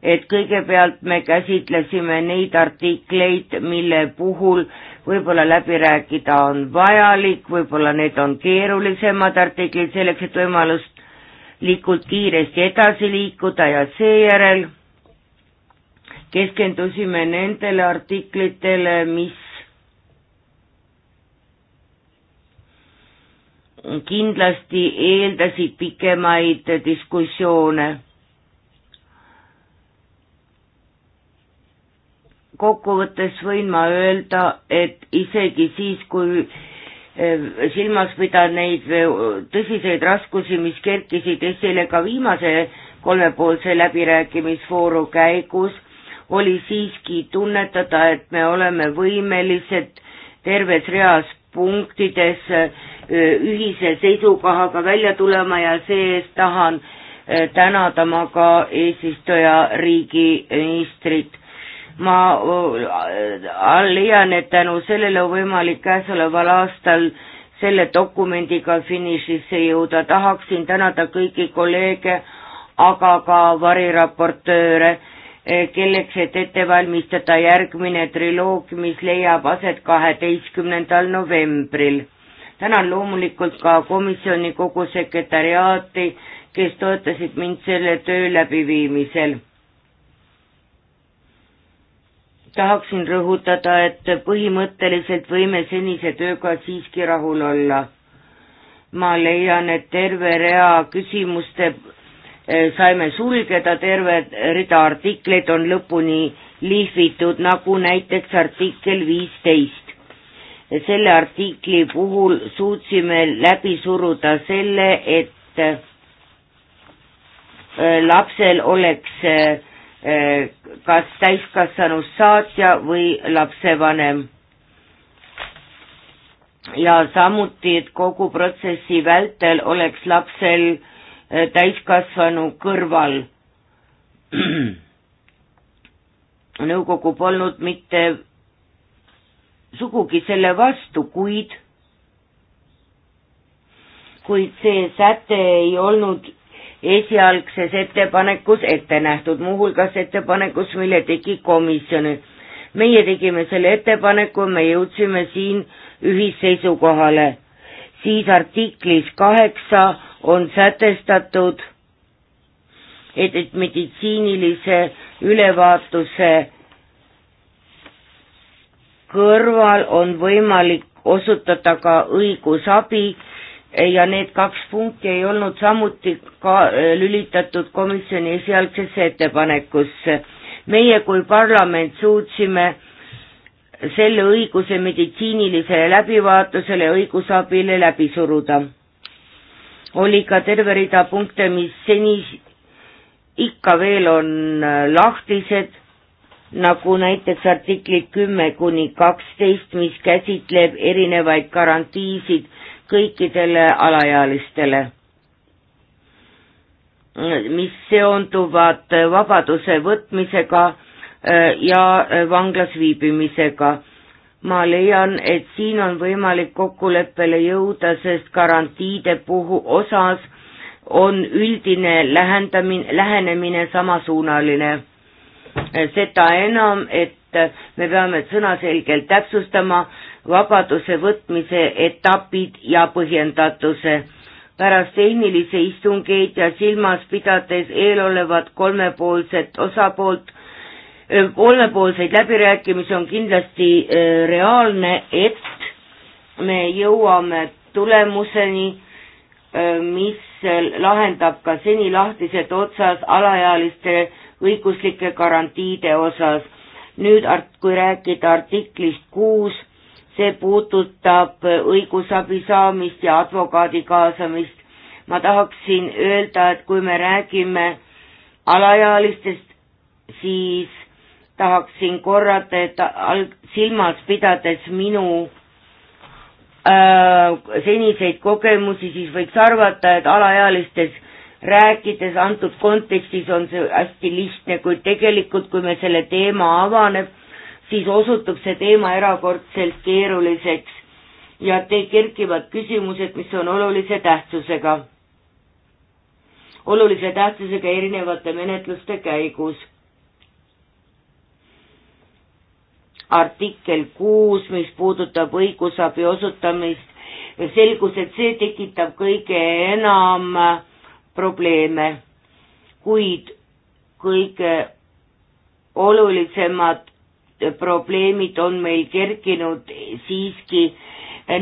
et kõigepealt me käsitlesime neid artikleid, mille puhul võib-olla läbi rääkida on vajalik, võib-olla need on keerulisemad artiklid, selleks et võimalust liikult kiiresti edasi liikuda ja seejärel keskendusime nendele artiklitele, mis kindlasti eeldasid pikemaid diskussioone kokkuvõttes võin ma öelda, et isegi siis, kui eh, silmas pidada neid eh, tõsiseid raskusi, mis kerkisid esile ka viimase kolmepoolse läbirääkimisvooru käigus, oli siiski tunnetada, et me oleme võimelised terves reas punktides eh, ühise seisukohaga välja tulema ja see-eest tahan tänada ma ka eesistuja riigiministrit ma äh, äh, leian, et tänu sellele on võimalik käesoleval aastal selle dokumendiga finišisse jõuda, tahaksin tänada kõiki kolleege, aga ka variraportööre, eh, kelleks, et ette valmistada järgmine triloog, mis leiab aset kaheteistkümnendal novembril. tänan loomulikult ka komisjoni kogu sekretäriaati, kes toetasid mind selle töö läbiviimisel tahaksin rõhutada, et põhimõtteliselt võime senise tööga siiski rahul olla. ma leian, et terve rea küsimuste eh, saime sulgeda, terve rida artikleid on lõpuni lihvitud, nagu näiteks artikkel viisteist. selle artikli puhul suutsime läbi suruda selle, et eh, lapsel oleks eh, Eh, kas täiskasvanust saatja või lapsevanem. ja samuti, et kogu protsessi vältel oleks lapsel eh, täiskasvanu kõrval. nõukogu polnud mitte sugugi selle vastu, kuid, kuid see säte ei olnud esialgses ettepanekus ette nähtud, muuhulgas ettepanekus, mille tegi komisjon. meie tegime selle ettepaneku, me jõudsime siin ühisseisukohale. siis artiklis kaheksa on sätestatud, et, et meditsiinilise ülevaatuse kõrval on võimalik osutada ka õigusabi ja need kaks punkti ei olnud samuti ka äh, lülitatud komisjoni esialgsesse ettepanekusse. meie kui parlament suutsime selle õiguse meditsiinilisele läbivaatusele ja õigusabile läbi suruda. oli ka terve rida punkte, mis seni ikka veel on äh, lahtised, nagu näiteks artiklid kümme kuni kaksteist, mis käsitleb erinevaid garantiisid kõikidele alaealistele, mis seonduvad vabaduse võtmisega äh, ja äh, vanglas viibimisega. ma leian, et siin on võimalik kokkuleppele jõuda, sest garantiide puhu osas on üldine lähendamine, lähenemine samasuunaline. seda enam, et me peame sõnaselgelt täpsustama, vabaduse võtmise etapid ja põhjendatuse. pärast tehnilisi istungeid ja silmas pidades eelolevat kolmepoolset osapoolt, kolmepoolseid läbirääkimisi on kindlasti reaalne, et me jõuame tulemuseni, mis lahendab ka seni lahtised otsas alaealiste õiguslike garantiide osas. nüüd, kui rääkida artiklist kuus see puudutab õigusabi saamist ja advokaadi kaasamist. ma tahaksin öelda, et kui me räägime alaealistest, siis tahaksin korrata, et silmas pidades minu äh, seniseid kogemusi, siis võiks arvata, et alaealistes rääkides antud kontekstis on see hästi lihtne, kuid tegelikult, kui me selle teema avaneb, siis osutub see teema erakordselt keeruliseks ja te kerkivad küsimused, mis on olulise tähtsusega, olulise tähtsusega erinevate menetluste käigus. artikkel kuus, mis puudutab õigusabi osutamist, selgus, et see tekitab kõige enam probleeme, kuid kõige olulisemad probleemid on meil kerkinud siiski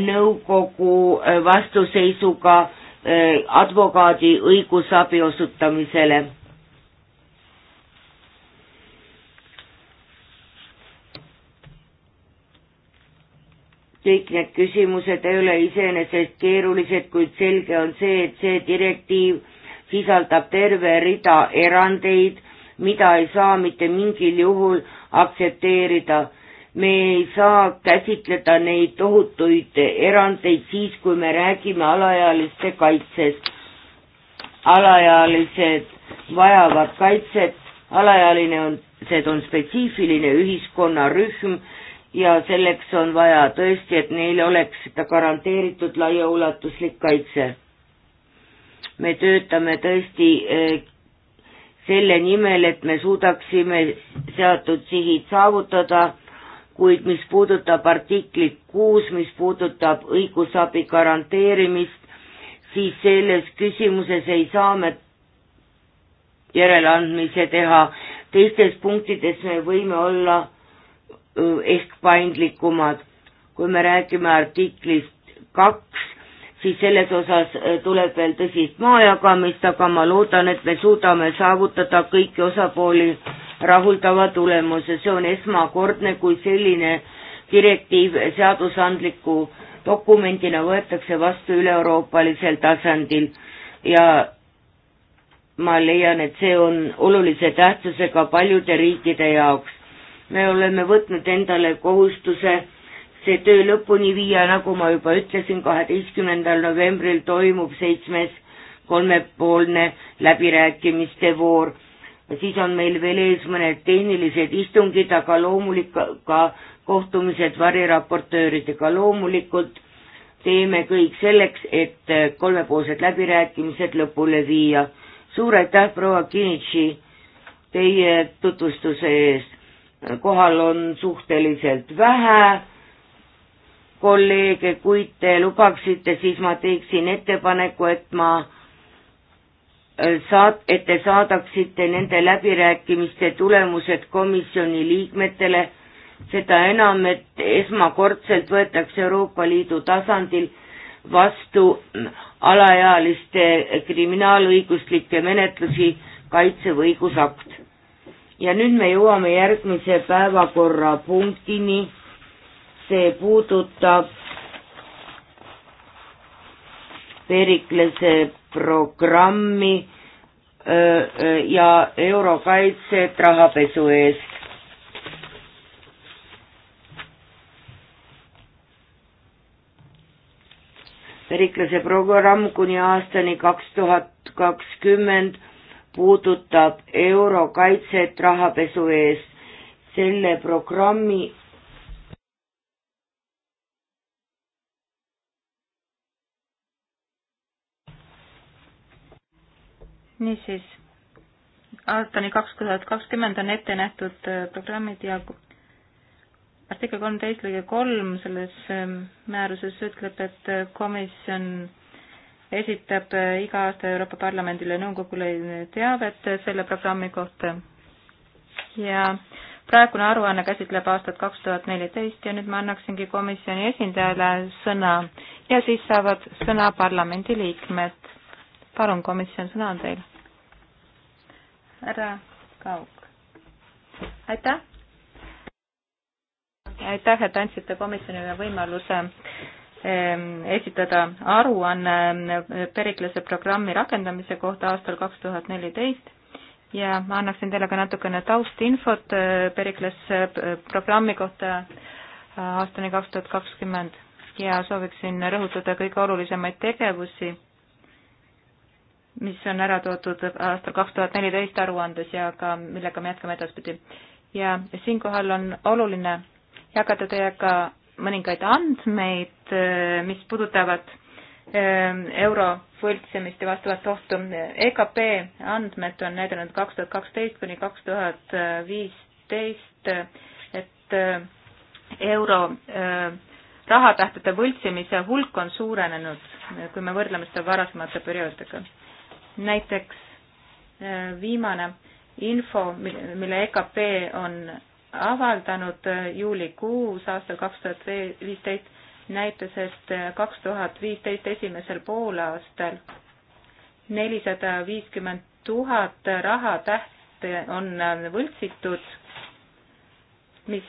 nõukogu äh, vastuseisuga äh, advokaadi õigusabi osutamisele. kõik need küsimused ei ole iseenesest keerulised, kuid selge on see, et see direktiiv sisaldab terve rida erandeid mida ei saa mitte mingil juhul aktsepteerida. me ei saa käsitleda neid tohutuid erandeid siis, kui me räägime alaealiste kaitsest. alaealised vajavad kaitset, alaealine on, see on spetsiifiline ühiskonnarühm ja selleks on vaja tõesti, et neil oleks seda garanteeritud laiaulatuslik kaitse. me töötame tõesti eh, selle nimel, et me suudaksime seatud sihid saavutada, kuid mis puudutab artiklit kuus, mis puudutab õigusabi garanteerimist, siis selles küsimuses ei saa me järeleandmise teha, teistes punktides me võime olla äh, ehk paindlikumad. kui me räägime artiklist kaks, siis selles osas äh, tuleb veel tõsist maajagamist, aga ma loodan, et me suudame saavutada kõiki osapooli rahuldava tulemuse, see on esmakordne, kui selline direktiiv seadusandliku dokumendina võetakse vastu üle-euroopalisel tasandil ja ma leian, et see on olulise tähtsusega paljude riikide jaoks. me oleme võtnud endale kohustuse see töö lõpuni viia, nagu ma juba ütlesin, kaheteistkümnendal novembril toimub seitsmes kolmepoolne läbirääkimiste voor. siis on meil veel ees mõned tehnilised istungid, aga loomulikult ka kohtumised variraportööridega, loomulikult teeme kõik selleks, et kolmepoolsed läbirääkimised lõpule viia. suur aitäh, proua Kinitši, teie tutvustuse eest. kohal on suhteliselt vähe kolleege, kuid te lubaksite, siis ma teeksin ettepaneku, et ma äh, saat-, et te saadaksite nende läbirääkimiste tulemused komisjoni liikmetele, seda enam, et esmakordselt võetakse Euroopa Liidu tasandil vastu alaealiste kriminaalõiguslikke menetlusi kaitsev õigusakt. ja nüüd me jõuame järgmise päevakorrapunktini see puudutab Periklese programmi ja eurokaitset rahapesu eest. Periklese programm kuni aastani kaks tuhat kakskümmend puudutab eurokaitset rahapesu eest. selle programmi niisiis, aastani kaks tuhat kakskümmend on ette nähtud äh, programmid ja artikkel kolmteist lõige kolm selles ähm, määruses ütleb, et äh, komisjon esitab äh, iga aasta Euroopa Parlamendile nõukogule teavet selle programmi kohta ja praegune aruanne käsitleb aastat kaks tuhat neliteist ja nüüd ma annaksingi komisjoni esindajale sõna ja siis saavad sõna parlamendi liikmed. palun, komisjon, sõna on teil härra Kaug. aitäh! aitäh, et andsite komisjonile võimaluse ehm, esitada aruanne ehm, Periklase programmi rakendamise kohta aastal kaks tuhat neliteist ja ma annaksin teile ka natukene taustinfot ehm, Periklas programmi kohta äh, aastani kaks tuhat kakskümmend ja sooviksin rõhutada kõige olulisemaid tegevusi mis on ära toodud aastal kaks tuhat neliteist aruandes ja ka millega me jätkame edaspidi. ja siinkohal on oluline jagada teiega mõningaid andmeid, mis puudutavad ähm, euro võltsimist ja vastavat ohtu. EKP andmed on näidanud kaks tuhat kaksteist kuni kaks tuhat viisteist, et äh, euro äh, rahatähtede võltsimise hulk on suurenenud, kui me võrdleme seda varasemate perioodidega näiteks äh, viimane info, mille EKP e on avaldanud äh, juulikuus aastal kaks tuhat viisteist, näitas, et äh, kaks tuhat viisteist esimesel poolaastal nelisada viiskümmend tuhat rahatähte on võltsitud, mis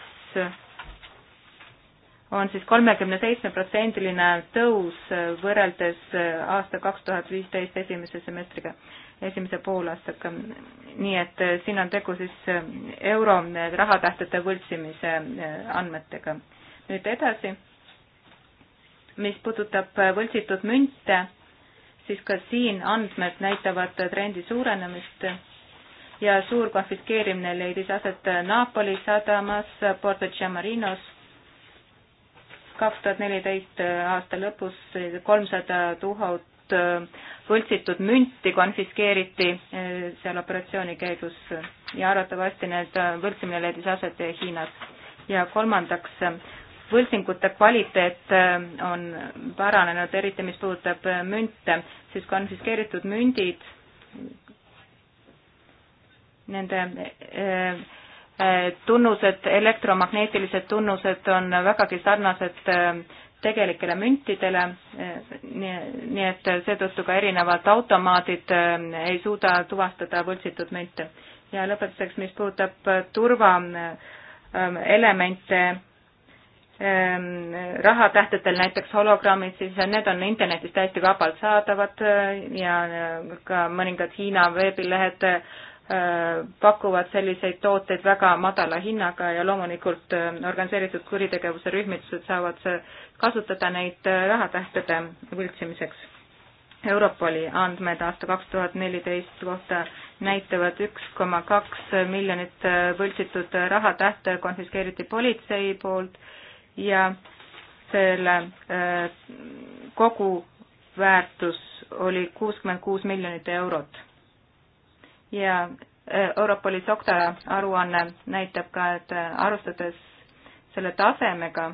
on siis kolmekümne seitsme protsendiline tõus võrreldes aasta kaks tuhat viisteist esimese semestriga, esimese poolaastaga. nii et eh, siin on tegu siis eh, euro eh, rahatähtede võltsimise andmetega. nüüd edasi, mis puudutab võltsitud münte, siis ka siin andmed näitavad trendi suurenemist ja suur konfiskeerimine leidis aset Napoli sadamas, Porto Chamarinos kaks tuhat neliteist äh, aasta lõpus kolmsada tuhat äh, võltsitud münti konfiskeeriti äh, seal operatsiooni käigus ja arvatavasti need võltsimine leidis aset Hiinas. ja kolmandaks, võltsingute kvaliteet on paranenud, eriti mis puudutab münte, siis konfiskeeritud mündid, nende äh, Eh, tunnused, elektromagneetilised tunnused on vägagi sarnased eh, tegelikele müntidele, eh, nii et seetõttu ka erinevad automaadid ei suuda tuvastada võltsitud münte. ja lõpetuseks, mis puudutab turvaelemente rahatähtedel, näiteks hologrammid, siis need on internetis täiesti vabalt saadavad ja ka mõningad Hiina veebilehed pakuvad selliseid tooteid väga madala hinnaga ja loomulikult organiseeritud kuritegevuse rühmitused saavad kasutada neid rahatähtede võltsimiseks. Europoli andmed aasta kaks tuhat neliteist kohta näitavad üks koma kaks miljonit võltsitud rahatähte konfiskeeriti politsei poolt ja selle koguväärtus oli kuuskümmend kuus miljonit eurot ja äh, Europoli SOCTA aruanne näitab ka, et äh, arvestades selle tasemega,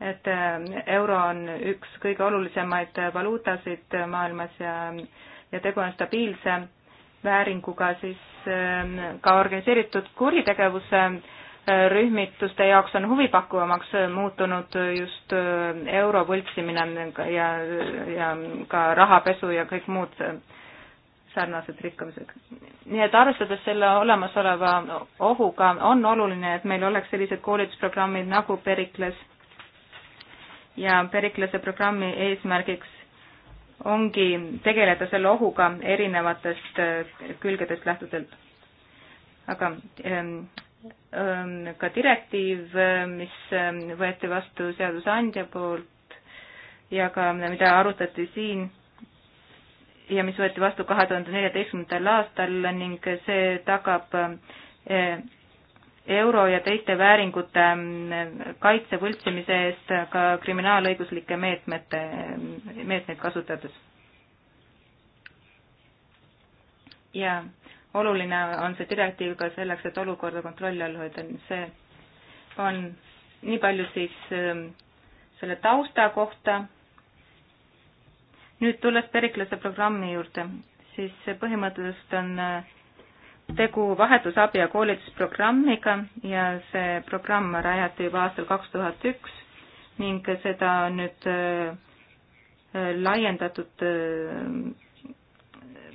et äh, euro on üks kõige olulisemaid valuutasid maailmas ja, ja tegu on stabiilse vääringuga, siis ähm, ka organiseeritud kuritegevuse rühmituste jaoks on huvipakkuvamaks muutunud just euro võltsimine ja, ja ka rahapesu ja kõik muud sarnased rikkumised. nii et arvestades selle olemasoleva ohuga, on oluline, et meil oleks sellised koolitusprogrammid nagu Perikles ja Periklase programmi eesmärgiks ongi tegeleda selle ohuga erinevatest äh, külgedest lähtudelt. aga ähm, ähm, ka direktiiv, äh, mis ähm, võeti vastu seadusandja poolt ja ka mida arutati siin ja mis võeti vastu kahe tuhande neljateistkümnendal aastal ning see tagab eh, euro ja teiste vääringute eh, kaitse võltsimise eest ka kriminaalõiguslike meetmete, eh, meetmeid kasutades. ja oluline on see direktiiv ka selleks, et olukorda kontrolli all hoida, see on nii palju siis selle tausta kohta nüüd tulles Periklase programmi juurde, siis põhimõtteliselt on äh, tegu vahetusabi ja koolitusprogrammiga ja see programm rajati juba aastal kaks tuhat üks ning seda on nüüd äh, äh, laiendatud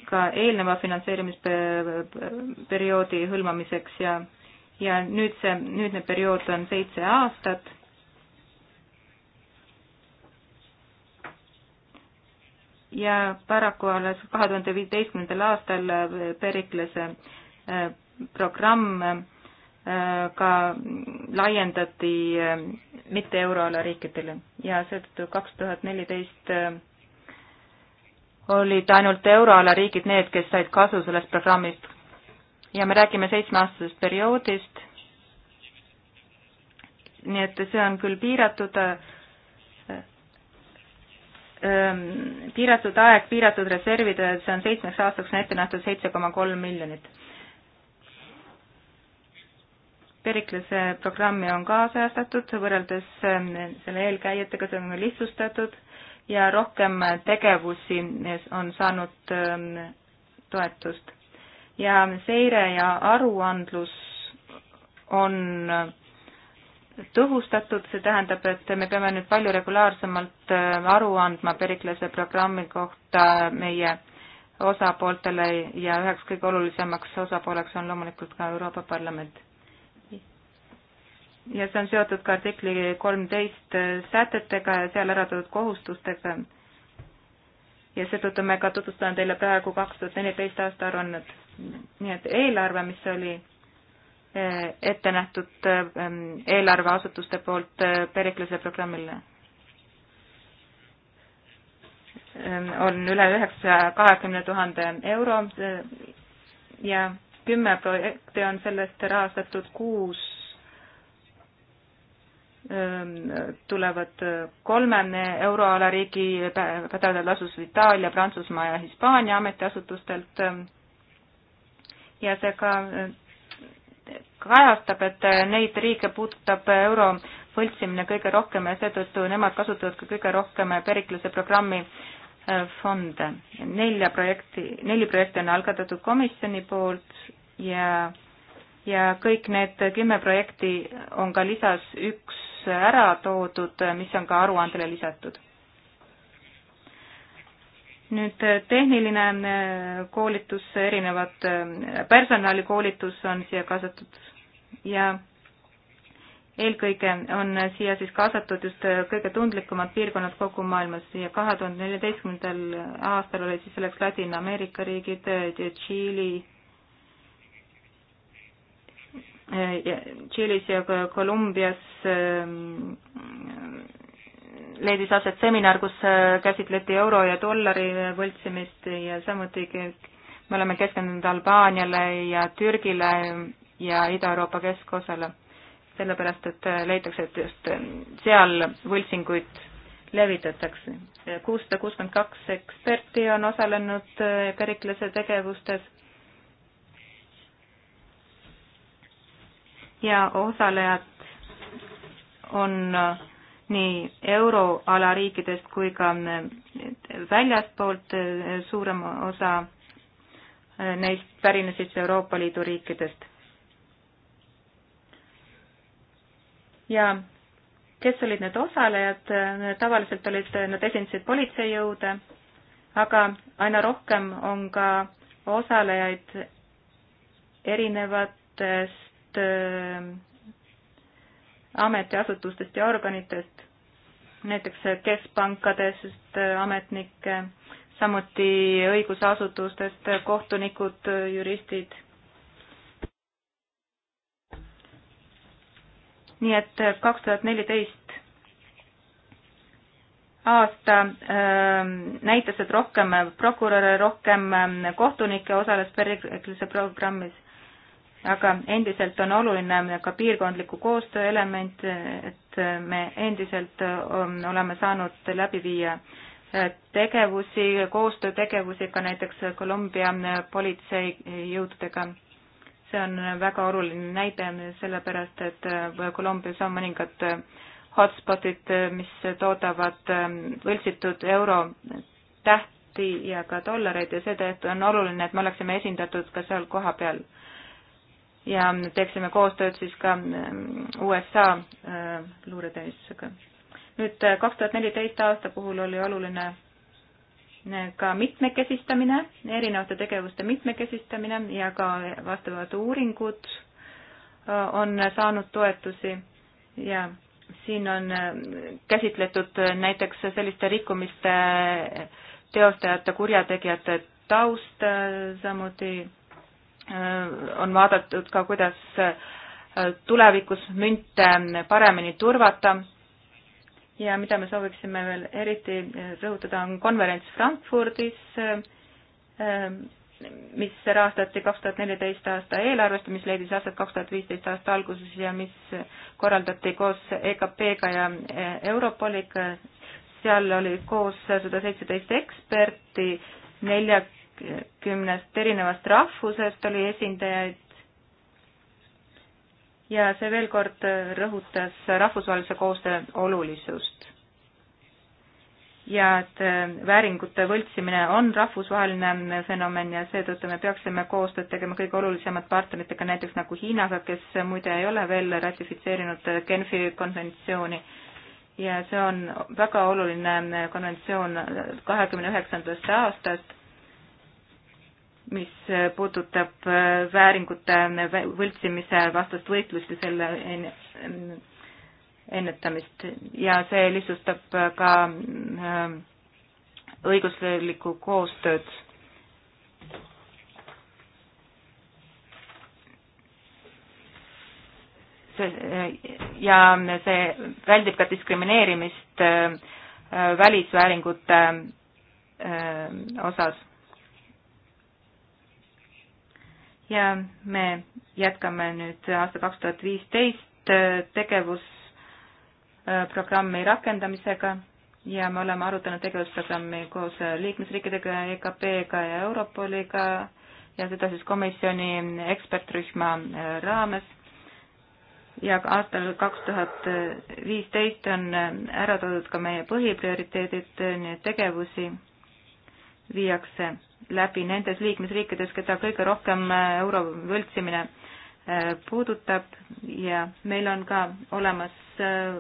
ka eelneva finantseerimisperioodi hõlmamiseks ja, ja nüüd see, nüüdne periood on seitse aastat ja paraku alles kahe tuhande viieteistkümnendal aastal äh, Periklase äh, programm äh, ka laiendati mitte euroala riikidele ja seetõttu kaks tuhat neliteist olid ainult euroala riigid need, kes said kasu sellest programmist. ja me räägime seitsmeaastasest perioodist, nii et see on küll piiratud, piiratud aeg, piiratud reservid, see on seitsmeks aastaks on ette nähtud seitse koma kolm miljonit. Periklase programmi on kaasajastatud võrreldes selle eelkäijatega, see on lihtsustatud ja rohkem tegevusi on saanud toetust. ja seire ja aruandlus on tõhustatud, see tähendab, et me peame nüüd palju regulaarsemalt äh, aru andma Periklase programmi kohta meie osapooltele ja üheks kõige olulisemaks osapooleks on loomulikult ka Euroopa Parlament. ja see on seotud ka artikli kolmteist äh, sätetega ja seal ära toodud kohustustega. ja seetõttu me ka tutvustame teile praegu kaks tuhat neliteist aasta aruannet. nii et eelarve, mis oli Eh, ette nähtud eh, eelarveasutuste poolt eh, Periklase programmile. on üle üheksasaja kahekümne tuhande euro ja kümme projekti on sellest rahastatud, kuus tulevad kolme euroala riigi pädevad asus Itaalia, Prantsusmaa ja Hispaania ametiasutustelt ja seega kajastab, et äh, neid riike puudutab äh, euro võltsimine kõige rohkem ja seetõttu nemad kasutavad ka kõige rohkem äh, Perikluse programmi fonde. nelja projekti, neli projekti on algatatud komisjoni poolt ja, ja kõik need kümme projekti on ka lisas üks ära toodud, mis on ka aruandele lisatud nüüd tehniline koolitus, erinevad personalikoolitus on siia kaasatud ja eelkõige on siia siis kaasatud just kõige tundlikumad piirkonnad kogu maailmas ja kahe tuhande neljateistkümnendal aastal olid siis selleks Ladina-Ameerika riigid, Tšiili, Tšiilis ja Kolumbias ehm, leidis aset seminar, kus käsitleti euro ja dollari võltsimist ja samuti me oleme keskendunud Albaaniale ja Türgile ja Ida-Euroopa keskosale, sellepärast et äh, leitakse, et just äh, seal võltsinguid levitatakse. kuussada kuuskümmend kaks eksperti on osalenud äh, Periklase tegevustes ja osalejad on nii euroala riikidest kui ka väljaspoolt suurem osa neist pärinesid Euroopa Liidu riikidest ja kes olid need osalejad, tavaliselt olid, nad esindasid politseijõude, aga aina rohkem on ka osalejaid erinevatest äh, ametiasutustest ja organitest, näiteks keskpankadest äh, ametnikke, samuti õigusasutustest kohtunikud, äh, juristid nii et äh, kaks tuhat neliteist aasta ähm, näitas, et rohkem äh, prokuröre, rohkem ähm, kohtunikke osales pereklise programmis, aga endiselt on oluline äh, ka piirkondliku koostöö element, et me endiselt oleme saanud läbi viia tegevusi, koostöötegevusi ka näiteks Kolumbia politseijõududega see on väga oluline näide, sellepärast et äh, Kolumbias on mõningad äh, hotspotid, äh, mis toodavad võltsitud euro tähti ja ka dollareid ja seetõttu on oluline, et me oleksime esindatud ka seal kohapeal. ja teeksime koostööd siis ka USA luureteenistusega. nüüd kaks tuhat neliteist aasta puhul oli oluline ka mitmekesistamine, erinevate tegevuste mitmekesistamine ja ka vastavad uuringud äh, on saanud toetusi ja siin on äh, käsitletud näiteks selliste rikkumiste teostajate, kurjategijate taust, äh, samuti on vaadatud ka, kuidas tulevikus münte paremini turvata ja mida me sooviksime veel eriti eh, rõhutada, on konverents Frankfurdis, eh, eh, mis rahastati kaks tuhat neliteist aasta eelarvest, mis leidis aastat kaks tuhat viisteist aasta alguses ja mis korraldati koos EKP-ga ja Europoliga. seal oli koos sada seitseteist eksperti, neljakümnest erinevast rahvusest oli esindajaid ja see veel kord rõhutas rahvusvahelise koostöö olulisust. ja et äh, vääringute võltsimine on rahvusvaheline fenomen ja seetõttu me peaksime koostööd tegema kõige olulisemad partneritega, näiteks nagu Hiinaga, kes muide ei ole veel ratifitseerinud Genfi konventsiooni ja see on väga oluline konventsioon kahekümne üheksandast aastast mis puudutab äh, vääringute võltsimise vastast võitlust ja selle ennetamist ja see lihtsustab äh, ka äh, õiguslikku koostööd. see ja see väldib ka diskrimineerimist välisvääringute osas ja me jätkame nüüd aasta kaks tuhat viisteist äh, tegevusprogrammi äh, rakendamisega ja me oleme arutanud tegevusprogrammi koos äh, liikmesriikidega, EKP-ga ja Europoliga ja seda siis komisjoni ekspertrühma raames. ja aastal kaks tuhat viisteist on ära toodud ka meie põhiprioriteedid, nii et tegevusi viiakse läbi nendes liikmesriikides, keda kõige rohkem äh, euro võltsimine äh, puudutab ja meil on ka olemas äh,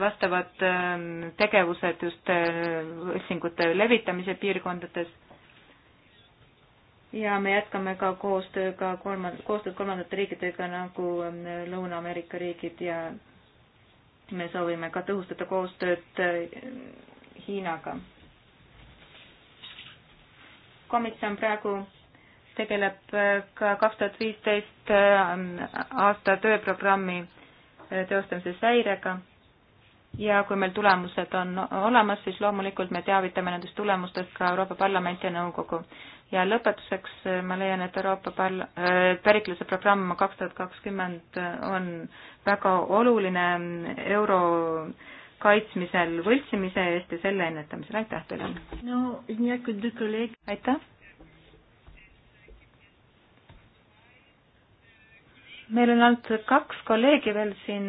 vastavad ähm, tegevused just võltsingute levitamise piirkondades. ja me jätkame ka koostööga kolmand-, koostööd kolmandate riikidega nagu ähm, Lõuna-Ameerika riigid ja me soovime ka tõhustada koostööd Hiinaga komisjon praegu tegeleb äh, ka kaks tuhat viisteist äh, aasta tööprogrammi äh, teostamises häirega ja kui meil tulemused on olemas, siis loomulikult me teavitame nendest tulemustest ka Euroopa Parlamenti ja Nõukogu. ja lõpetuseks ma leian, et Euroopa parl-, pärikluse programm kaks tuhat kakskümmend on väga oluline mm, euro kaitsmisel võltsimise eest ja selle ennetamisel, aitäh teile! no nii, kui te kolleeg. aitäh! meil on ainult kaks kolleegi veel siin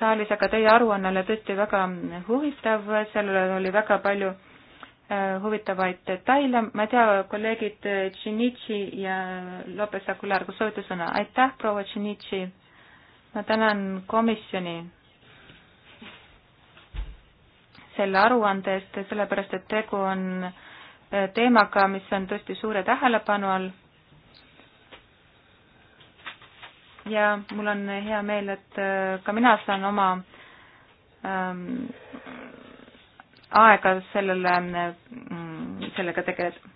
saalis, aga teie aruanne oli tõesti väga huvitav, seal oli väga palju äh, huvitavaid detaile, ma ei tea, kolleegid Tšinitši ja Lopez Aguilar, kas soovite sõna? aitäh, proua Tšinitši, ma tänan komisjoni selle aruande eest, sellepärast et tegu on äh, teemaga, mis on tõesti suure tähelepanu all. ja mul on hea meel, et äh, ka mina saan oma ähm, aega sellele, mm, sellega tegeleda.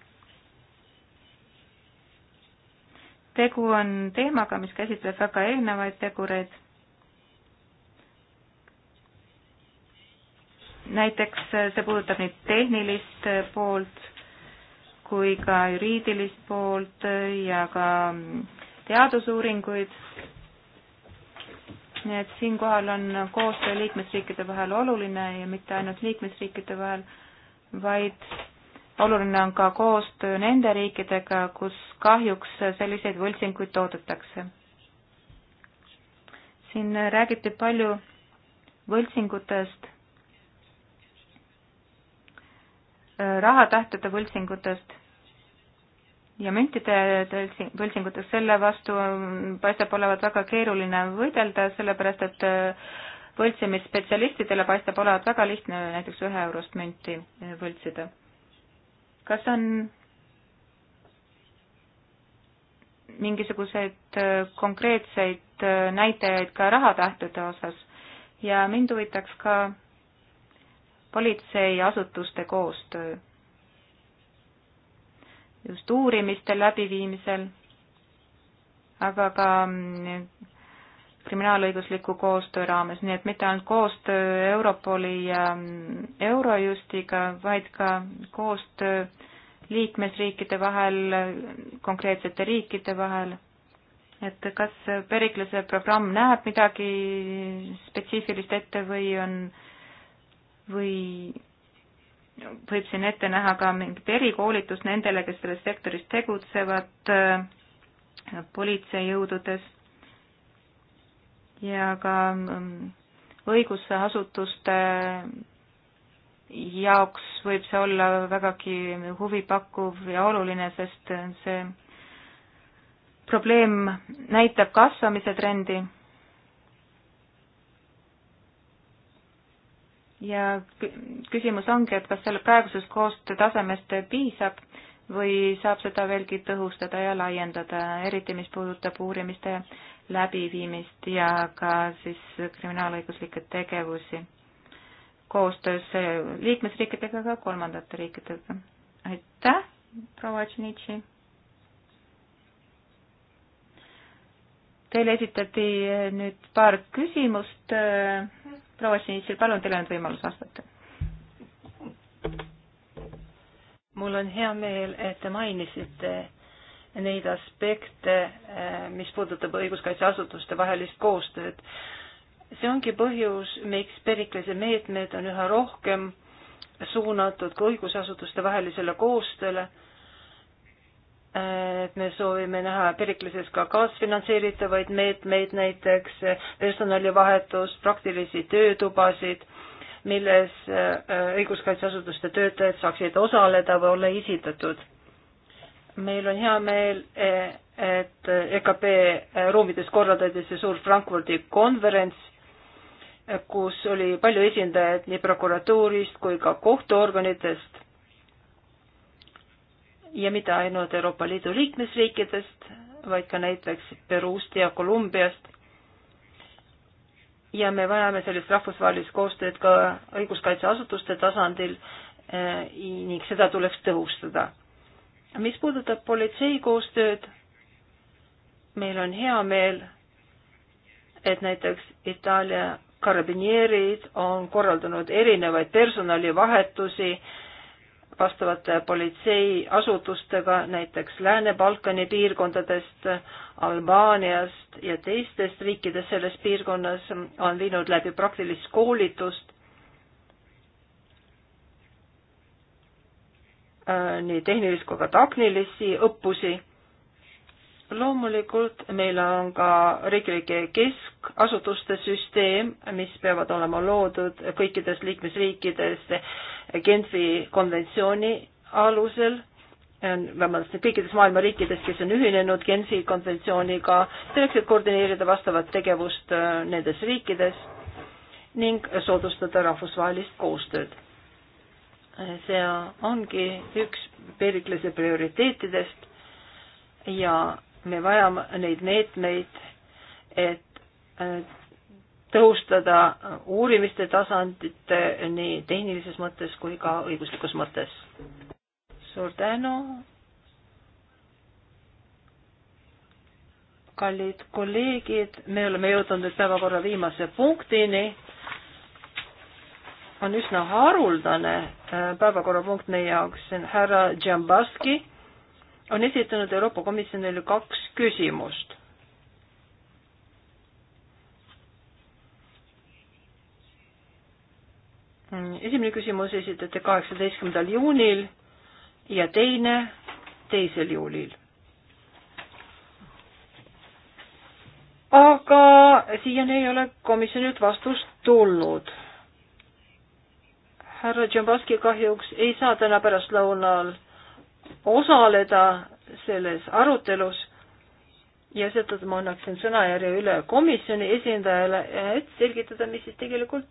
tegu on teemaga, mis käsitleb väga erinevaid tegureid näiteks eh, see puudutab nüüd tehnilist eh, poolt kui ka juriidilist poolt eh, ja ka mm, teadusuuringuid. nii et siinkohal on koostöö liikmesriikide vahel oluline ja mitte ainult liikmesriikide vahel, vaid oluline on ka koostöö nende riikidega, kus kahjuks selliseid võltsinguid toodetakse. siin räägiti palju võltsingutest Äh, rahatähtede võltsingutest ja müntide võltsingutest, selle vastu mm, paistab olevat väga keeruline võidelda, sellepärast et äh, võltsimisspetsialistidele paistab olevat väga lihtne näiteks ühe eurost münti äh, võltsida. kas on mingisuguseid konkreetseid näitajaid ka rahatähtede osas ja mind huvitaks ka politseiasutuste koostöö just uurimiste läbiviimisel, aga ka mm, kriminaalõigusliku koostöö raames, nii et mitte ainult koostöö Europoli ja mm, Eurojustiga, vaid ka koostöö liikmesriikide vahel, konkreetsete riikide vahel, et kas Periklase programm näeb midagi spetsiifilist ette või on või võib siin ette näha ka mingit erikoolitust nendele, kes selles sektoris tegutsevad äh, politseijõududes ja ka ähm, õigusasutuste jaoks võib see olla vägagi huvipakkuv ja oluline, sest see probleem näitab kasvamise trendi ja küsimus ongi, et kas selle praegusest koostöötasemest piisab või saab seda veelgi tõhustada ja laiendada, eriti mis puudutab uurimiste läbiviimist ja ka siis kriminaalõiguslikke tegevusi koostöös äh, liikmesriikidega, ka kolmandate riikidega. aitäh, proua Tšinitši! Teile esitati äh, nüüd paar küsimust äh, proua Sinitsil, palun, teil on nüüd võimalus vastata. mul on hea meel, et te mainisite neid aspekte, eh, mis puudutab õiguskaitseasutuste vahelist koostööd. see ongi põhjus, miks Periklase meetmed on üha rohkem suunatud ka õigusasutuste vahelisele koostööle et me soovime näha Perikleses ka kaasfinantseeritavaid meetmeid, näiteks personalivahetust, praktilisi töötubasid, milles äh, õiguskaitseasutuste töötajad saaksid osaleda või olla esitatud. meil on hea meel, e, et EKP ruumides korraldati see suur Frankfurdi konverents, kus oli palju esindajaid nii prokuratuurist kui ka kohtuorganitest ja mitte ainult Euroopa Liidu liikmesriikidest, vaid ka näiteks Peruust ja Kolumbiast. ja me vajame sellist rahvusvahelist koostööd ka õiguskaitseasutuste tasandil eh, ning seda tuleks tõhustada. mis puudutab politsei koostööd, meil on hea meel, et näiteks Itaalia karabineerid on korraldanud erinevaid personalivahetusi eh, vastavate politseiasutustega näiteks Lääne-Balkani piirkondadest, Albaaniast ja teistest riikidest selles piirkonnas on viinud läbi praktilist koolitust äh, nii tehnilist kui ka taknilisi õppusi loomulikult meil on ka riiklike keskasutuste süsteem, mis peavad olema loodud kõikides liikmesriikides Genfi konventsiooni alusel, vähemalt kõikides maailma riikides, kes on ühinenud Genfi konventsiooniga, selleks, et koordineerida vastavat tegevust äh, nendes riikides ning soodustada rahvusvahelist koostööd. Äh, see ongi üks Periklase prioriteetidest ja me vajame neid meetmeid, et äh, tõhustada uurimiste tasandit nii tehnilises mõttes kui ka õiguslikus mõttes. suur tänu. kallid kolleegid, me oleme jõudnud nüüd päevakorra viimase punktini. on üsna haruldane äh, päevakorrapunkt meie jaoks, see on härra Džambaski on esitanud Euroopa Komisjonile kaks küsimust. esimene küsimus esitati kaheksateistkümnendal juunil ja teine teisel juulil. aga siiani ei ole komisjonilt vastust tulnud härra Džambaski kahjuks ei saa täna pärastlõunal osaleda selles arutelus ja seetõttu ma annaksin sõnajärje üle komisjoni esindajale, et selgitada, mis siis tegelikult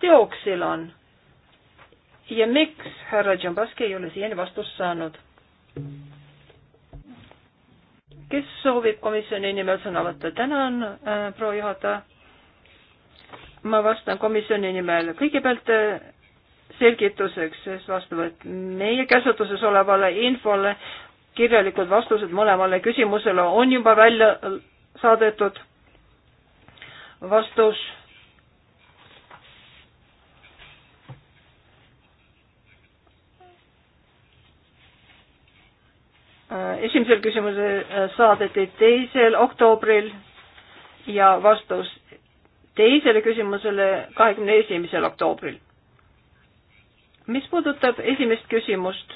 teoksil on. ja miks härra Džambaski ei ole siiani vastust saanud? kes soovib komisjoni nimel sõna võtta? tänan äh,, proua juhataja. ma vastan komisjoni nimel. kõigepealt äh, selgituseks, sest vastavalt meie käsutuses olevale infole kirjalikud vastused mõlemale küsimusele on juba välja saadetud. vastus. Äh, esimesel küsimusel äh, saadeti teisel oktoobril ja vastus teisele küsimusele kahekümne esimesel oktoobril mis puudutab esimest küsimust,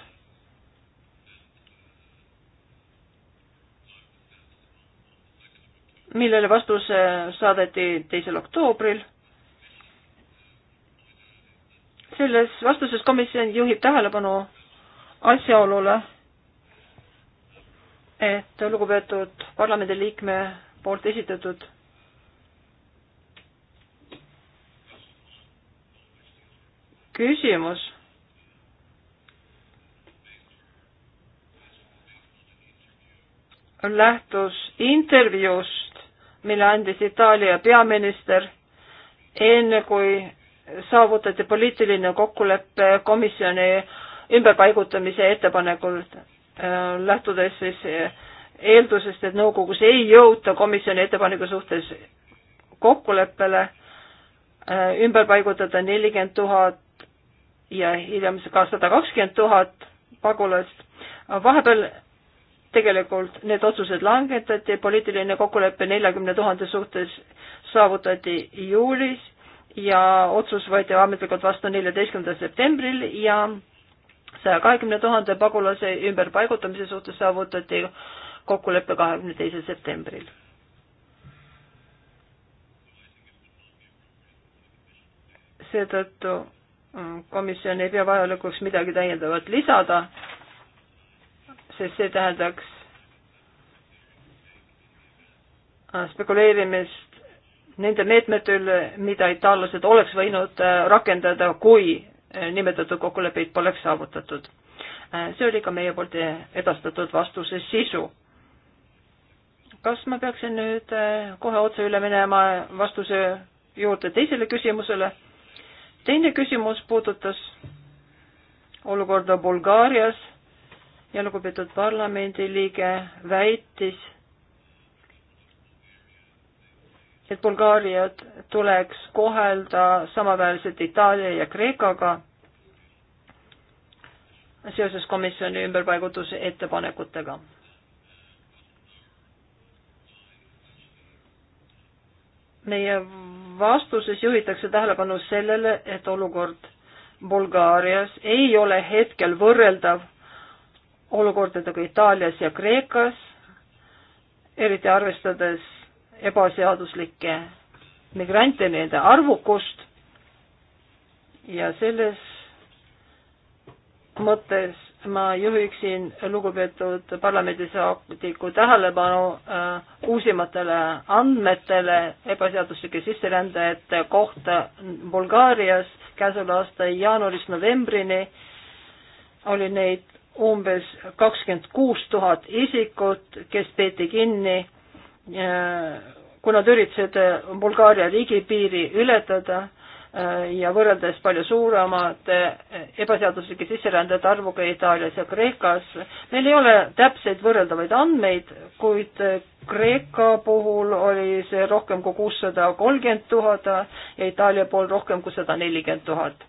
millele vastus äh, saadeti teisel oktoobril, selles vastuses komisjon juhib tähelepanu asjaolule, et lugupeetud parlamendiliikme poolt esitatud küsimus lähtus intervjuust, mille andis Itaalia peaminister, enne kui saavutati poliitiline kokkulepe komisjoni ümberpaigutamise ettepanekul, äh, lähtudes siis eeldusest, et nõukogus ei jõuta komisjoni ettepaneku suhtes kokkuleppele, äh, ümber paigutada nelikümmend tuhat ja hiljem ka sada kakskümmend tuhat pagulast. vahepeal tegelikult need otsused langetati, poliitiline kokkulepe neljakümne tuhande suhtes saavutati juulis ja otsus võeti ametlikult vastu neljateistkümnendal septembril ja saja kahekümne tuhande pagulase ümberpaigutamise suhtes saavutati kokkulepe kahekümne teisel septembril. seetõttu mm, komisjon ei pea vajalikuks midagi täiendavat lisada sest see tähendaks äh, spekuleerimist nende meetmete üle, mida itaallased oleks võinud äh, rakendada, kui äh, nimetatud kokkuleppeid poleks saavutatud. see oli ka meie poolt edastatud vastuse sisu. kas ma peaksin nüüd kohe otse üle minema vastuse juurde teisele küsimusele? teine küsimus puudutas olukorda Bulgaarias ja lugupeetud parlamendiliige väitis, et Bulgaariat tuleks kohelda samaväärselt Itaalia ja Kreekaga seoses komisjoni ümberpaigutuse ettepanekutega. meie vastuses juhitakse tähelepanu sellele, et olukord Bulgaarias ei ole hetkel võrreldav olukordadega Itaalias ja Kreekas, eriti arvestades ebaseaduslikke migrante, nende arvukust ja selles mõttes ma juhiksin lugupeetud parlamendisaadiku tähelepanu äh, uusimatele andmetele ebaseaduslike sisserändajate kohta Bulgaarias käesoleva aasta jaanuarist novembrini oli neid umbes kakskümmend kuus tuhat isikut, kes peeti kinni, äh, kui nad üritasid äh, Bulgaaria riigipiiri ületada äh, ja võrreldes palju suuremate ebaseaduslike sisserändajate arvuga Itaalias ja Kreekas. meil ei ole täpseid võrreldavaid andmeid, kuid Kreeka puhul oli see rohkem kui kuussada kolmkümmend tuhat ja Itaalia pool rohkem kui sada nelikümmend tuhat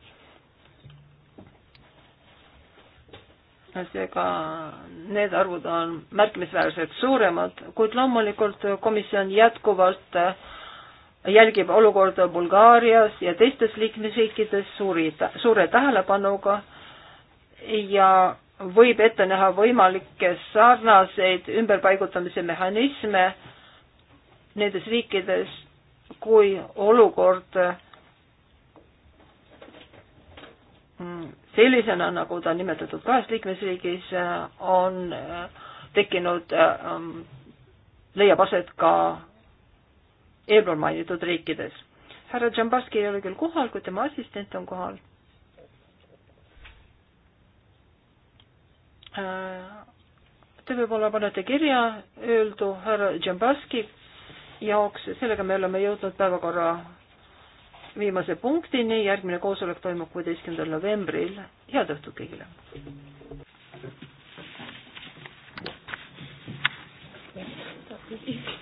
seega need arvud on märkimisväärselt suuremad, kuid loomulikult komisjon jätkuvalt jälgib olukorda Bulgaarias ja teistes liikmesriikides suuri, suure tähelepanuga ja võib ette näha võimalikke sarnaseid ümberpaigutamise mehhanisme nendes riikides, kui olukord sellisena, nagu ta on nimetatud kahes liikmesriigis, on äh, tekkinud, äh, ähm, leiab aset ka eelpool mainitud riikides. härra Džambaski ei ole küll kohal, kuid tema assistent on kohal. Äh, te võib-olla panete kirja öeldu härra Džambaski jaoks, sellega me oleme jõudnud päevakorra viimase punktini, järgmine koosolek toimub kuueteistkümnendal novembril, head õhtut kõigile! Thank you.